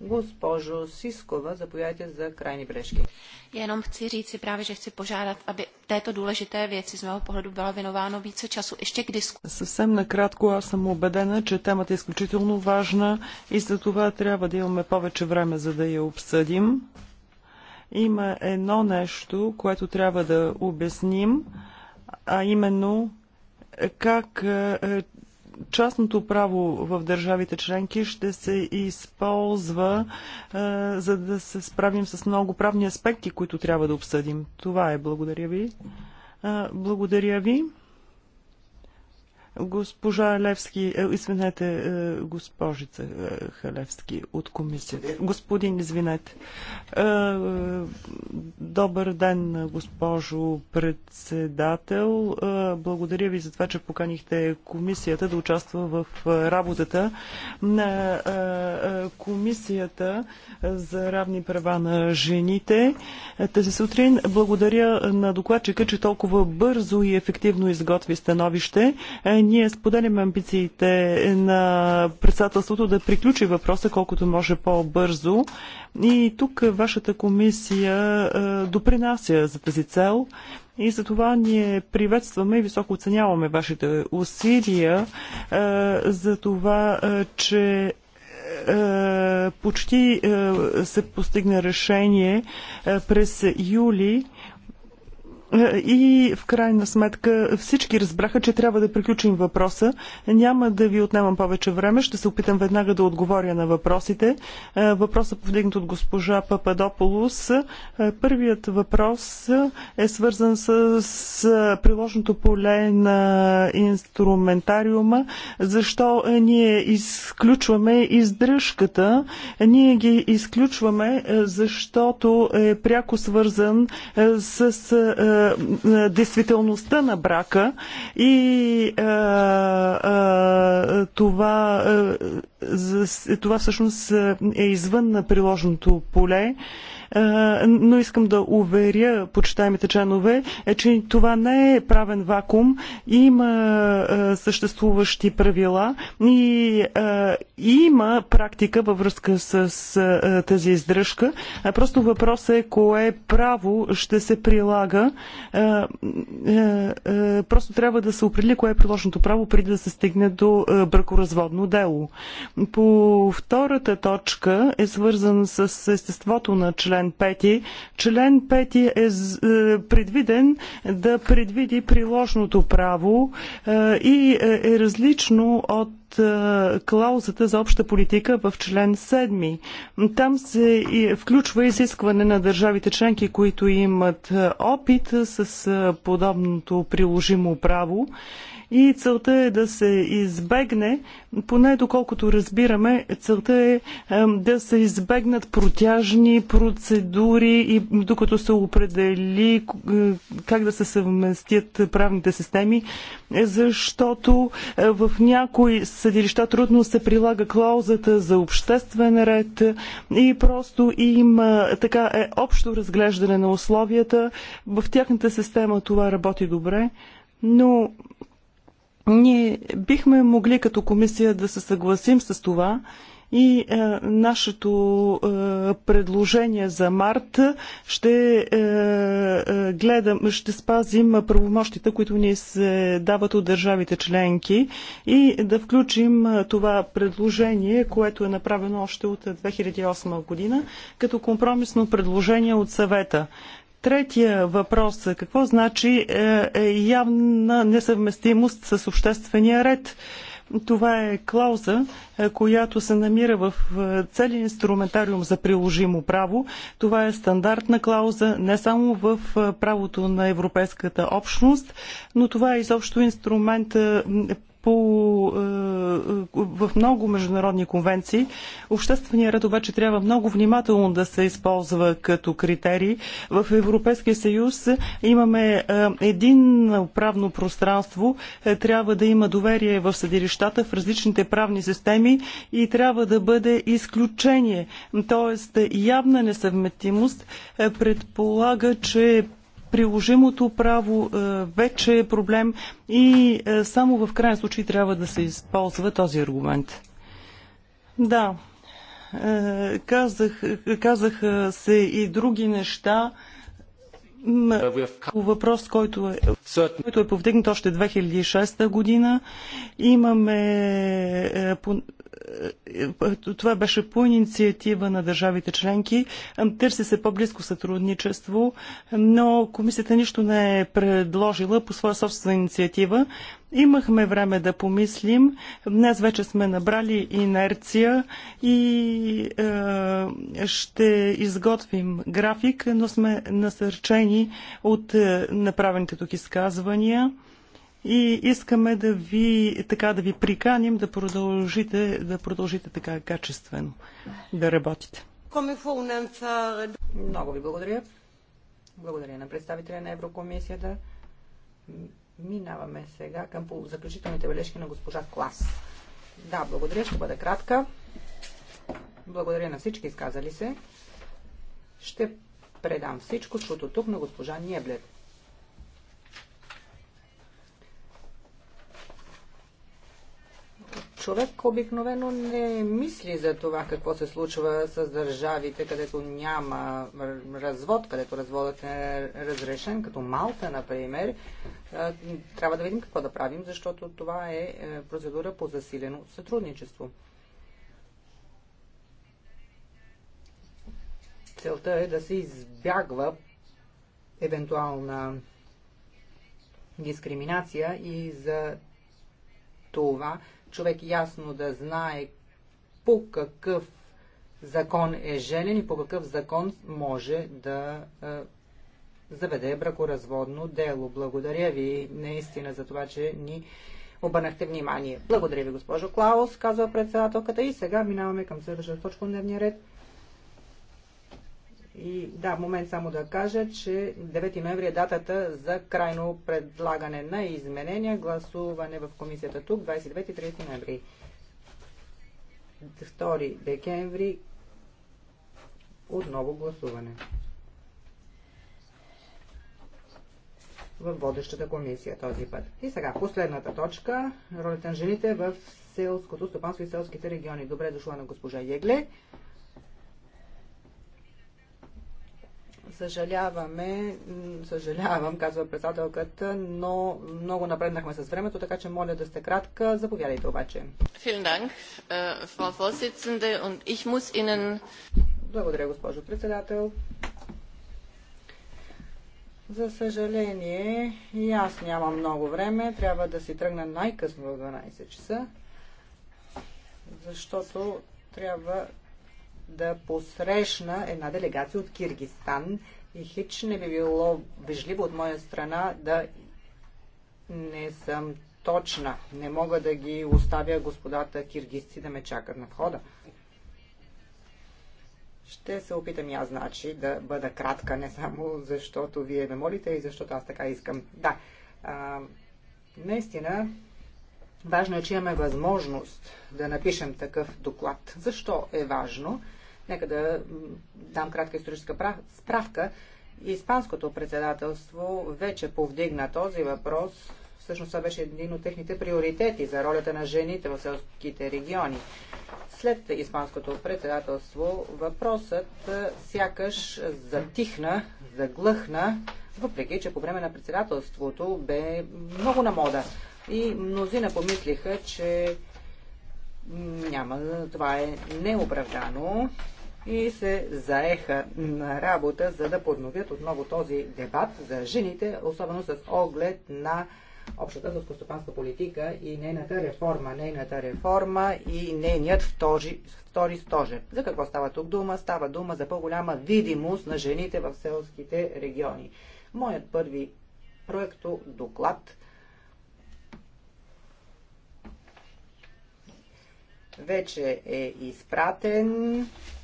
Госпожо Сискова, заповядайте за крайни брешки. Jenom chci si právě, že chci požádat, aby této důležité věci z mého pohledu bylo věnováno více času ještě k diskusi. Съвсем накратко, аз съм убедена, че темата е изключително важна и за това трябва да имаме повече време, за да я обсъдим. Има едно нещо, което трябва да обясним, а именно как е, е, частното право в държавите членки ще се използва, е, за да се справим с много правни аспекти, които трябва да обсъдим. Това е. Благодаря ви. Е, благодаря ви. Госпожа Левски, е, извинете, е, госпожица е, Халевски от комисията. Господин, извинете. Добър ден, госпожо председател. Благодаря ви за това, че поканихте комисията да участва в работата на комисията за равни права на жените. Тази сутрин благодаря на докладчика, че толкова бързо и ефективно изготви становище ние споделяме амбициите на председателството да приключи въпроса колкото може по-бързо. И тук вашата комисия е, допринася за тази цел. И за това ние приветстваме и високо оценяваме вашите усилия е, за това, е, че почти се постигна решение през юли е, и в крайна сметка всички разбраха, че трябва да приключим въпроса. Няма да ви отнемам повече време. Ще се опитам веднага да отговоря на въпросите. Е, Въпросът повдигнат от госпожа Пападополус. Е, първият въпрос е свързан с приложното поле на инструментариума. Защо ние изключваме издръжката? Ние ги изключваме, защото е пряко свързан с е, е, действителността на брака и е, това, това всъщност е извън на приложното поле. Е, но искам да уверя почитаемите членове, е, че това не е правен вакуум. Има е, съществуващи правила и е, има практика във връзка с тази издръжка. Просто въпросът е кое право ще се прилага. Просто трябва да се определи кое е приложното право преди да се стигне до бракоразводно дело. По втората точка е свързан с естеството на член член 5. Член 5 е, е предвиден да предвиди приложното право е, и е, е различно от клаузата за обща политика в член 7. Там се включва изискване на държавите членки, които имат опит с подобното приложимо право и целта е да се избегне, поне доколкото разбираме, целта е да се избегнат протяжни процедури и докато се определи е, как да се съвместят правните системи, е, защото е, в някои съдилища трудно се прилага клаузата за обществен ред и просто има така е общо разглеждане на условията. В тяхната система това работи добре, но ние бихме могли като комисия да се съгласим с това и е, нашето е, предложение за март ще е, е, гледам, ще спазим правомощите, които ни се дават от държавите членки и да включим е, това предложение, което е направено още от 2008 година, като компромисно предложение от съвета. Третия въпрос какво значи е, е явна несъвместимост с обществения ред. Това е клауза, е, която се намира в е, целия инструментариум за приложимо право. Това е стандартна клауза не само в правото на Европейската общност, но това е изобщо инструмент по, е, е, в много международни конвенции. Обществения ред обаче трябва много внимателно да се използва като критерий. В Европейския съюз имаме е, един правно пространство. Трябва да има доверие в съдилищата, в различните правни системи и трябва да бъде изключение. Тоест явна несъвметимост предполага, че приложимото право е, вече е проблем и е, само в крайен случай трябва да се използва този аргумент. Да, е, казах, казаха се и други неща. Uh, въпрос, който е, който е повдигнат още 2006 година. Имаме е, е, това беше по инициатива на държавите членки. Търси се по-близко сътрудничество, но комисията нищо не е предложила по своя собствена инициатива. Имахме време да помислим. Днес вече сме набрали инерция и е, ще изготвим график, но сме насърчени от е, направените тук изказвания и искаме да ви, така, да ви приканим да продължите, да продължите така качествено да работите. Много ви благодаря. Благодаря на представителя на Еврокомисията. Минаваме сега към заключителните бележки на госпожа Клас. Да, благодаря, ще бъда кратка. Благодаря на всички изказали се. Ще предам всичко, чуто тук на госпожа Ниеблет. човек обикновено не мисли за това какво се случва с държавите, където няма развод, където разводът е разрешен, като Малта, например. Трябва да видим какво да правим, защото това е, е процедура по засилено сътрудничество. Целта е да се избягва евентуална дискриминация и за това човек ясно да знае по какъв закон е женен и по какъв закон може да заведе бракоразводно дело. Благодаря ви наистина за това, че ни обърнахте внимание. Благодаря ви, госпожо Клаус, казва председателката. И сега минаваме към следващата точка на дневния ред. И да, момент само да кажа, че 9 ноември е датата за крайно предлагане на изменения, гласуване в комисията тук 29 и 30 ноември. 2 декември отново гласуване в водещата комисия този път. И сега, последната точка – ролята на жените в селското стопанство и селските региони. Добре дошла на госпожа Егле. Съжаляваме, съжалявам, казва председателката, но много напреднахме с времето, така че моля да сте кратка. Заповядайте обаче. Э, Благодаря, госпожо председател. За съжаление, и аз нямам много време. Трябва да си тръгна най-късно в 12 часа, защото трябва да посрещна една делегация от Киргистан и хич не би било вежливо от моя страна да не съм точна. Не мога да ги оставя господата киргисти да ме чакат на входа. Ще се опитам и аз, значи, да бъда кратка, не само защото вие ме молите и защото аз така искам. Да, а, наистина Важно е, че имаме възможност да напишем такъв доклад. Защо е важно? Нека да дам кратка историческа справка. Испанското председателство вече повдигна този въпрос. Всъщност това беше един от техните приоритети за ролята на жените в селските региони. След Испанското председателство въпросът е, сякаш затихна, заглъхна, въпреки че по време на председателството бе много на мода и мнозина помислиха, че няма, това е неоправдано и се заеха на работа, за да подновят отново този дебат за жените, особено с оглед на общата селскостопанска политика и нейната реформа, нейната реформа и нейният втори, втори стожер. За какво става тук дума? Става дума за по-голяма видимост на жените в селските региони. Моят първи проекто доклад вече е изпратен,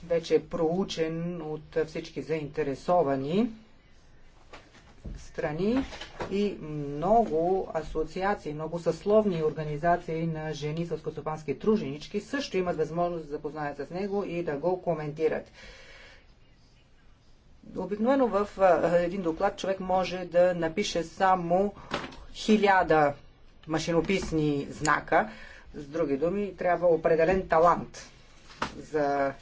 вече е проучен от всички заинтересовани страни и много асоциации, много съсловни организации на жени с косопански труженички също имат възможност да запознаят с него и да го коментират. Обикновено в един доклад човек може да напише само хиляда машинописни знака, с други думи, трябва определен талант за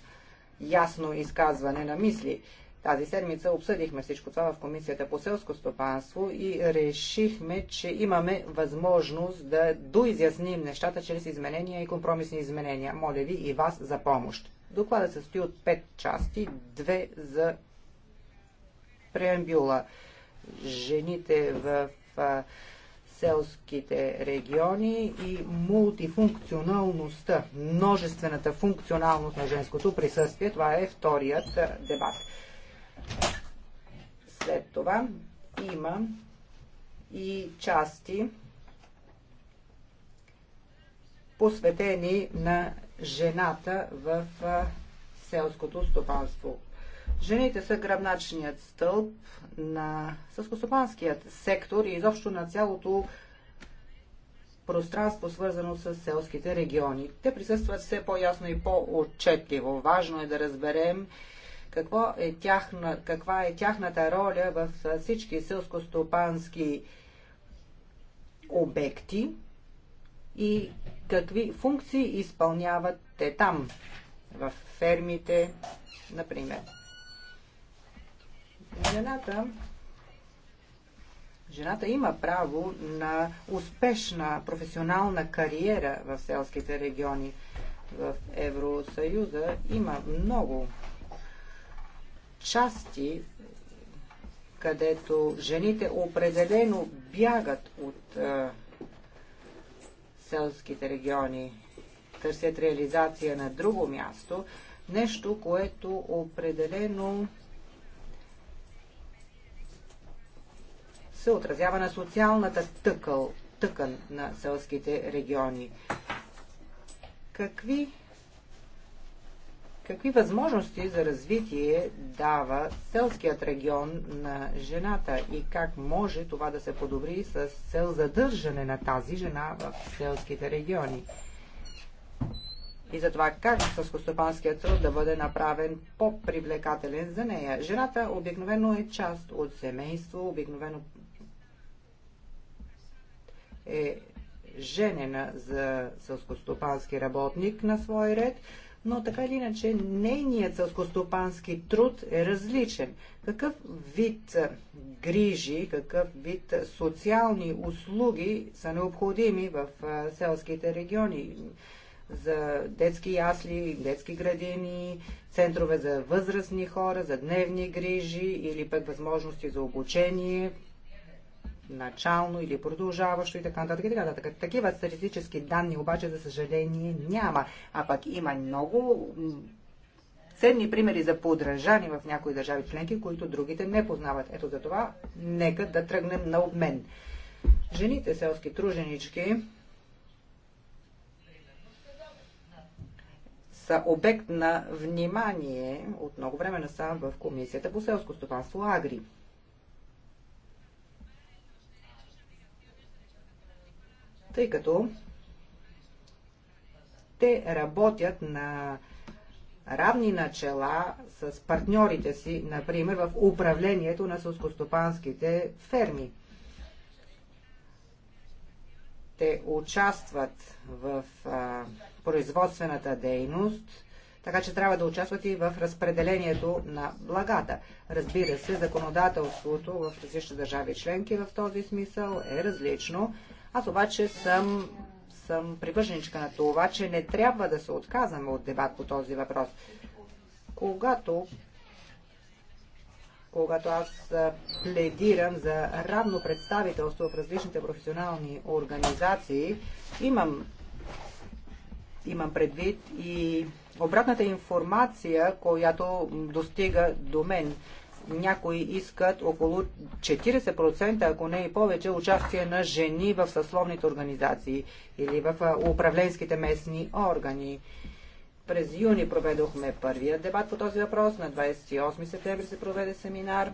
ясно изказване на мисли. Тази седмица обсъдихме всичко това в Комисията по селско стопанство и решихме, че имаме възможност да доизясним нещата чрез изменения и компромисни изменения. Моля ви и вас за помощ. Докладът се стои от 5 части, 2 за преамбюла. Жените в селските региони и мултифункционалността, множествената функционалност на женското присъствие. Това е вторият дебат. След това има и части посветени на жената в селското стопанство. Жените са гръбначният стълб на съскостопанският сектор и изобщо на цялото пространство, свързано с селските региони. Те присъстват все по-ясно и по-отчетливо. Важно е да разберем какво е тяхна, каква е тяхната роля в всички селскостопански обекти и какви функции изпълняват те там, в фермите, например жената Жената има право на успешна професионална кариера в селските региони. В Евросъюза има много части, където жените определено бягат от е, селските региони, търсят реализация на друго място, нещо, което определено се отразява на социалната тъкъл, тъкън на селските региони. Какви, какви възможности за развитие дава селският регион на жената и как може това да се подобри с цел задържане на тази жена в селските региони? и за това как сълскостопанският труд да бъде направен по-привлекателен за нея. Жената обикновено е част от семейство, обикновено е женена за сълскостопански работник на свой ред, но така или иначе нейният сълскостопански труд е различен. Какъв вид грижи, какъв вид социални услуги са необходими в селските региони? за детски ясли, детски градини, центрове за възрастни хора, за дневни грижи или пък възможности за обучение начално или продължаващо и така нататък. Така, така Такива статистически данни обаче, за съжаление, няма. А пък има много ценни примери за подражани в някои държави членки, които другите не познават. Ето за това нека да тръгнем на обмен. Жените селски труженички са обект на внимание от много време на в Комисията по селско стопанство Агри. тъй като те работят на равни начала с партньорите си, например, в управлението на сълскостопанските ферми. Те участват в а, производствената дейност, така че трябва да участват и в разпределението на благата. Разбира се, законодателството в различни държави членки в този смисъл е различно. Аз обаче съм, съм привърженичка на това, че не трябва да се отказваме от дебат по този въпрос. Когато когато аз пледирам за равно представителство в различните професионални организации, имам, имам предвид и обратната информация, която достига до мен някои искат около 40%, ако не и повече, участие на жени в съсловните организации или в управленските местни органи. През юни проведохме първия дебат по този въпрос. На 28 септември се проведе семинар.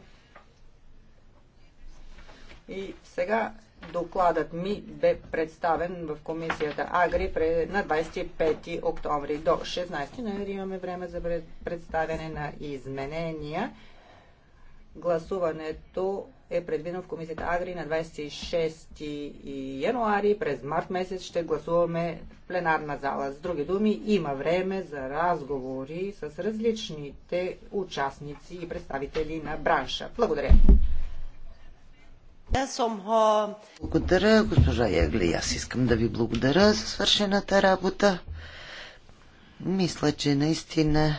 И сега докладът ми бе представен в комисията Агри на 25 октомври до 16 ноември имаме време за представяне на изменения. Гласуването е предвидено в комисията Агри на 26 януари. През март месец ще гласуваме в пленарна зала. С други думи, има време за разговори с различните участници и представители на бранша. Благодаря. Благодаря, госпожа Ягли. Аз искам да ви благодаря за свършената работа. Мисля, че наистина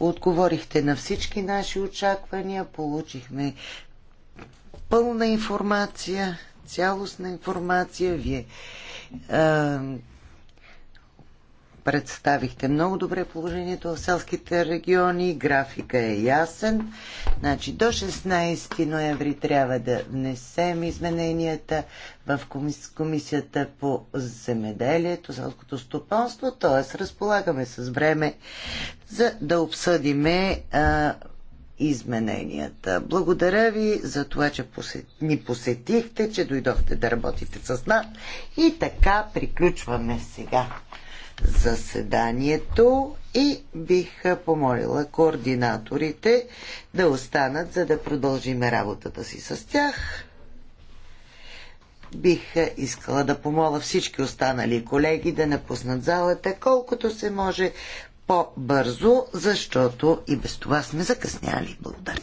отговорихте на всички наши очаквания, получихме пълна информация, цялостна информация. Вие а, представихте много добре положението в селските региони. Графика е ясен. Значи до 16 ноември трябва да внесем измененията в комисията по земеделието, селското стопанство, т.е. разполагаме с време за да обсъдиме а, измененията. Благодаря ви за това, че посет... ни посетихте, че дойдохте да работите с нас. И така приключваме сега заседанието и бих помолила координаторите да останат, за да продължим работата си с тях. Бих искала да помоля всички останали колеги да напуснат залата колкото се може по-бързо, защото и без това сме закъсняли. Благодаря.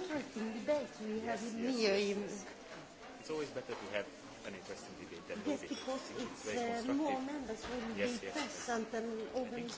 Interesting debate we have here. It's always better to have an interesting debate. Yes, because it's uh, more members will be present and organized.